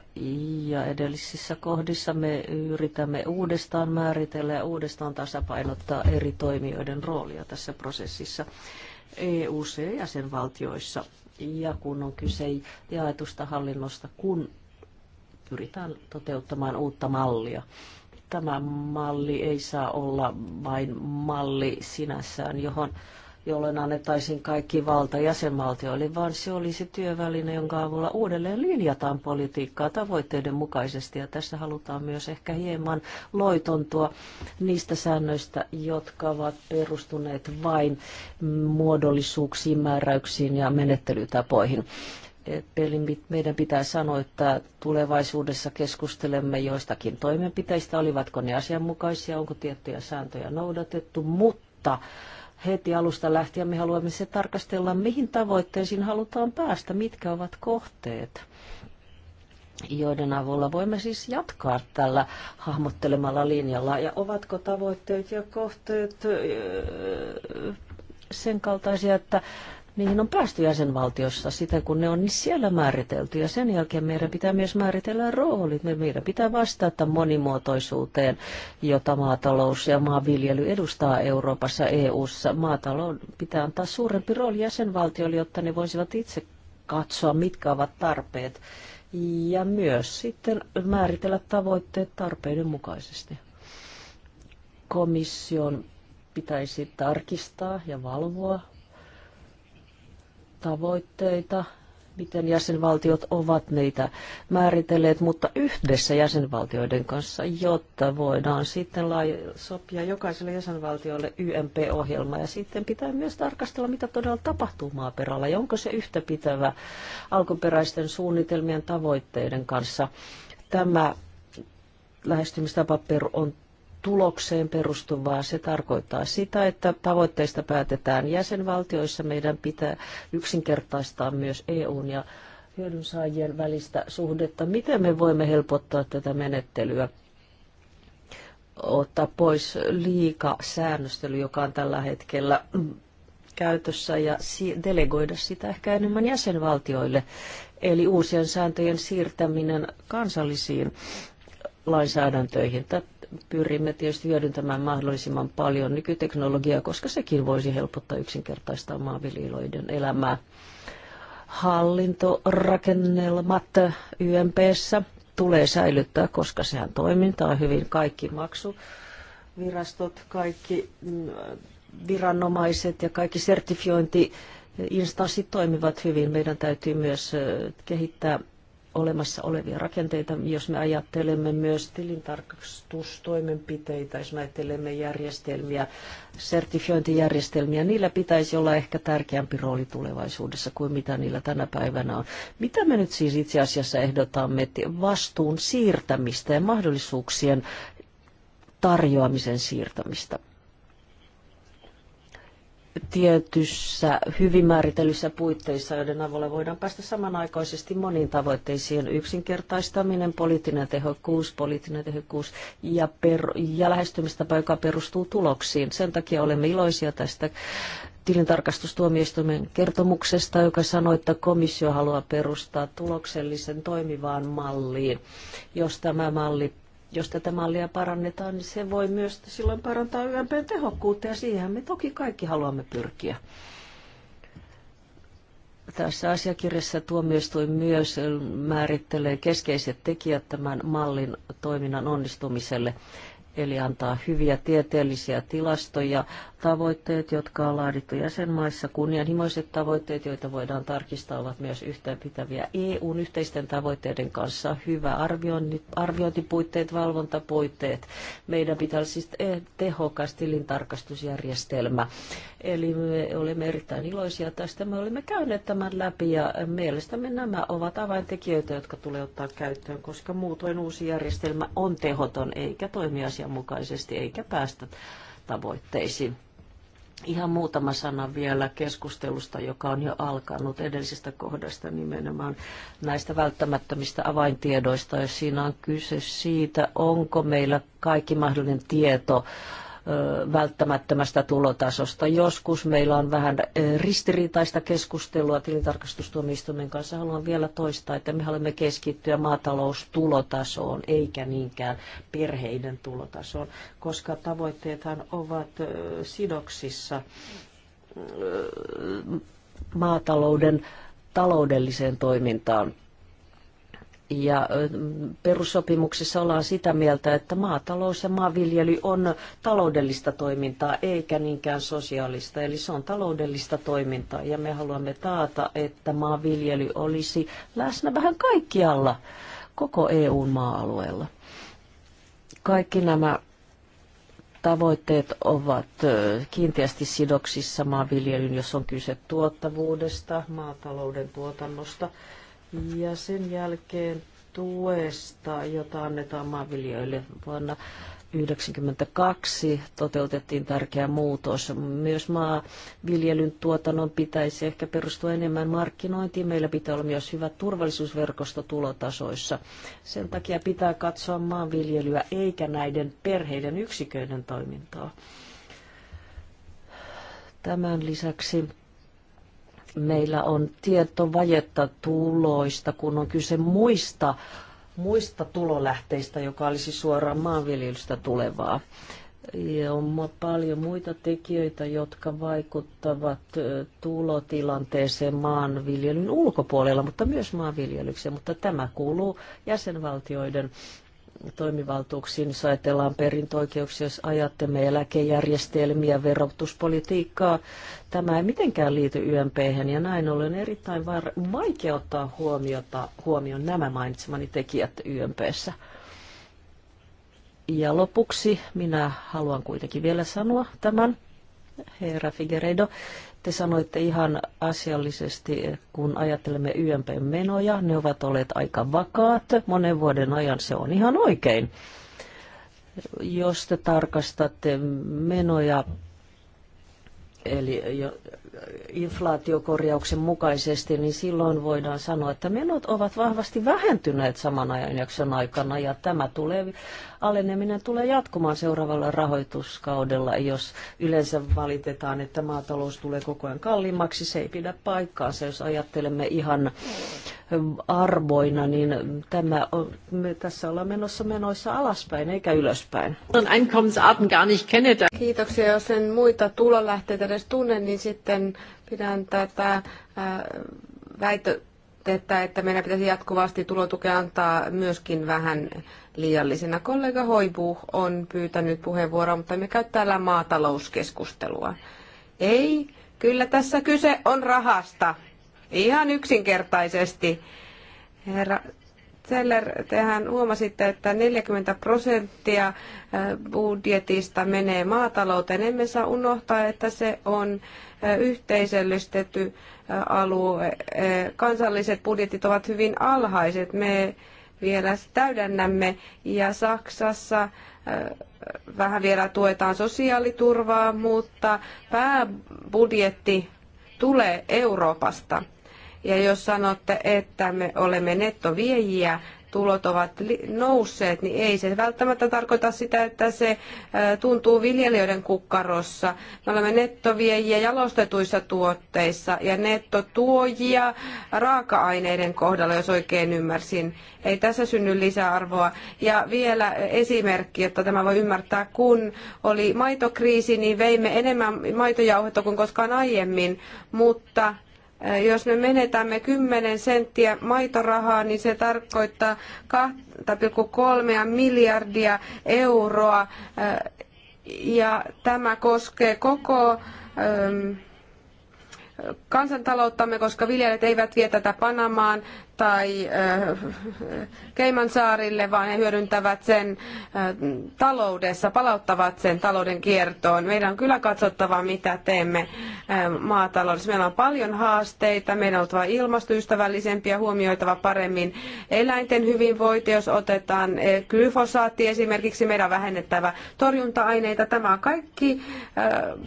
ja edellisissä kohdissa me yritämme uudestaan määritellä ja uudestaan tasapainottaa eri toimijoiden roolia tässä prosessissa EU-jäsenvaltioissa ja kun on kyse jaetusta hallinnosta, kun pyritään toteuttamaan uutta mallia tämä malli ei saa olla vain malli sinässään, johon jolloin annettaisiin kaikki valta jäsenvaltioille, vaan se olisi työväline, jonka avulla uudelleen linjataan politiikkaa tavoitteiden mukaisesti. Ja tässä halutaan myös ehkä hieman loitontua niistä säännöistä, jotka ovat perustuneet vain muodollisuuksiin, määräyksiin ja menettelytapoihin meidän pitää sanoa, että tulevaisuudessa keskustelemme joistakin toimenpiteistä, olivatko ne asianmukaisia, onko tiettyjä sääntöjä noudatettu, mutta heti alusta lähtien. Me haluamme se tarkastella, mihin tavoitteisiin halutaan päästä, mitkä ovat kohteet joiden avulla voimme siis jatkaa tällä hahmottelemalla linjalla. Ja ovatko tavoitteet ja kohteet sen kaltaisia, että niihin on päästy jäsenvaltiossa siten, kun ne on siellä määritelty. Ja sen jälkeen meidän pitää myös määritellä roolit. Meidän pitää vastata monimuotoisuuteen, jota maatalous ja maanviljely edustaa Euroopassa, EU:ssa. Maatalous pitää antaa suurempi rooli jäsenvaltioille, jotta ne voisivat itse katsoa, mitkä ovat tarpeet. Ja myös sitten määritellä tavoitteet tarpeiden mukaisesti. Komission pitäisi tarkistaa ja valvoa tavoitteita, miten jäsenvaltiot ovat niitä määritelleet, mutta yhdessä jäsenvaltioiden kanssa, jotta voidaan sitten sopia jokaiselle jäsenvaltiolle YMP-ohjelma. Ja sitten pitää myös tarkastella, mitä todella tapahtuu maaperällä ja onko se pitävä alkuperäisten suunnitelmien tavoitteiden kanssa. Tämä lähestymistapa on tulokseen perustuvaa. Se tarkoittaa sitä, että tavoitteista päätetään jäsenvaltioissa. Meidän pitää yksinkertaistaa myös EUn ja hyödynsaajien välistä suhdetta. Miten me voimme helpottaa tätä menettelyä? Ottaa pois liika säännöstely, joka on tällä hetkellä käytössä ja delegoida sitä ehkä enemmän jäsenvaltioille. Eli uusien sääntöjen siirtäminen kansallisiin lainsäädäntöihin pyrimme tietysti hyödyntämään mahdollisimman paljon nykyteknologiaa, koska sekin voisi helpottaa yksinkertaistaa maanviljelijöiden elämää. Hallintorakennelmat YMPssä tulee säilyttää, koska sehän toimintaa hyvin kaikki maksuvirastot, kaikki mm, viranomaiset ja kaikki sertifiointi instanssit toimivat hyvin. Meidän täytyy myös kehittää olemassa olevia rakenteita, jos me ajattelemme myös tilintarkastustoimenpiteitä, jos me ajattelemme järjestelmiä, sertifiointijärjestelmiä, niillä pitäisi olla ehkä tärkeämpi rooli tulevaisuudessa kuin mitä niillä tänä päivänä on. Mitä me nyt siis itse asiassa ehdotamme vastuun siirtämistä ja mahdollisuuksien tarjoamisen siirtämistä? tietyssä hyvin määritellyssä puitteissa, joiden avulla voidaan päästä samanaikaisesti moniin tavoitteisiin. Yksinkertaistaminen, poliittinen tehokkuus, poliittinen tehokkuus ja, per, ja lähestymistapa, joka perustuu tuloksiin. Sen takia olemme iloisia tästä tilintarkastustuomioistuimen kertomuksesta, joka sanoi, että komissio haluaa perustaa tuloksellisen toimivaan malliin, jos tämä malli jos tätä mallia parannetaan, niin se voi myös silloin parantaa YMPn tehokkuutta ja siihen me toki kaikki haluamme pyrkiä. Tässä asiakirjassa tuomioistuin myös määrittelee keskeiset tekijät tämän mallin toiminnan onnistumiselle eli antaa hyviä tieteellisiä tilastoja, tavoitteet, jotka on laadittu jäsenmaissa, kunnianhimoiset tavoitteet, joita voidaan tarkistaa, ovat myös yhteenpitäviä EUn yhteisten tavoitteiden kanssa, hyvä arviointipuitteet, valvontapuitteet. Meidän pitää olla siis tehokas tilintarkastusjärjestelmä. Eli me olemme erittäin iloisia tästä. Me olemme käyneet tämän läpi ja mielestämme nämä ovat avaintekijöitä, jotka tulee ottaa käyttöön, koska muutoin uusi järjestelmä on tehoton eikä toimi asianmukaisesti eikä päästä tavoitteisiin. Ihan muutama sana vielä keskustelusta, joka on jo alkanut edellisestä kohdasta nimenomaan näistä välttämättömistä avaintiedoista. Ja siinä on kyse siitä, onko meillä kaikki mahdollinen tieto välttämättömästä tulotasosta. Joskus meillä on vähän ristiriitaista keskustelua tilintarkastustuomioistuimen kanssa. Haluan vielä toistaa, että me haluamme keskittyä maataloustulotasoon eikä niinkään perheiden tulotasoon, koska tavoitteethan ovat sidoksissa maatalouden taloudelliseen toimintaan ja perussopimuksissa ollaan sitä mieltä, että maatalous ja maanviljely on taloudellista toimintaa eikä niinkään sosiaalista. Eli se on taloudellista toimintaa ja me haluamme taata, että maanviljely olisi läsnä vähän kaikkialla koko EUn maa-alueella. Kaikki nämä tavoitteet ovat kiinteästi sidoksissa maanviljelyyn, jos on kyse tuottavuudesta, maatalouden tuotannosta – ja sen jälkeen tuesta, jota annetaan maanviljelijöille vuonna 1992 toteutettiin tärkeä muutos. Myös maanviljelyn tuotannon pitäisi ehkä perustua enemmän markkinointiin. Meillä pitää olla myös hyvä turvallisuusverkosto tulotasoissa. Sen takia pitää katsoa maanviljelyä eikä näiden perheiden yksiköiden toimintaa. Tämän lisäksi meillä on tietovajetta tuloista, kun on kyse muista, muista tulolähteistä, joka olisi suoraan maanviljelystä tulevaa. Ja on paljon muita tekijöitä, jotka vaikuttavat tulotilanteeseen maanviljelyn ulkopuolella, mutta myös maanviljelykseen. Mutta tämä kuuluu jäsenvaltioiden toimivaltuuksiin, jos ajatellaan perintöoikeuksia, jos ajattelemme eläkejärjestelmiä, verotuspolitiikkaa. Tämä ei mitenkään liity ymp ja näin ollen erittäin vaikea ottaa huomiota, huomioon nämä mainitsemani tekijät YMPssä. Ja lopuksi minä haluan kuitenkin vielä sanoa tämän, herra Figueiredo, te sanoitte ihan asiallisesti, kun ajattelemme YMP-menoja, ne ovat olleet aika vakaat. Monen vuoden ajan se on ihan oikein. Jos te tarkastatte menoja eli inflaatiokorjauksen mukaisesti, niin silloin voidaan sanoa, että menot ovat vahvasti vähentyneet saman ajanjakson aikana ja tämä tulee aleneminen tulee jatkumaan seuraavalla rahoituskaudella, jos yleensä valitetaan, että maatalous tulee koko ajan kalliimmaksi. Se ei pidä paikkaansa, jos ajattelemme ihan arvoina, niin tämä on, me tässä ollaan menossa menoissa alaspäin eikä ylöspäin. Kiitoksia. Jos en muita tulolähteitä edes tunne, niin sitten pidän tätä äh, väitö että että meidän pitäisi jatkuvasti tulotukea antaa myöskin vähän liiallisena. Kollega Hoibu on pyytänyt puheenvuoroa, mutta me käyt täällä maatalouskeskustelua. Ei, kyllä tässä kyse on rahasta. Ihan yksinkertaisesti. Herra Zeller, tehän huomasitte, että 40 prosenttia äh, budjetista menee maatalouteen. Emme saa unohtaa, että se on yhteisöllistetty alue. Kansalliset budjetit ovat hyvin alhaiset. Me vielä täydennämme ja Saksassa vähän vielä tuetaan sosiaaliturvaa, mutta pääbudjetti tulee Euroopasta. Ja jos sanotte, että me olemme nettoviejiä, tulot ovat nousseet, niin ei se välttämättä tarkoita sitä, että se tuntuu viljelijöiden kukkarossa. Me olemme nettoviejiä jalostetuissa tuotteissa ja nettotuojia raaka-aineiden kohdalla, jos oikein ymmärsin. Ei tässä synny lisäarvoa. Ja vielä esimerkki, jotta tämä voi ymmärtää, kun oli maitokriisi, niin veimme enemmän maitojauhetta kuin koskaan aiemmin, mutta Äh, jos me menetämme 10 senttiä maitorahaa, niin se tarkoittaa 2,3 miljardia euroa. Äh, ja tämä koskee koko ähm, kansantalouttamme, koska viljelijät eivät vie tätä Panamaan tai Keimansaarille, vaan he hyödyntävät sen taloudessa, palauttavat sen talouden kiertoon. Meidän on kyllä katsottava, mitä teemme maataloudessa. Meillä on paljon haasteita, meidän on oltava ilmastoystävällisempiä, huomioitava paremmin eläinten hyvinvointi, jos otetaan glyfosaatti esimerkiksi, meidän on vähennettävä torjunta-aineita. Tämä on kaikki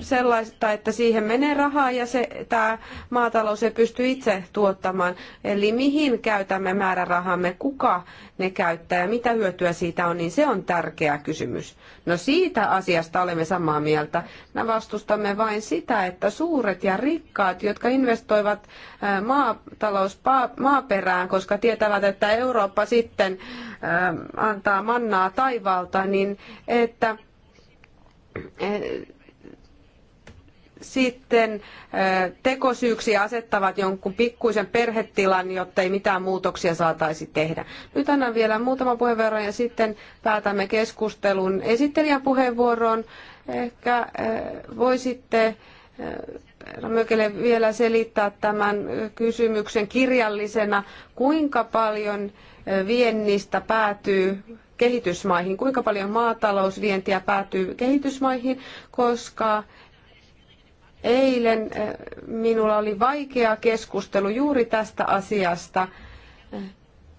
sellaista, että siihen menee rahaa ja se, tämä maatalous ei pysty itse tuottamaan. Eli mihin käytämme määrärahamme, kuka ne käyttää ja mitä hyötyä siitä on, niin se on tärkeä kysymys. No siitä asiasta olemme samaa mieltä. Me vastustamme vain sitä, että suuret ja rikkaat, jotka investoivat maatalous maaperään, koska tietävät, että Eurooppa sitten antaa mannaa taivalta, niin että sitten tekosyyksi asettavat jonkun pikkuisen perhetilan, jotta ei mitään muutoksia saataisi tehdä. Nyt annan vielä muutama puheenvuoro ja sitten päätämme keskustelun esittelijän puheenvuoroon. Ehkä voisitte Mökele vielä selittää tämän kysymyksen kirjallisena, kuinka paljon viennistä päätyy kehitysmaihin, kuinka paljon maatalousvientiä päätyy kehitysmaihin, koska Eilen eh, minulla oli vaikea keskustelu juuri tästä asiasta. Eh,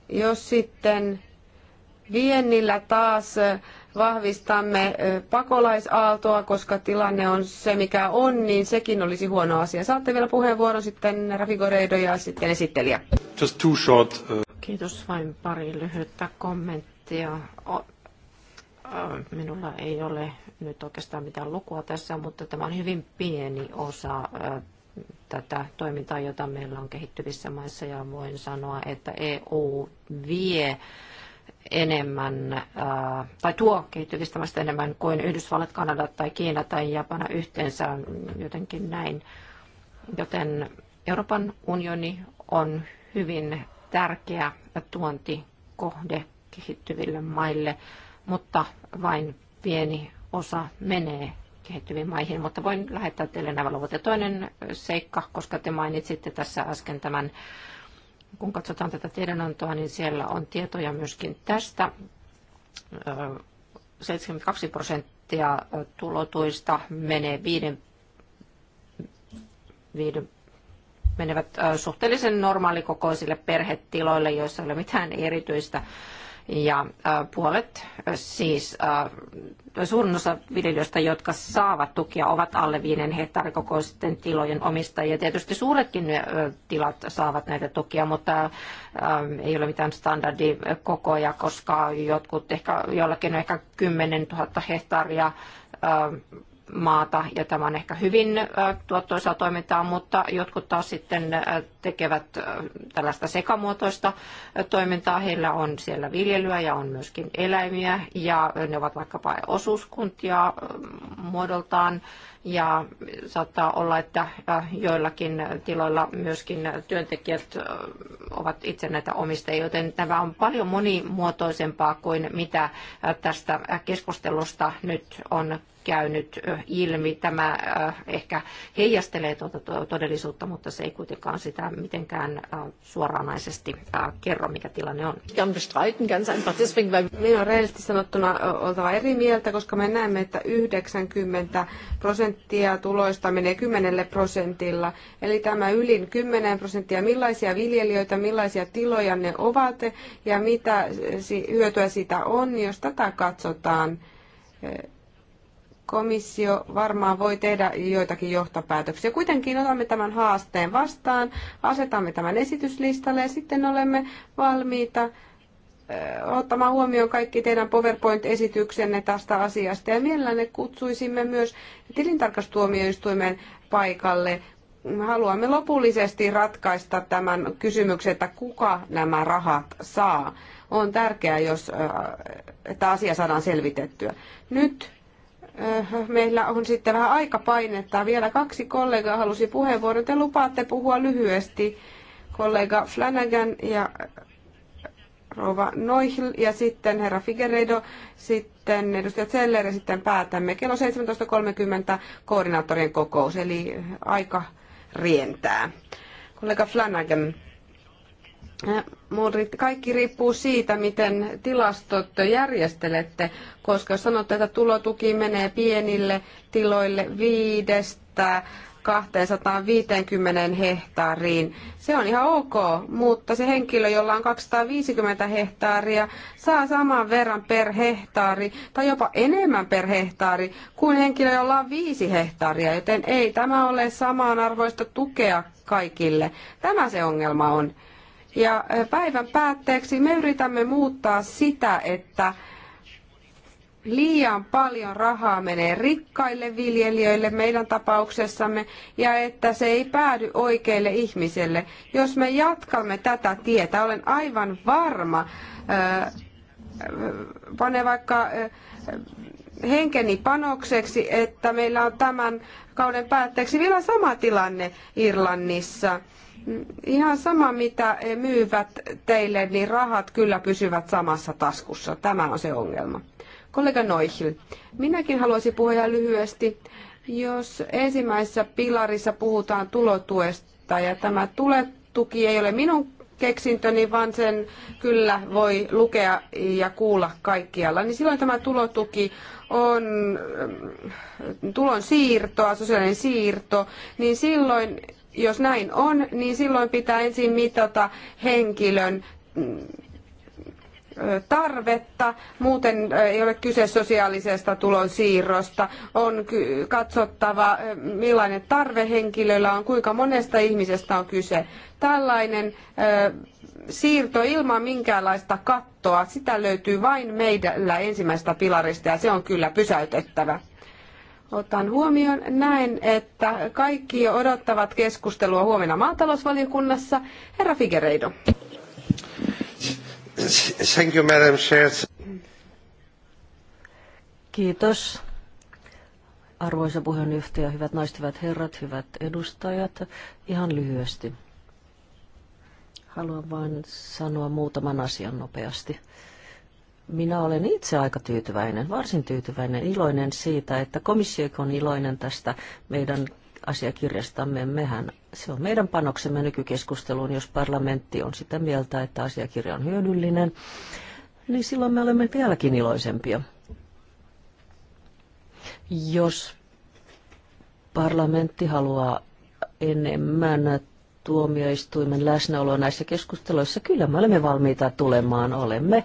jos sitten viennillä taas eh, vahvistamme pakolaisaaltoa, koska tilanne on se mikä on, niin sekin olisi huono asia. Saatte vielä puheenvuoron sitten Rafi Goreido ja sitten esittelijä. Just too short, Kiitos vain pari lyhyttä kommenttia. Ah, minulla ei ole nyt oikeastaan mitään lukua tässä, mutta tämä on hyvin pieni osa äh, tätä toimintaa, jota meillä on kehittyvissä maissa ja voin sanoa, että EU vie enemmän äh, tai tuo kehittyvistä maista enemmän kuin Yhdysvallat, Kanada tai Kiina tai Japana yhteensä jotenkin näin. Joten Euroopan unioni on hyvin tärkeä tuontikohde kehittyville maille, mutta vain pieni osa menee kehittyviin maihin, mutta voin lähettää teille nämä luvut. Ja toinen seikka, koska te mainitsitte tässä äsken tämän, kun katsotaan tätä tiedonantoa, niin siellä on tietoja myöskin tästä. 72 prosenttia tulotuista menee viiden, viiden menevät suhteellisen normaalikokoisille perhetiloille, joissa ei ole mitään erityistä ja äh, puolet äh, siis äh, suurin osa viljelijöistä, jotka saavat tukia, ovat alle viiden hehtaarikokoisten tilojen omistajia. Tietysti suuretkin tilat saavat näitä tukia, mutta ei ole mitään standardikokoja, koska jotkut ehkä, jollakin on ehkä 10 000 hehtaaria maata, ja tämä on ehkä hyvin tuottoisaa toimintaa, mutta jotkut taas sitten tekevät tällaista sekamuotoista toimintaa. Heillä on siellä viljelyä ja on myöskin eläimiä, ja ne ovat vaikkapa osuuskuntia muodoltaan, ja saattaa olla, että joillakin tiloilla myöskin työntekijät ovat itse näitä omistajia, joten tämä on paljon monimuotoisempaa kuin mitä tästä keskustelusta nyt on käynyt ilmi. Tämä ehkä heijastelee tuota todellisuutta, mutta se ei kuitenkaan sitä mitenkään suoranaisesti kerro, mikä tilanne on. Minun on rehellisesti sanottuna oltava eri mieltä, koska me näemme, että 90 prosenttia tuloista menee 10 prosentilla. Eli tämä ylin 10 prosenttia, millaisia viljelijöitä, millaisia tiloja ne ovat ja mitä hyötyä siitä on, jos tätä katsotaan komissio varmaan voi tehdä joitakin johtopäätöksiä. Kuitenkin otamme tämän haasteen vastaan, asetamme tämän esityslistalle ja sitten olemme valmiita eh, ottamaan huomioon kaikki teidän PowerPoint-esityksenne tästä asiasta. Ja mielelläni kutsuisimme myös tilintarkastuomioistuimen paikalle. Me haluamme lopullisesti ratkaista tämän kysymyksen, että kuka nämä rahat saa. On tärkeää, jos, eh, että asia saadaan selvitettyä. Nyt Äh, meillä on sitten vähän aika painetta. Vielä kaksi kollegaa halusi puheenvuoron. Te lupaatte puhua lyhyesti. Kollega Flanagan ja rova Noihl ja sitten herra Figueredo, sitten edustaja Zeller ja sitten päätämme. Kello 17.30 koordinaattorien kokous, eli aika rientää. Kollega Flanagan. Äh, kaikki riippuu siitä, miten tilastot järjestelette, koska jos sanotte, että tulotuki menee pienille tiloille viidestä 250 hehtaariin. Se on ihan ok, mutta se henkilö, jolla on 250 hehtaaria, saa saman verran per hehtaari tai jopa enemmän per hehtaari kuin henkilö, jolla on 5 hehtaaria, joten ei tämä ole samanarvoista tukea kaikille. Tämä se ongelma on. Ja päivän päätteeksi me yritämme muuttaa sitä, että liian paljon rahaa menee rikkaille viljelijöille meidän tapauksessamme ja että se ei päädy oikeille ihmisille. Jos me jatkamme tätä tietä, olen aivan varma, pane vaikka henkeni panokseksi, että meillä on tämän kauden päätteeksi vielä sama tilanne Irlannissa Ihan sama, mitä myyvät teille, niin rahat kyllä pysyvät samassa taskussa. Tämä on se ongelma. Kollega Noichil, minäkin haluaisin puhua ihan lyhyesti. Jos ensimmäisessä pilarissa puhutaan tulotuesta ja tämä tuletuki ei ole minun keksintöni, vaan sen kyllä voi lukea ja kuulla kaikkialla, niin silloin tämä tulotuki on ähm, tulon siirtoa, sosiaalinen siirto, niin silloin jos näin on, niin silloin pitää ensin mitata henkilön mm, tarvetta, muuten ei ole kyse sosiaalisesta tulonsiirrosta. On katsottava, millainen tarve henkilöllä on, kuinka monesta ihmisestä on kyse. Tällainen siirto ilman minkäänlaista kattoa, sitä löytyy vain meidällä ensimmäistä pilarista ja se on kyllä pysäytettävä otan huomioon. Näen, että kaikki odottavat keskustelua huomenna maatalousvaliokunnassa. Herra Figereido. Thank you, Madam Chair. Kiitos. Arvoisa puheenjohtaja, hyvät naiset, hyvät herrat, hyvät edustajat, ihan lyhyesti. Haluan vain sanoa muutaman asian nopeasti. Minä olen itse aika tyytyväinen, varsin tyytyväinen, iloinen siitä, että komissio on iloinen tästä meidän asiakirjastamme. Mehän, se on meidän panoksemme nykykeskusteluun, jos parlamentti on sitä mieltä, että asiakirja on hyödyllinen, niin silloin me olemme vieläkin iloisempia. Jos parlamentti haluaa enemmän tuomioistuimen läsnäoloa näissä keskusteluissa, kyllä me olemme valmiita tulemaan, olemme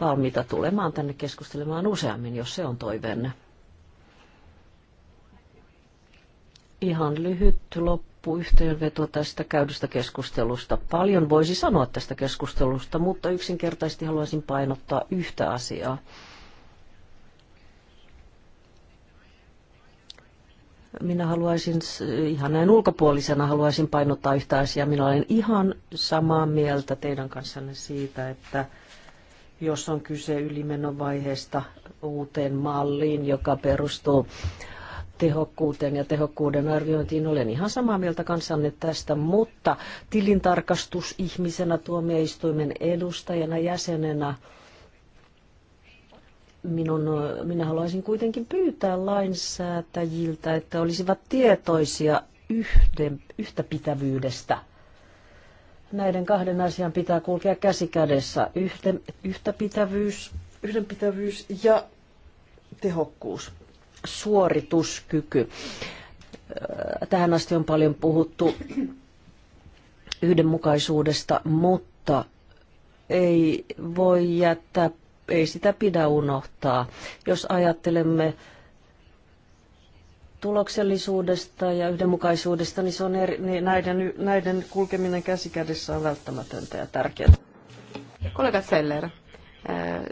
valmiita tulemaan tänne keskustelemaan useammin, jos se on toiveenne. Ihan lyhyt loppuyhteenveto tästä käydystä keskustelusta. Paljon voisi sanoa tästä keskustelusta, mutta yksinkertaisesti haluaisin painottaa yhtä asiaa. minä haluaisin, ihan näin ulkopuolisena haluaisin painottaa yhtä asiaa. Minä olen ihan samaa mieltä teidän kanssanne siitä, että jos on kyse ylimenovaiheesta uuteen malliin, joka perustuu tehokkuuteen ja tehokkuuden arviointiin. Olen ihan samaa mieltä kanssanne tästä, mutta tilintarkastus ihmisenä, tuomioistuimen edustajana, jäsenenä, minun, minä haluaisin kuitenkin pyytää lainsäätäjiltä, että olisivat tietoisia yhden, yhtäpitävyydestä – Näiden kahden asian pitää kulkea käsi kädessä. Yhden, yhtäpitävyys, yhdenpitävyys ja tehokkuus, suorituskyky. Tähän asti on paljon puhuttu yhdenmukaisuudesta, mutta ei voi jättää, ei sitä pidä unohtaa. Jos ajattelemme tuloksellisuudesta ja yhdenmukaisuudesta, niin, se on eri, niin näiden, näiden kulkeminen käsikädessä on välttämätöntä ja tärkeää. Kollega Seller, äh,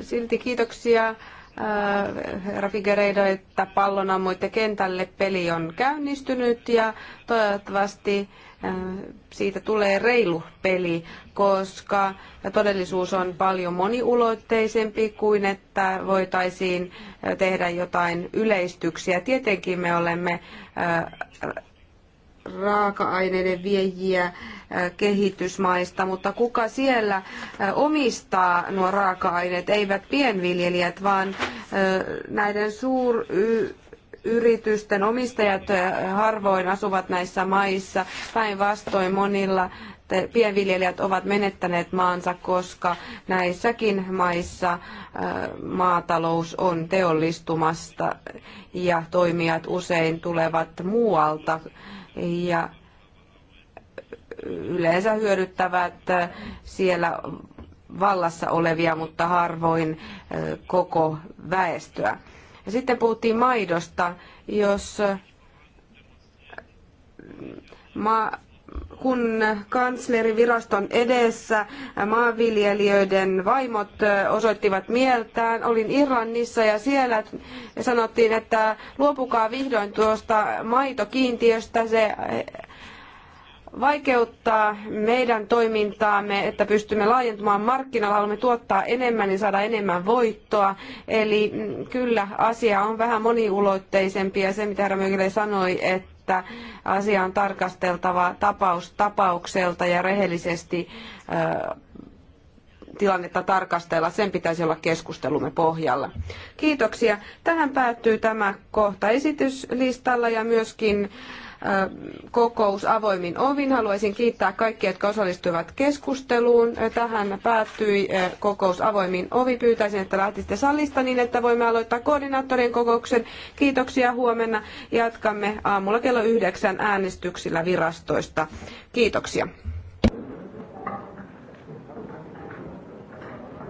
silti kiitoksia äh, herra Figueiredo, että pallon ammoitte kentälle. Peli on käynnistynyt ja toivottavasti Äh, siitä tulee reilu peli, koska todellisuus on paljon moniulotteisempi kuin että voitaisiin äh, tehdä jotain yleistyksiä. Tietenkin me olemme äh, raaka-aineiden viejiä kehitysmaista, mutta kuka siellä omistaa nuo raaka-aineet, eivät pienviljelijät, vaan näiden suur yritysten omistajat eh, harvoin asuvat näissä maissa. Päinvastoin monilla pienviljelijät ovat menettäneet maansa, koska näissäkin maissa eh, maatalous on teollistumasta ja toimijat usein tulevat muualta ja yleensä hyödyttävät eh, siellä vallassa olevia, mutta harvoin koko väestöä. Ja sitten puhuttiin maidosta. Jos mm, ma, kun kansleriviraston edessä maanviljelijöiden vaimot osoittivat mieltään. Olin Irlannissa ja siellä sanottiin, että luopukaa vihdoin tuosta maitokiintiöstä, se vaikeuttaa meidän toimintaamme, että pystymme laajentumaan markkinoilla, haluamme tuottaa enemmän, niin saada enemmän voittoa. Eli kyllä asia on vähän moniulotteisempi ja se, mitä herra sanoi, että asia on tarkasteltava tapaus tapaukselta ja rehellisesti tilannetta tarkastella. Sen pitäisi olla keskustelumme pohjalla. Kiitoksia. Tähän päättyy tämä kohta esityslistalla ja myöskin kokous avoimin ovin. Haluaisin kiittää kaikkia, jotka osallistuivat keskusteluun. Tähän päättyi kokous avoimin ovin. Pyytäisin, että lähtisitte salista niin, että voimme aloittaa koordinaattorien kokouksen. Kiitoksia huomenna. Jatkamme aamulla kello yhdeksän äänestyksillä virastoista. Kiitoksia.